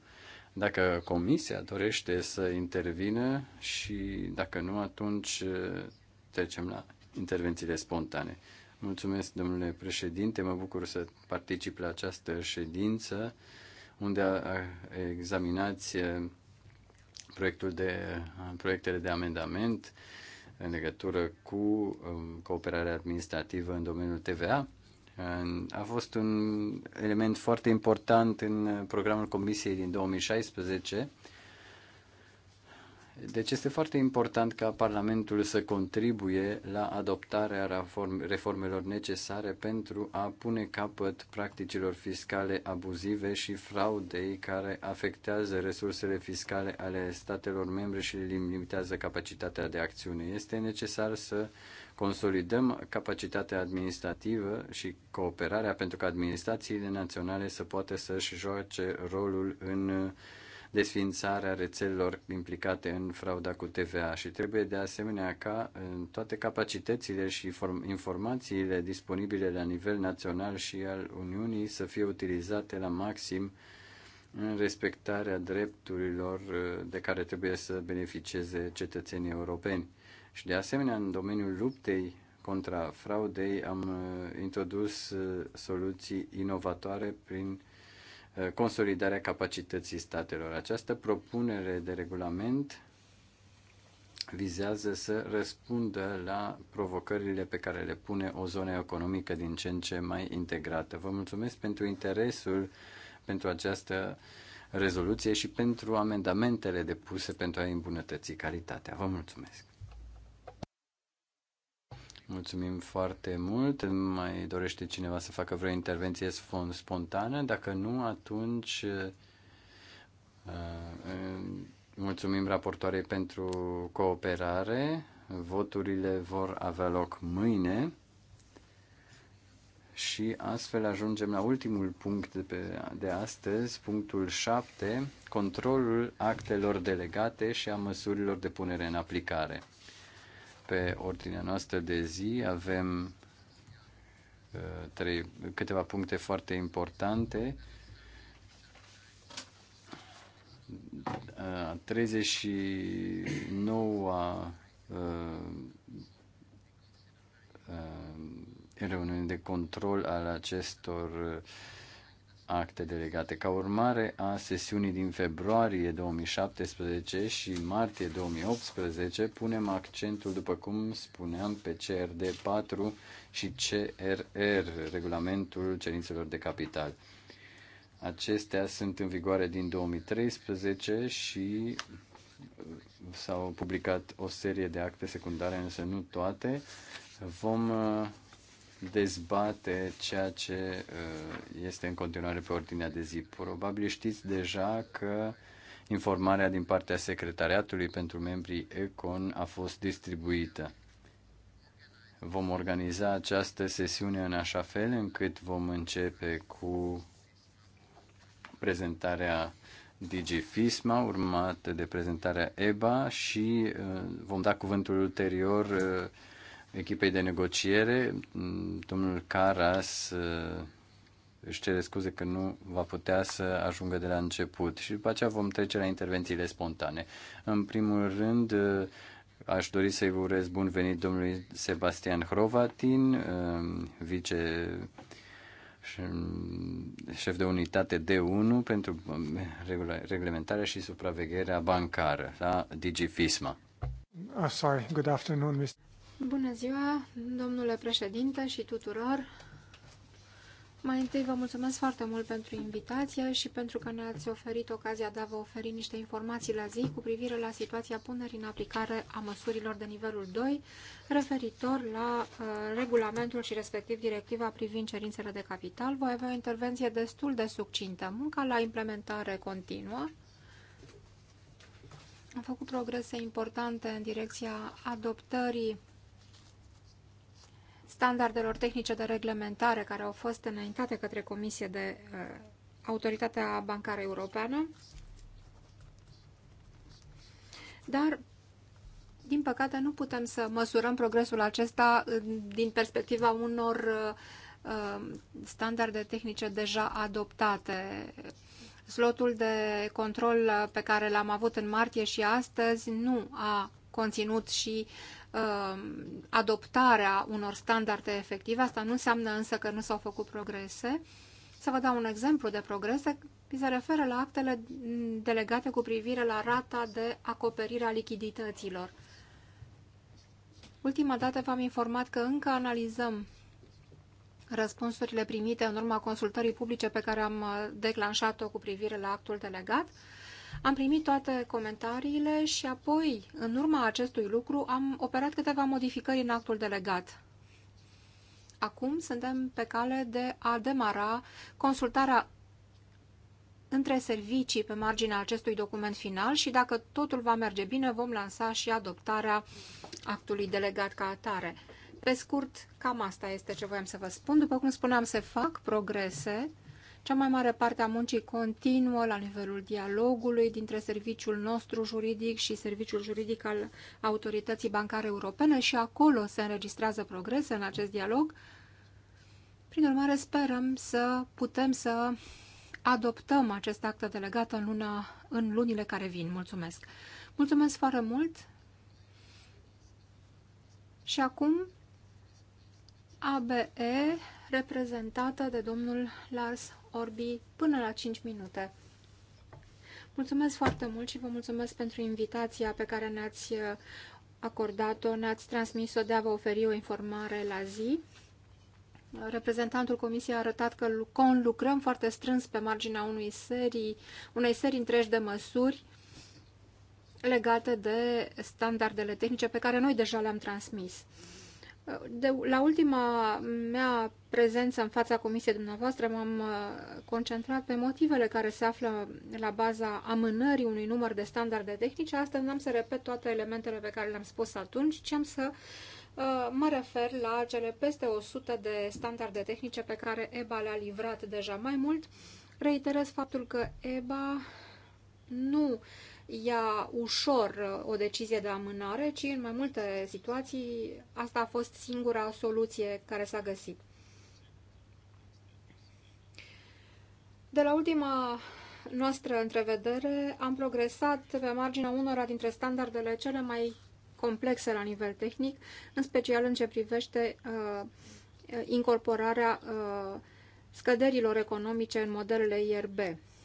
Dacă comisia dorește să intervină și dacă nu, atunci uh, trecem la intervențiile spontane. Mulțumesc, domnule președinte, mă bucur să particip la această ședință unde examinați proiectul de, proiectele de amendament în legătură cu um, cooperarea administrativă în domeniul TVA. A fost un element foarte important în programul Comisiei din 2016 deci este foarte important ca Parlamentul să contribuie la adoptarea reform reformelor necesare pentru a pune capăt practicilor fiscale abuzive și fraudei care afectează resursele fiscale ale statelor membre și limitează capacitatea de acțiune. Este necesar să consolidăm capacitatea administrativă și cooperarea pentru ca administrațiile naționale să poată să-și joace rolul în desfințarea rețelelor implicate în frauda cu TVA și trebuie de asemenea ca toate capacitățile și informațiile disponibile la nivel național și al Uniunii să fie utilizate la maxim în respectarea drepturilor uh, de care trebuie să beneficieze cetățenii europeni. Și de asemenea, în domeniul luptei contra fraudei am uh, introdus uh, soluții inovatoare prin Eh, consolidarea capacității statelor. Această propunere de regulament vizează să răspundă la provocările pe care le pune o zonă economică din ce în ce mai integrată. Vă mulțumesc pentru interesul pentru această rezoluție și pentru amendamentele depuse pentru a îmbunătăți calitatea. Vă mulțumesc! Mulțumim foarte mult. Mai dorește cineva să facă vreo intervenție spontană? Dacă nu, atunci uh, uh, mulțumim raportoarei pentru cooperare. Voturile vor avea loc mâine. Și astfel ajungem la ultimul punct de, pe, de astăzi, punctul 7, controlul actelor delegate și a măsurilor de punere în aplicare pe ordinea noastră de zi avem uh, trei, câteva puncte foarte importante. 39-a uh, uh, reuniune de control al acestor uh, acte delegate. Ca urmare a sesiunii din februarie 2017 și martie 2018, punem accentul, după cum spuneam, pe CRD 4 și CRR, Regulamentul Cerințelor de Capital. Acestea sunt în vigoare din 2013 și uh, s-au publicat o serie de acte secundare, însă nu toate. Vom uh, dezbate ceea ce uh, este în continuare pe ordinea de zi. Probabil știți deja că informarea din partea secretariatului pentru membrii ECON a fost distribuită. Vom organiza această sesiune în așa fel încât vom începe cu prezentarea DigiFisma, urmată de prezentarea EBA și uh, vom da cuvântul ulterior uh, echipei de negociere. Domnul Caras uh, își cere scuze că nu va putea să ajungă de la început și după aceea vom trece la intervențiile spontane. În primul rând, uh, aș dori să-i urez bun venit domnului Sebastian Hrovatin, uh, vice șef de unitate D1 pentru reglementarea și supravegherea bancară la DigiFisma. Oh, ah, sorry, good afternoon, Mr. Bună ziua, domnule președinte și tuturor. Mai întâi vă mulțumesc foarte mult pentru invitație și pentru că ne-ați oferit ocazia de a vă oferi niște informații la zi cu privire la situația punerii în aplicare a măsurilor de nivelul 2 referitor la uh, regulamentul și respectiv directiva privind cerințele de capital. Voi avea o intervenție destul de succintă. Munca la implementare continuă. Am făcut progrese importante în direcția adoptării standardelor tehnice de reglementare care au fost înaintate către Comisie de uh, Autoritatea Bancară Europeană, dar din păcate nu putem să măsurăm progresul acesta uh, din perspectiva unor uh, standarde tehnice deja adoptate. Slotul de control pe care l-am avut în martie și astăzi nu a conținut și uh, Um, adoptarea unor standarde efective. Asta nu înseamnă însă că nu s-au făcut progrese. Să vă dau un exemplu de progrese Mi se referă la actele delegate cu privire la rata de acoperire a lichidităților. Ultima dată v-am informat că încă analizăm răspunsurile primite în urma consultării publice pe care am uh, declanșat-o cu privire la actul delegat am primit toate comentariile și apoi, în urma acestui lucru, am operat câteva modificări în actul delegat. Acum suntem pe cale de a demara consultarea între servicii pe marginea acestui document final și dacă totul va merge bine, vom lansa și adoptarea actului delegat ca atare. Pe scurt, cam asta este ce voiam să vă spun. După cum spuneam, se fac progrese cea mai mare parte a muncii continuă la nivelul dialogului dintre serviciul nostru juridic și serviciul juridic al Autorității Bancare Europene și acolo se înregistrează progrese în acest dialog. Prin urmare, sperăm să putem să adoptăm acest act delegat în, luna, în lunile care vin. Mulțumesc! Mulțumesc foarte mult! Și acum ABE reprezentată de domnul Lars orbi până la 5 minute. Mulțumesc foarte mult și vă mulțumesc pentru invitația pe care ne-ați uh, acordat-o, ne-ați transmis-o de a vă oferi o informare la zi. Reprezentantul Comisiei a arătat că lucrăm foarte strâns pe marginea unui serii, unei serii întregi de măsuri legate de standardele tehnice pe care noi deja le-am transmis. De, la ultima mea prezență în fața comisiei dumneavoastră m-am uh, concentrat pe motivele care se află la baza amânării unui număr de standarde tehnice. Astăzi n-am să repet toate elementele pe care le-am spus atunci, ci am să uh, mă refer la cele peste 100 de standarde tehnice pe care EBA le-a livrat deja mai mult. Reiterez faptul că EBA nu uh, ia ușor uh, o decizie de amânare, ci în mai multe situații asta a fost singura soluție care s-a găsit. De la ultima noastră întrevedere am progresat pe marginea unora dintre standardele cele mai complexe la nivel tehnic, în special în ce privește uh, incorporarea uh, scăderilor economice în modelele IRB.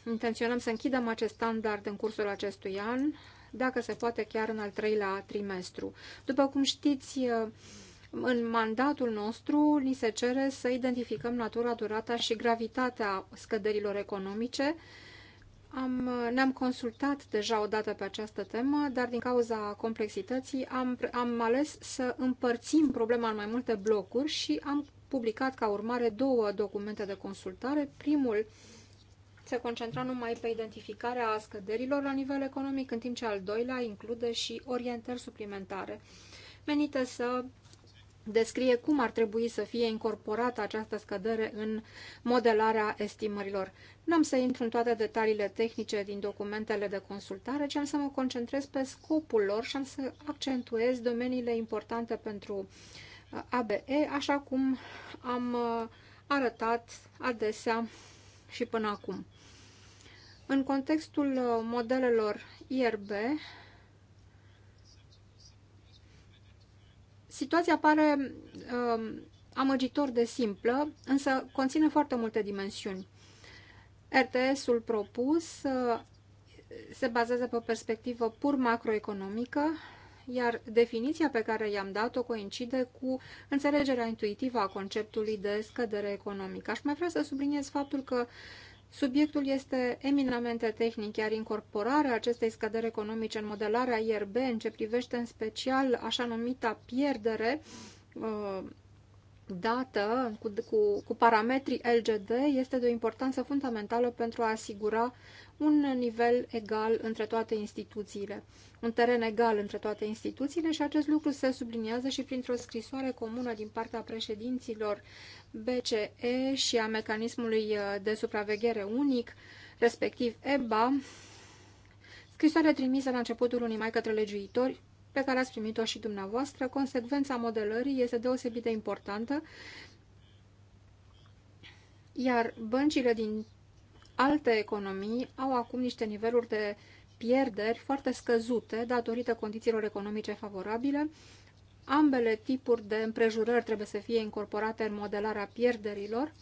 Intenționăm să închidem acest standard în cursul acestui an, dacă se poate chiar în al treilea trimestru. După cum știți, în mandatul nostru ni se cere să identificăm natura, durata și gravitatea scăderilor economice. Am, ne-am consultat deja o dată pe această temă, dar din cauza complexității am, am ales să împărțim problema în mai multe blocuri și am publicat ca urmare două documente de consultare. Primul se concentra numai pe identificarea scăderilor la nivel economic, în timp ce al doilea include și orientări suplimentare menite să descrie cum ar trebui să fie incorporată această scădere în modelarea estimărilor. N-am să intru în toate detaliile tehnice din documentele de consultare, ci am să mă concentrez pe scopul lor și am să accentuez domeniile importante pentru uh, ABE, așa cum am uh, arătat adesea și până acum. În contextul uh, modelelor IRB, situația pare uh, amăgitor de simplă, însă conține foarte multe dimensiuni. RTS-ul propus uh, se bazează pe o perspectivă pur macroeconomică, iar definiția pe care i-am dat-o coincide cu înțelegerea intuitivă a conceptului de scădere economică. Aș mai vrea să subliniez faptul că uh, Subiectul este eminamente tehnic, iar incorporarea acestei scăderi economice în modelarea IRB, în ce privește în special așa numita pierdere uh, dată cu, cu, cu parametrii LGD, este de o importanță fundamentală pentru a asigura un nivel egal între toate instituțiile, un teren egal între toate instituțiile și acest lucru se subliniază și printr-o scrisoare comună din partea președinților BCE și a mecanismului uh, de supraveghere unic, respectiv EBA, scrisoare trimisă la începutul lunii mai către legiuitori, pe care ați primit-o și dumneavoastră, consecvența modelării este deosebit de importantă, iar băncile din alte economii au acum niște niveluri de pierderi foarte scăzute datorită condițiilor economice favorabile, Ambele tipuri de împrejurări trebuie să fie incorporate în modelarea pierderilor,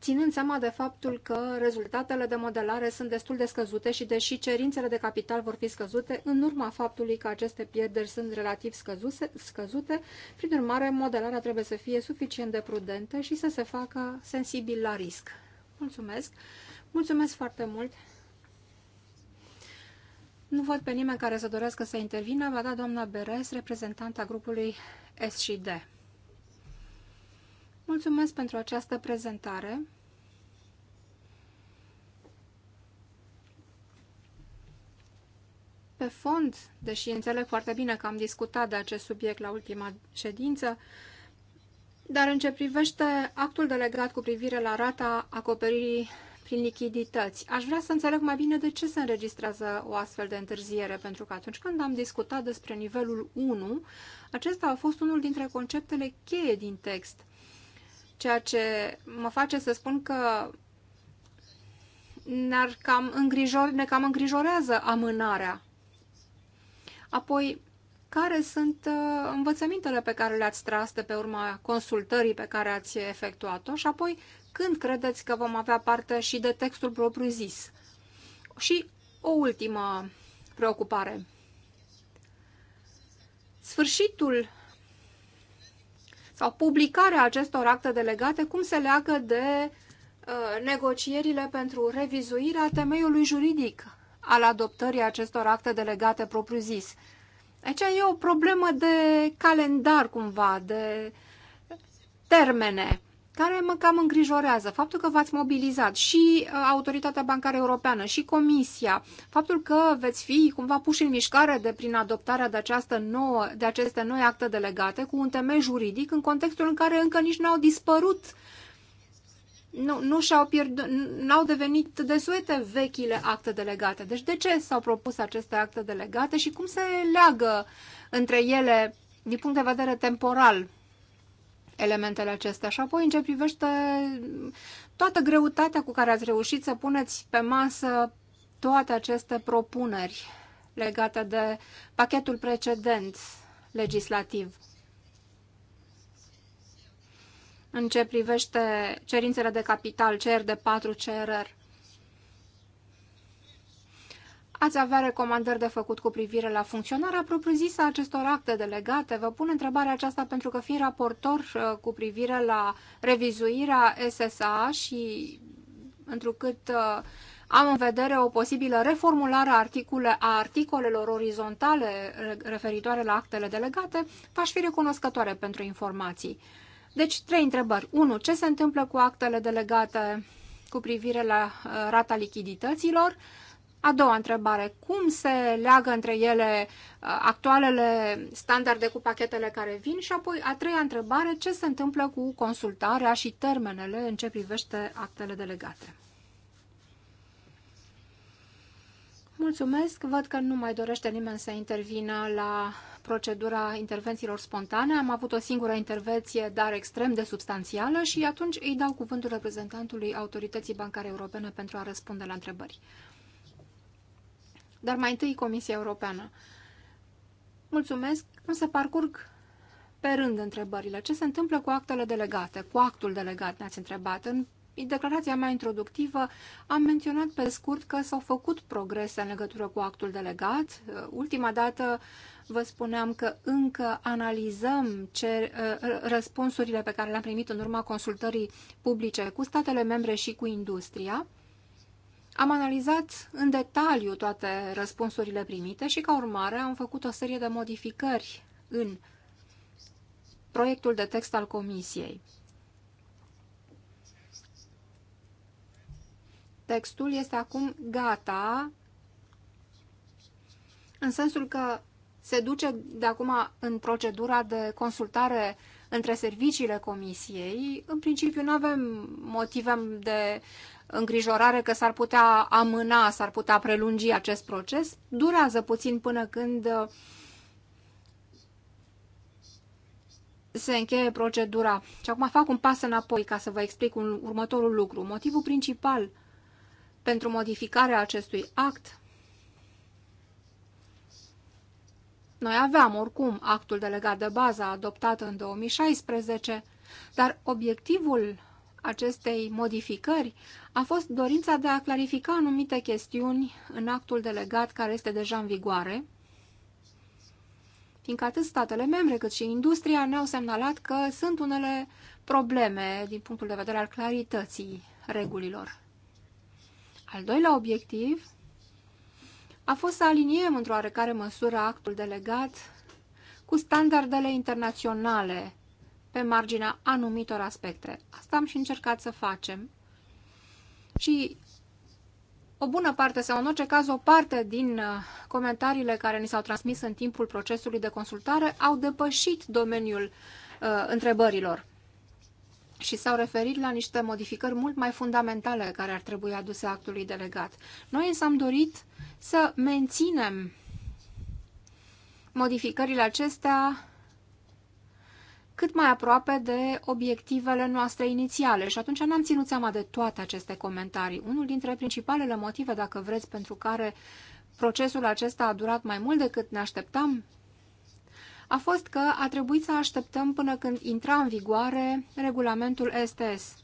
ținând seama de faptul că rezultatele de modelare sunt destul de scăzute și deși cerințele de capital vor fi scăzute, în urma faptului că aceste pierderi sunt relativ scăzuse, scăzute, prin urmare, modelarea trebuie să fie suficient de prudentă și să se facă sensibil la risc. Mulțumesc! Mulțumesc foarte mult! Nu văd pe nimeni care să dorească să intervină. Va da doamna Beres, reprezentanta grupului S D. Mulțumesc pentru această prezentare. Pe fond, deși înțeleg foarte bine că am discutat de acest subiect la ultima ședință, dar în ce privește actul delegat cu privire la rata acoperirii prin lichidități. Aș vrea să înțeleg mai bine de ce se înregistrează o astfel de întârziere, pentru că atunci când am discutat despre nivelul 1, acesta a fost unul dintre conceptele cheie din text, ceea ce mă face să spun că ne cam, îngrijor, ne cam îngrijorează amânarea. Apoi, care sunt uh, învățămintele pe care le-ați tras de pe urma consultării pe care ați efectuat-o și apoi când credeți că vom avea parte și de textul propriu-zis? Și o ultimă preocupare. Sfârșitul sau publicarea acestor acte delegate, cum se leagă de uh, negocierile pentru revizuirea temeiului juridic al adoptării acestor acte delegate propriu-zis. Aici e o problemă de calendar, cumva, de termene care mă cam îngrijorează. Faptul că v-ați mobilizat și uh, Autoritatea Bancară Europeană și Comisia, faptul că veți fi cumva puși în mișcare de prin adoptarea de, această nouă, de aceste noi acte delegate cu un temei juridic în contextul în care încă nici n-au dispărut nu, nu și-au pierdut, n-au devenit desuete vechile acte delegate. Deci de ce s-au propus aceste acte delegate și cum se leagă între ele din punct de vedere temporal elementele acestea. Și apoi, în ce privește toată greutatea cu care ați reușit să puneți pe masă toate aceste propuneri legate de pachetul precedent legislativ. În ce privește cerințele de capital, cer de 4 cereri, ați avea recomandări de făcut cu privire la funcționarea propriu-zisă a acestor acte delegate? Vă pun întrebarea aceasta pentru că fiind raportor uh, cu privire la revizuirea SSA și întrucât uh, am în vedere o posibilă reformulare a, articole, a articolelor orizontale referitoare la actele delegate, v-aș fi recunoscătoare pentru informații. Deci, trei întrebări. 1. Ce se întâmplă cu actele delegate cu privire la uh, rata lichidităților? A doua întrebare, cum se leagă între ele uh, actualele standarde cu pachetele care vin? Și apoi, a treia întrebare, ce se întâmplă cu consultarea și termenele în ce privește actele delegate? Mulțumesc, văd că nu mai dorește nimeni să intervină la procedura intervențiilor spontane. Am avut o singură intervenție, dar extrem de substanțială și atunci îi dau cuvântul reprezentantului Autorității Bancare Europene pentru a răspunde la întrebări dar mai întâi Comisia Europeană. Mulțumesc, o să parcurg pe rând întrebările. Ce se întâmplă cu actele delegate, cu actul delegat, ne-ați întrebat. În declarația mea introductivă am menționat pe scurt că s-au făcut progrese în legătură cu actul delegat. Ultima dată vă spuneam că încă analizăm ce, uh, răspunsurile pe care le-am primit în urma consultării publice cu statele membre și cu industria. Am analizat în detaliu toate răspunsurile primite și, ca urmare, am făcut o serie de modificări în proiectul de text al Comisiei. Textul este acum gata, în sensul că se duce de acum în procedura de consultare între serviciile comisiei, în principiu nu avem motive de îngrijorare că s-ar putea amâna, s-ar putea prelungi acest proces. Durează puțin până când uh, se încheie procedura. Și acum fac un pas înapoi ca să vă explic un următorul lucru. Motivul principal pentru modificarea acestui act Noi aveam oricum actul delegat de bază adoptat în 2016, dar obiectivul acestei modificări a fost dorința de a clarifica anumite chestiuni în actul delegat care este deja în vigoare, fiindcă atât statele membre cât și industria ne-au semnalat că sunt unele probleme din punctul de vedere al clarității regulilor. Al doilea obiectiv a fost să aliniem într-o oarecare măsură actul delegat cu standardele internaționale pe marginea anumitor aspecte. Asta am și încercat să facem. Și o bună parte, sau în orice caz o parte din uh, comentariile care ni s-au transmis în timpul procesului de consultare au depășit domeniul uh, întrebărilor și s-au referit la niște modificări mult mai fundamentale care ar trebui aduse actului delegat. Noi însă am dorit să menținem modificările acestea cât mai aproape de obiectivele noastre inițiale și atunci n-am ținut seama de toate aceste comentarii. Unul dintre principalele motive, dacă vreți, pentru care procesul acesta a durat mai mult decât ne așteptam, a fost că a trebuit să așteptăm până când intra în vigoare regulamentul STS,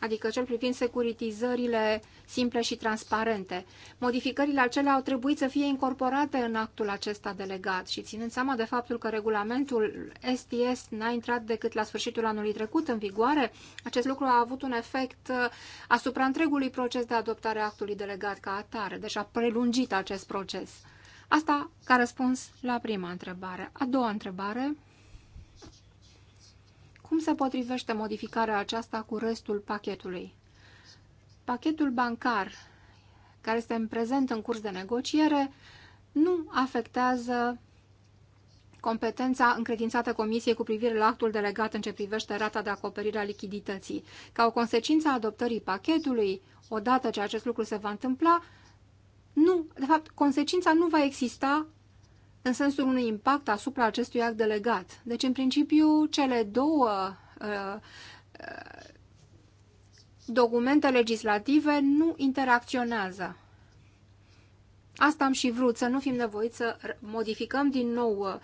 adică cel privind securitizările simple și transparente. Modificările acelea au trebuit să fie incorporate în actul acesta delegat și ținând seama de faptul că regulamentul STS n-a intrat decât la sfârșitul anului trecut în vigoare, acest lucru a avut un efect uh, asupra întregului proces de adoptare a actului delegat ca atare, deci a prelungit acest proces. Asta ca răspuns la prima întrebare. A doua întrebare, cum se potrivește modificarea aceasta cu restul pachetului? Pachetul bancar, care este în prezent în curs de negociere, nu afectează competența încredințată Comisiei cu privire la actul delegat în ce privește rata de acoperire a lichidității. Ca o consecință a adoptării pachetului, odată ce acest lucru se va întâmpla, nu, de fapt, consecința nu va exista în sensul unui impact asupra acestui act delegat. Deci, în principiu, cele două uh, uh documente legislative nu interacționează. Asta am și vrut, să nu fim nevoiți să modificăm din nou uh,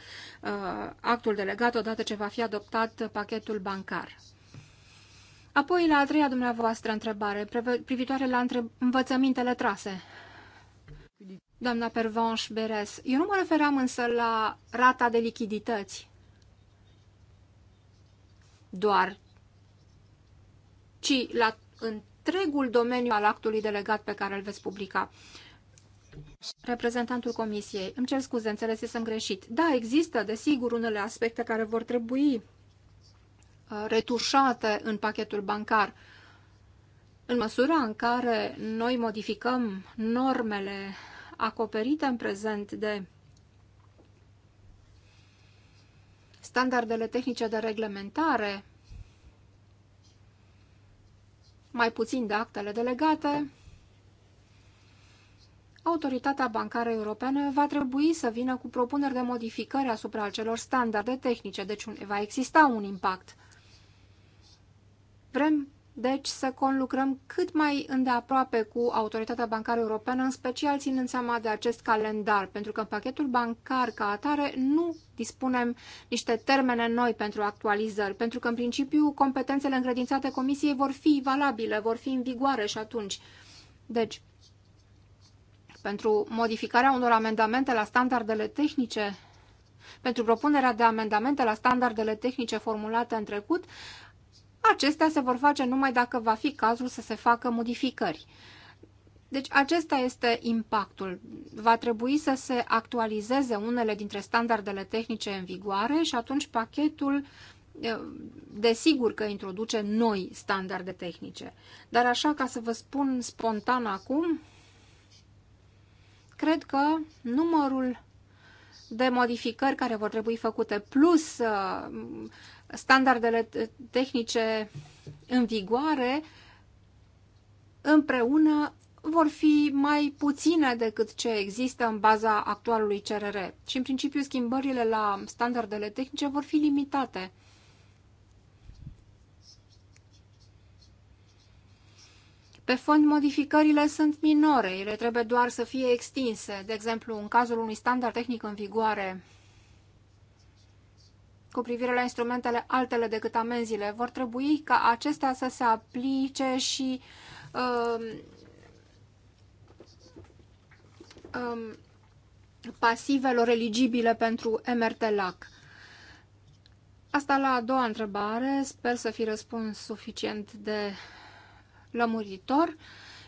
uh, actul delegat odată ce va fi adoptat pachetul bancar. Apoi, la a treia dumneavoastră întrebare, privitoare la între... învățămintele trase doamna Pervanș Beres. Eu nu mă referam însă la rata de lichidități. Doar. Ci la întregul domeniu al actului delegat pe care îl veți publica. Reprezentantul comisiei. Îmi cer scuze, înțelesesem greșit. Da, există, desigur, unele aspecte care vor trebui uh, retușate în pachetul bancar. În măsura în care noi modificăm normele acoperită în prezent de standardele tehnice de reglementare, mai puțin de actele delegate, Autoritatea Bancară Europeană va trebui să vină cu propuneri de modificări asupra acelor standarde tehnice, deci va exista un impact. Vrem deci să conlucrăm cât mai îndeaproape cu Autoritatea Bancară Europeană, în special ținând seama de acest calendar, pentru că în pachetul bancar ca atare nu dispunem niște termene noi pentru actualizări, pentru că în principiu competențele încredințate Comisiei vor fi valabile, vor fi în vigoare și atunci. Deci, pentru modificarea unor amendamente la standardele tehnice pentru propunerea de amendamente la standardele tehnice formulate în trecut, Acestea se vor face numai dacă va fi cazul să se facă modificări. Deci acesta este impactul. Va trebui să se actualizeze unele dintre standardele tehnice în vigoare și atunci pachetul eh, desigur că introduce noi standarde tehnice. Dar așa, ca să vă spun spontan acum, cred că numărul de modificări care vor trebui făcute, plus eh, standardele tehnice în vigoare, împreună vor fi mai puține decât ce există în baza actualului CRR și, în principiu, schimbările la standardele tehnice vor fi limitate. Pe fond, modificările sunt minore, ele trebuie doar să fie extinse. De exemplu, în cazul unui standard tehnic în vigoare cu privire la instrumentele altele decât amenziile. Vor trebui ca acestea să se aplice și um, um, pasivelor eligibile pentru MRT-LAC. Asta la a doua întrebare, sper să fi răspuns suficient de lămuritor.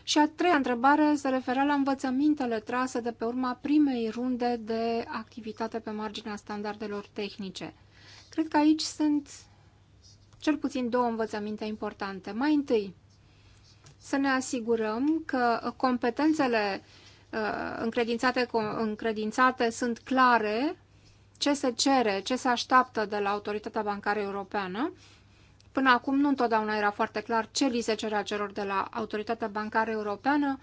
Și a treia întrebare se referă la învățămintele trase de pe urma primei runde de activitate pe marginea standardelor tehnice. Cred că aici sunt cel puțin două învățăminte importante. Mai întâi, să ne asigurăm că competențele uh, încredințate, încredințate sunt clare, ce se cere, ce se așteaptă de la Autoritatea Bancară Europeană. Până acum nu întotdeauna era foarte clar ce li se cerea celor de la Autoritatea Bancară Europeană,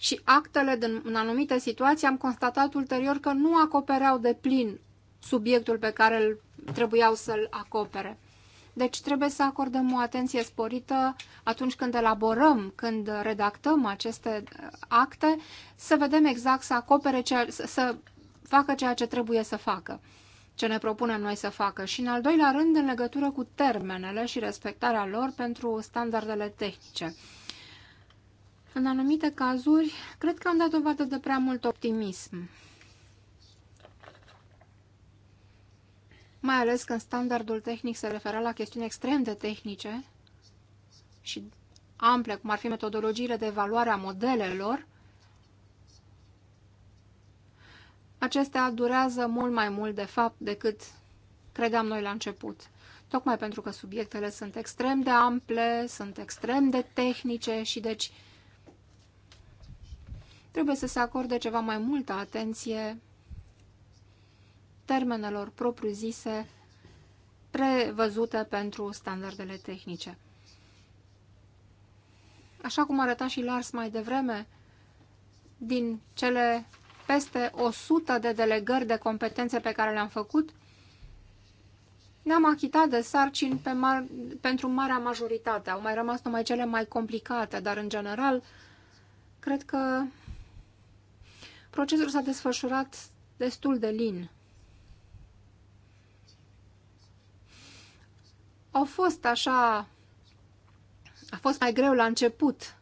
și actele din, în anumite situații am constatat ulterior că nu acopereau de plin subiectul pe care îl trebuiau să-l acopere. Deci trebuie să acordăm o atenție sporită atunci când elaborăm, când redactăm aceste uh, acte, să vedem exact să acopere, ceea, să facă ceea ce trebuie să facă, ce ne propunem noi să facă. Și în al doilea rând, în legătură cu termenele și respectarea lor pentru standardele tehnice. În anumite cazuri, cred că am dat dovadă de prea mult optimism. Mai ales când standardul tehnic se referă la chestiuni extrem de tehnice și ample, cum ar fi metodologiile de evaluare a modelelor, acestea durează mult mai mult, de fapt, decât credeam noi la început. Tocmai pentru că subiectele sunt extrem de ample, sunt extrem de tehnice și deci trebuie să se acorde ceva mai multă atenție termenelor propriu-zise prevăzute pentru standardele tehnice. Așa cum arăta și Lars mai devreme, din cele peste 100 de delegări de competențe pe care le-am făcut, ne-am achitat de sarcini pe mar pentru marea majoritate. Au mai rămas numai cele mai complicate, dar în general, cred că procesul s-a desfășurat destul de lin. Au fost așa... A fost mai greu la început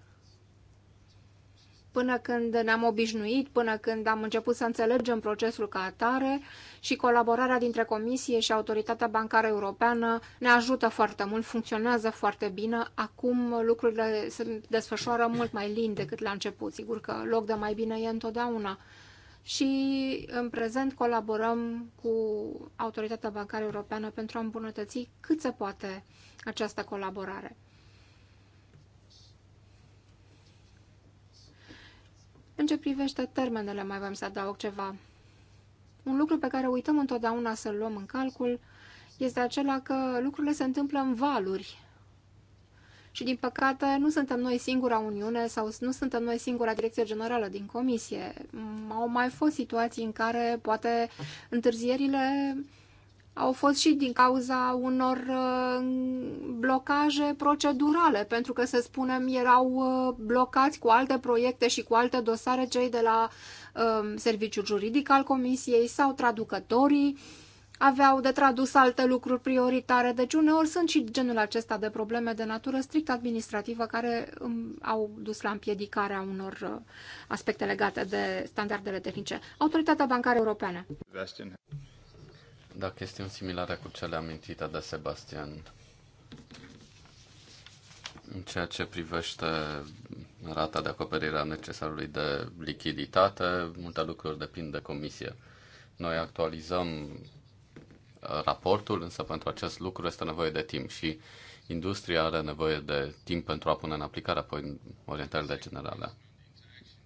până când ne-am obișnuit, până când am început să înțelegem procesul ca atare și colaborarea dintre Comisie și Autoritatea Bancară Europeană ne ajută foarte mult, funcționează foarte bine. Acum lucrurile se desfășoară mult mai lin decât la început. Sigur că loc de mai bine e întotdeauna. Și în prezent colaborăm cu Autoritatea Bancară Europeană pentru a îmbunătăți cât se poate această colaborare. În ce privește termenele, mai vrem să adaug ceva. Un lucru pe care uităm întotdeauna să-l luăm în calcul este acela că lucrurile se întâmplă în valuri. Și, din păcate, nu suntem noi singura Uniune sau nu suntem noi singura Direcție Generală din Comisie. Au mai fost situații în care, poate, întârzierile au fost și din cauza unor uh, blocaje procedurale, pentru că, să spunem, erau uh, blocați cu alte proiecte și cu alte dosare cei de la um, Serviciul Juridic al Comisiei sau traducătorii aveau de tradus alte lucruri prioritare. Deci uneori sunt și genul acesta de probleme de natură strict administrativă care um, au dus la împiedicarea unor uh, aspecte legate de standardele tehnice. Autoritatea Bancară Europeană da chestiuni similare cu cele amintite de Sebastian în ceea ce privește rata de acoperire a necesarului de lichiditate, multe lucruri depind de comisie. Noi actualizăm uh, raportul, însă pentru acest lucru este nevoie de timp și industria are nevoie de timp pentru a pune în aplicare apoi orientările generale.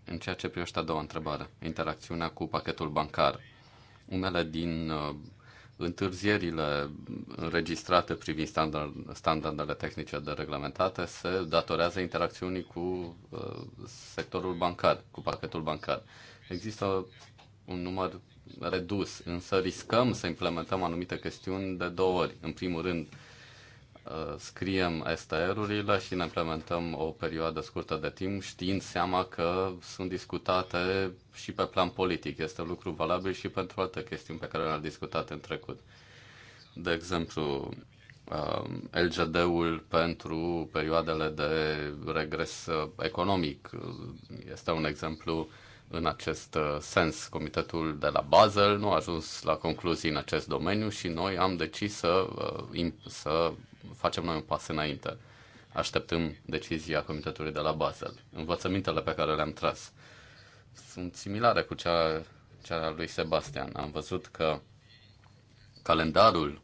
În ceea ce privește a doua întrebare, interacțiunea cu pachetul bancar. Unele din uh, Întârzierile înregistrate privind standard, standardele tehnice de reglementate se datorează interacțiunii cu uh, sectorul bancar, cu pachetul bancar. Există un număr redus, însă riscăm să implementăm anumite chestiuni de două ori. În primul rând, Uh, scriem STR-urile și ne implementăm o perioadă scurtă de timp, știind seama că sunt discutate și pe plan politic. Este un lucru valabil și pentru alte chestiuni pe care le-am discutat în trecut. De exemplu, um, LGD-ul pentru perioadele de regres uh, economic uh, este un exemplu în acest uh, sens. Comitetul de la Basel nu a ajuns la concluzii în acest domeniu și noi am decis să, uh, să facem noi un pas înainte. Așteptăm decizia Comitetului de la Basel. Învățămintele pe care le-am tras sunt similare cu cea, cea a lui Sebastian. Am văzut că calendarul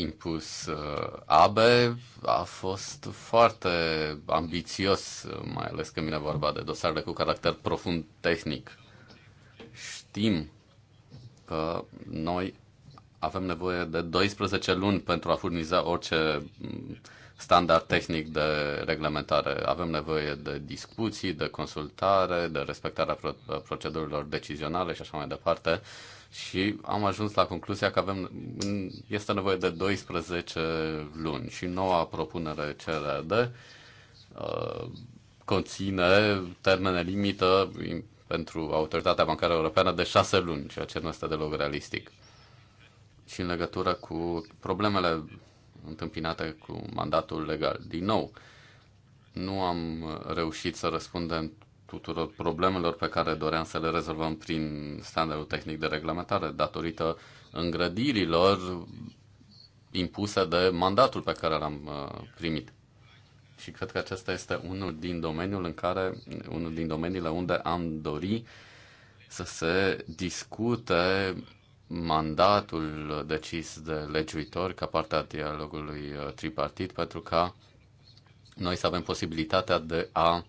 impus uh, ABE a fost foarte ambițios, mai ales când vine vorba de dosarele cu caracter profund tehnic. Știm că noi avem nevoie de 12 luni pentru a furniza orice mm, standard tehnic de reglementare. Avem nevoie de discuții, de consultare, de respectarea procedurilor decizionale și așa mai departe și am ajuns la concluzia că avem, este nevoie de 12 luni și noua propunere CRD uh, conține termene limită pentru Autoritatea Bancară Europeană de 6 luni, ceea ce nu este deloc realistic. Și în legătură cu problemele întâmpinate cu mandatul legal, din nou, nu am reușit să răspundem tuturor problemelor pe care doream să le rezolvăm prin standardul tehnic de reglementare, datorită îngrădirilor impuse de mandatul pe care l-am uh, primit. Și cred că acesta este unul din domeniul în care, unul din domeniile unde am dori să se discute mandatul decis de legiuitor ca parte a dialogului uh, tripartit pentru ca noi să avem posibilitatea de a uh,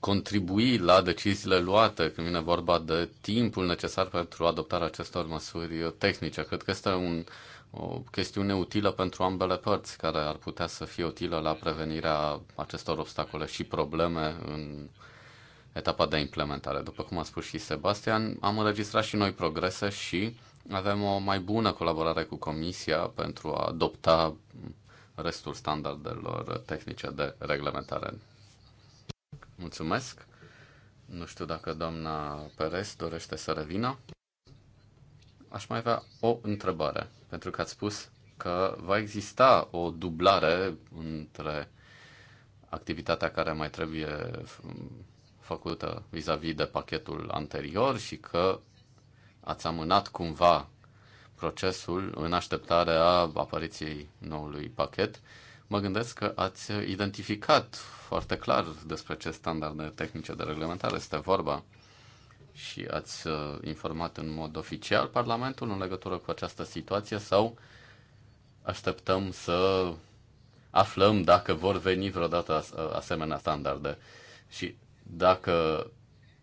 contribui la deciziile luate când vine vorba de timpul necesar pentru adoptarea acestor măsuri tehnice. Cred că este un, o chestiune utilă pentru ambele părți, care ar putea să fie utilă la prevenirea acestor obstacole și probleme în etapa de implementare. După cum a spus și Sebastian, am înregistrat și noi progrese și avem o mai bună colaborare cu Comisia pentru a adopta restul standardelor tehnice de reglementare. Mulțumesc. Nu știu dacă doamna Perez dorește să revină. Aș mai avea o întrebare, pentru că ați spus că va exista o dublare între activitatea care mai trebuie făcută vis-a-vis -vis de pachetul anterior și că ați amânat cumva procesul în așteptarea apariției noului pachet. Mă gândesc că ați identificat foarte clar despre ce standarde tehnice de reglementare este vorba și ați uh, informat în mod oficial Parlamentul în legătură cu această situație sau așteptăm să aflăm dacă vor veni vreodată uh, asemenea standarde și dacă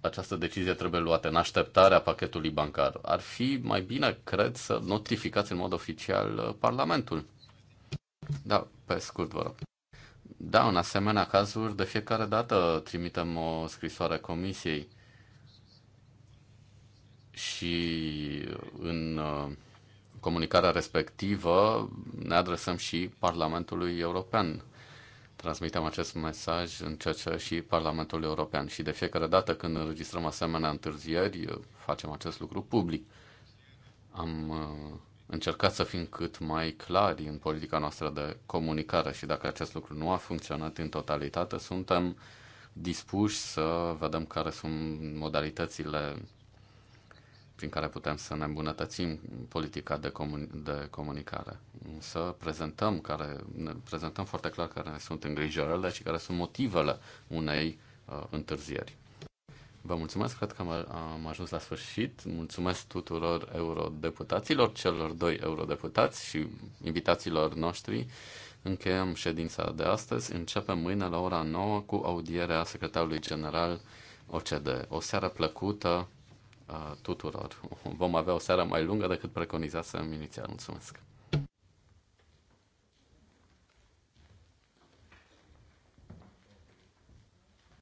această decizie trebuie luată în așteptarea pachetului bancar. Ar fi mai bine, cred, să notificați în mod oficial uh, Parlamentul. Da, pe scurt, vă rog. Da, în asemenea cazuri, de fiecare dată trimitem o scrisoare comisiei și în uh, comunicarea respectivă ne adresăm și Parlamentului European. Transmitem acest mesaj în ceea ce și Parlamentul European. Și de fiecare dată când înregistrăm asemenea întârzieri, facem acest lucru public. Am uh, încercat să fim cât mai clari în politica noastră de comunicare și dacă acest lucru nu a funcționat în totalitate, suntem dispuși să vedem care sunt modalitățile prin care putem să ne îmbunătățim politica de, comun- de comunicare. Să prezentăm, care, ne prezentăm foarte clar care sunt îngrijorările și care sunt motivele unei uh, întârzieri. Vă mulțumesc, cred că am, am ajuns la sfârșit. Mulțumesc tuturor eurodeputaților, celor doi eurodeputați și invitațiilor noștri. Încheiem ședința de astăzi. Începem mâine la ora 9 cu audierea secretarului general OCD. O seară plăcută uh, tuturor. Vom avea o seară mai lungă decât preconizasem inițial. Mulțumesc!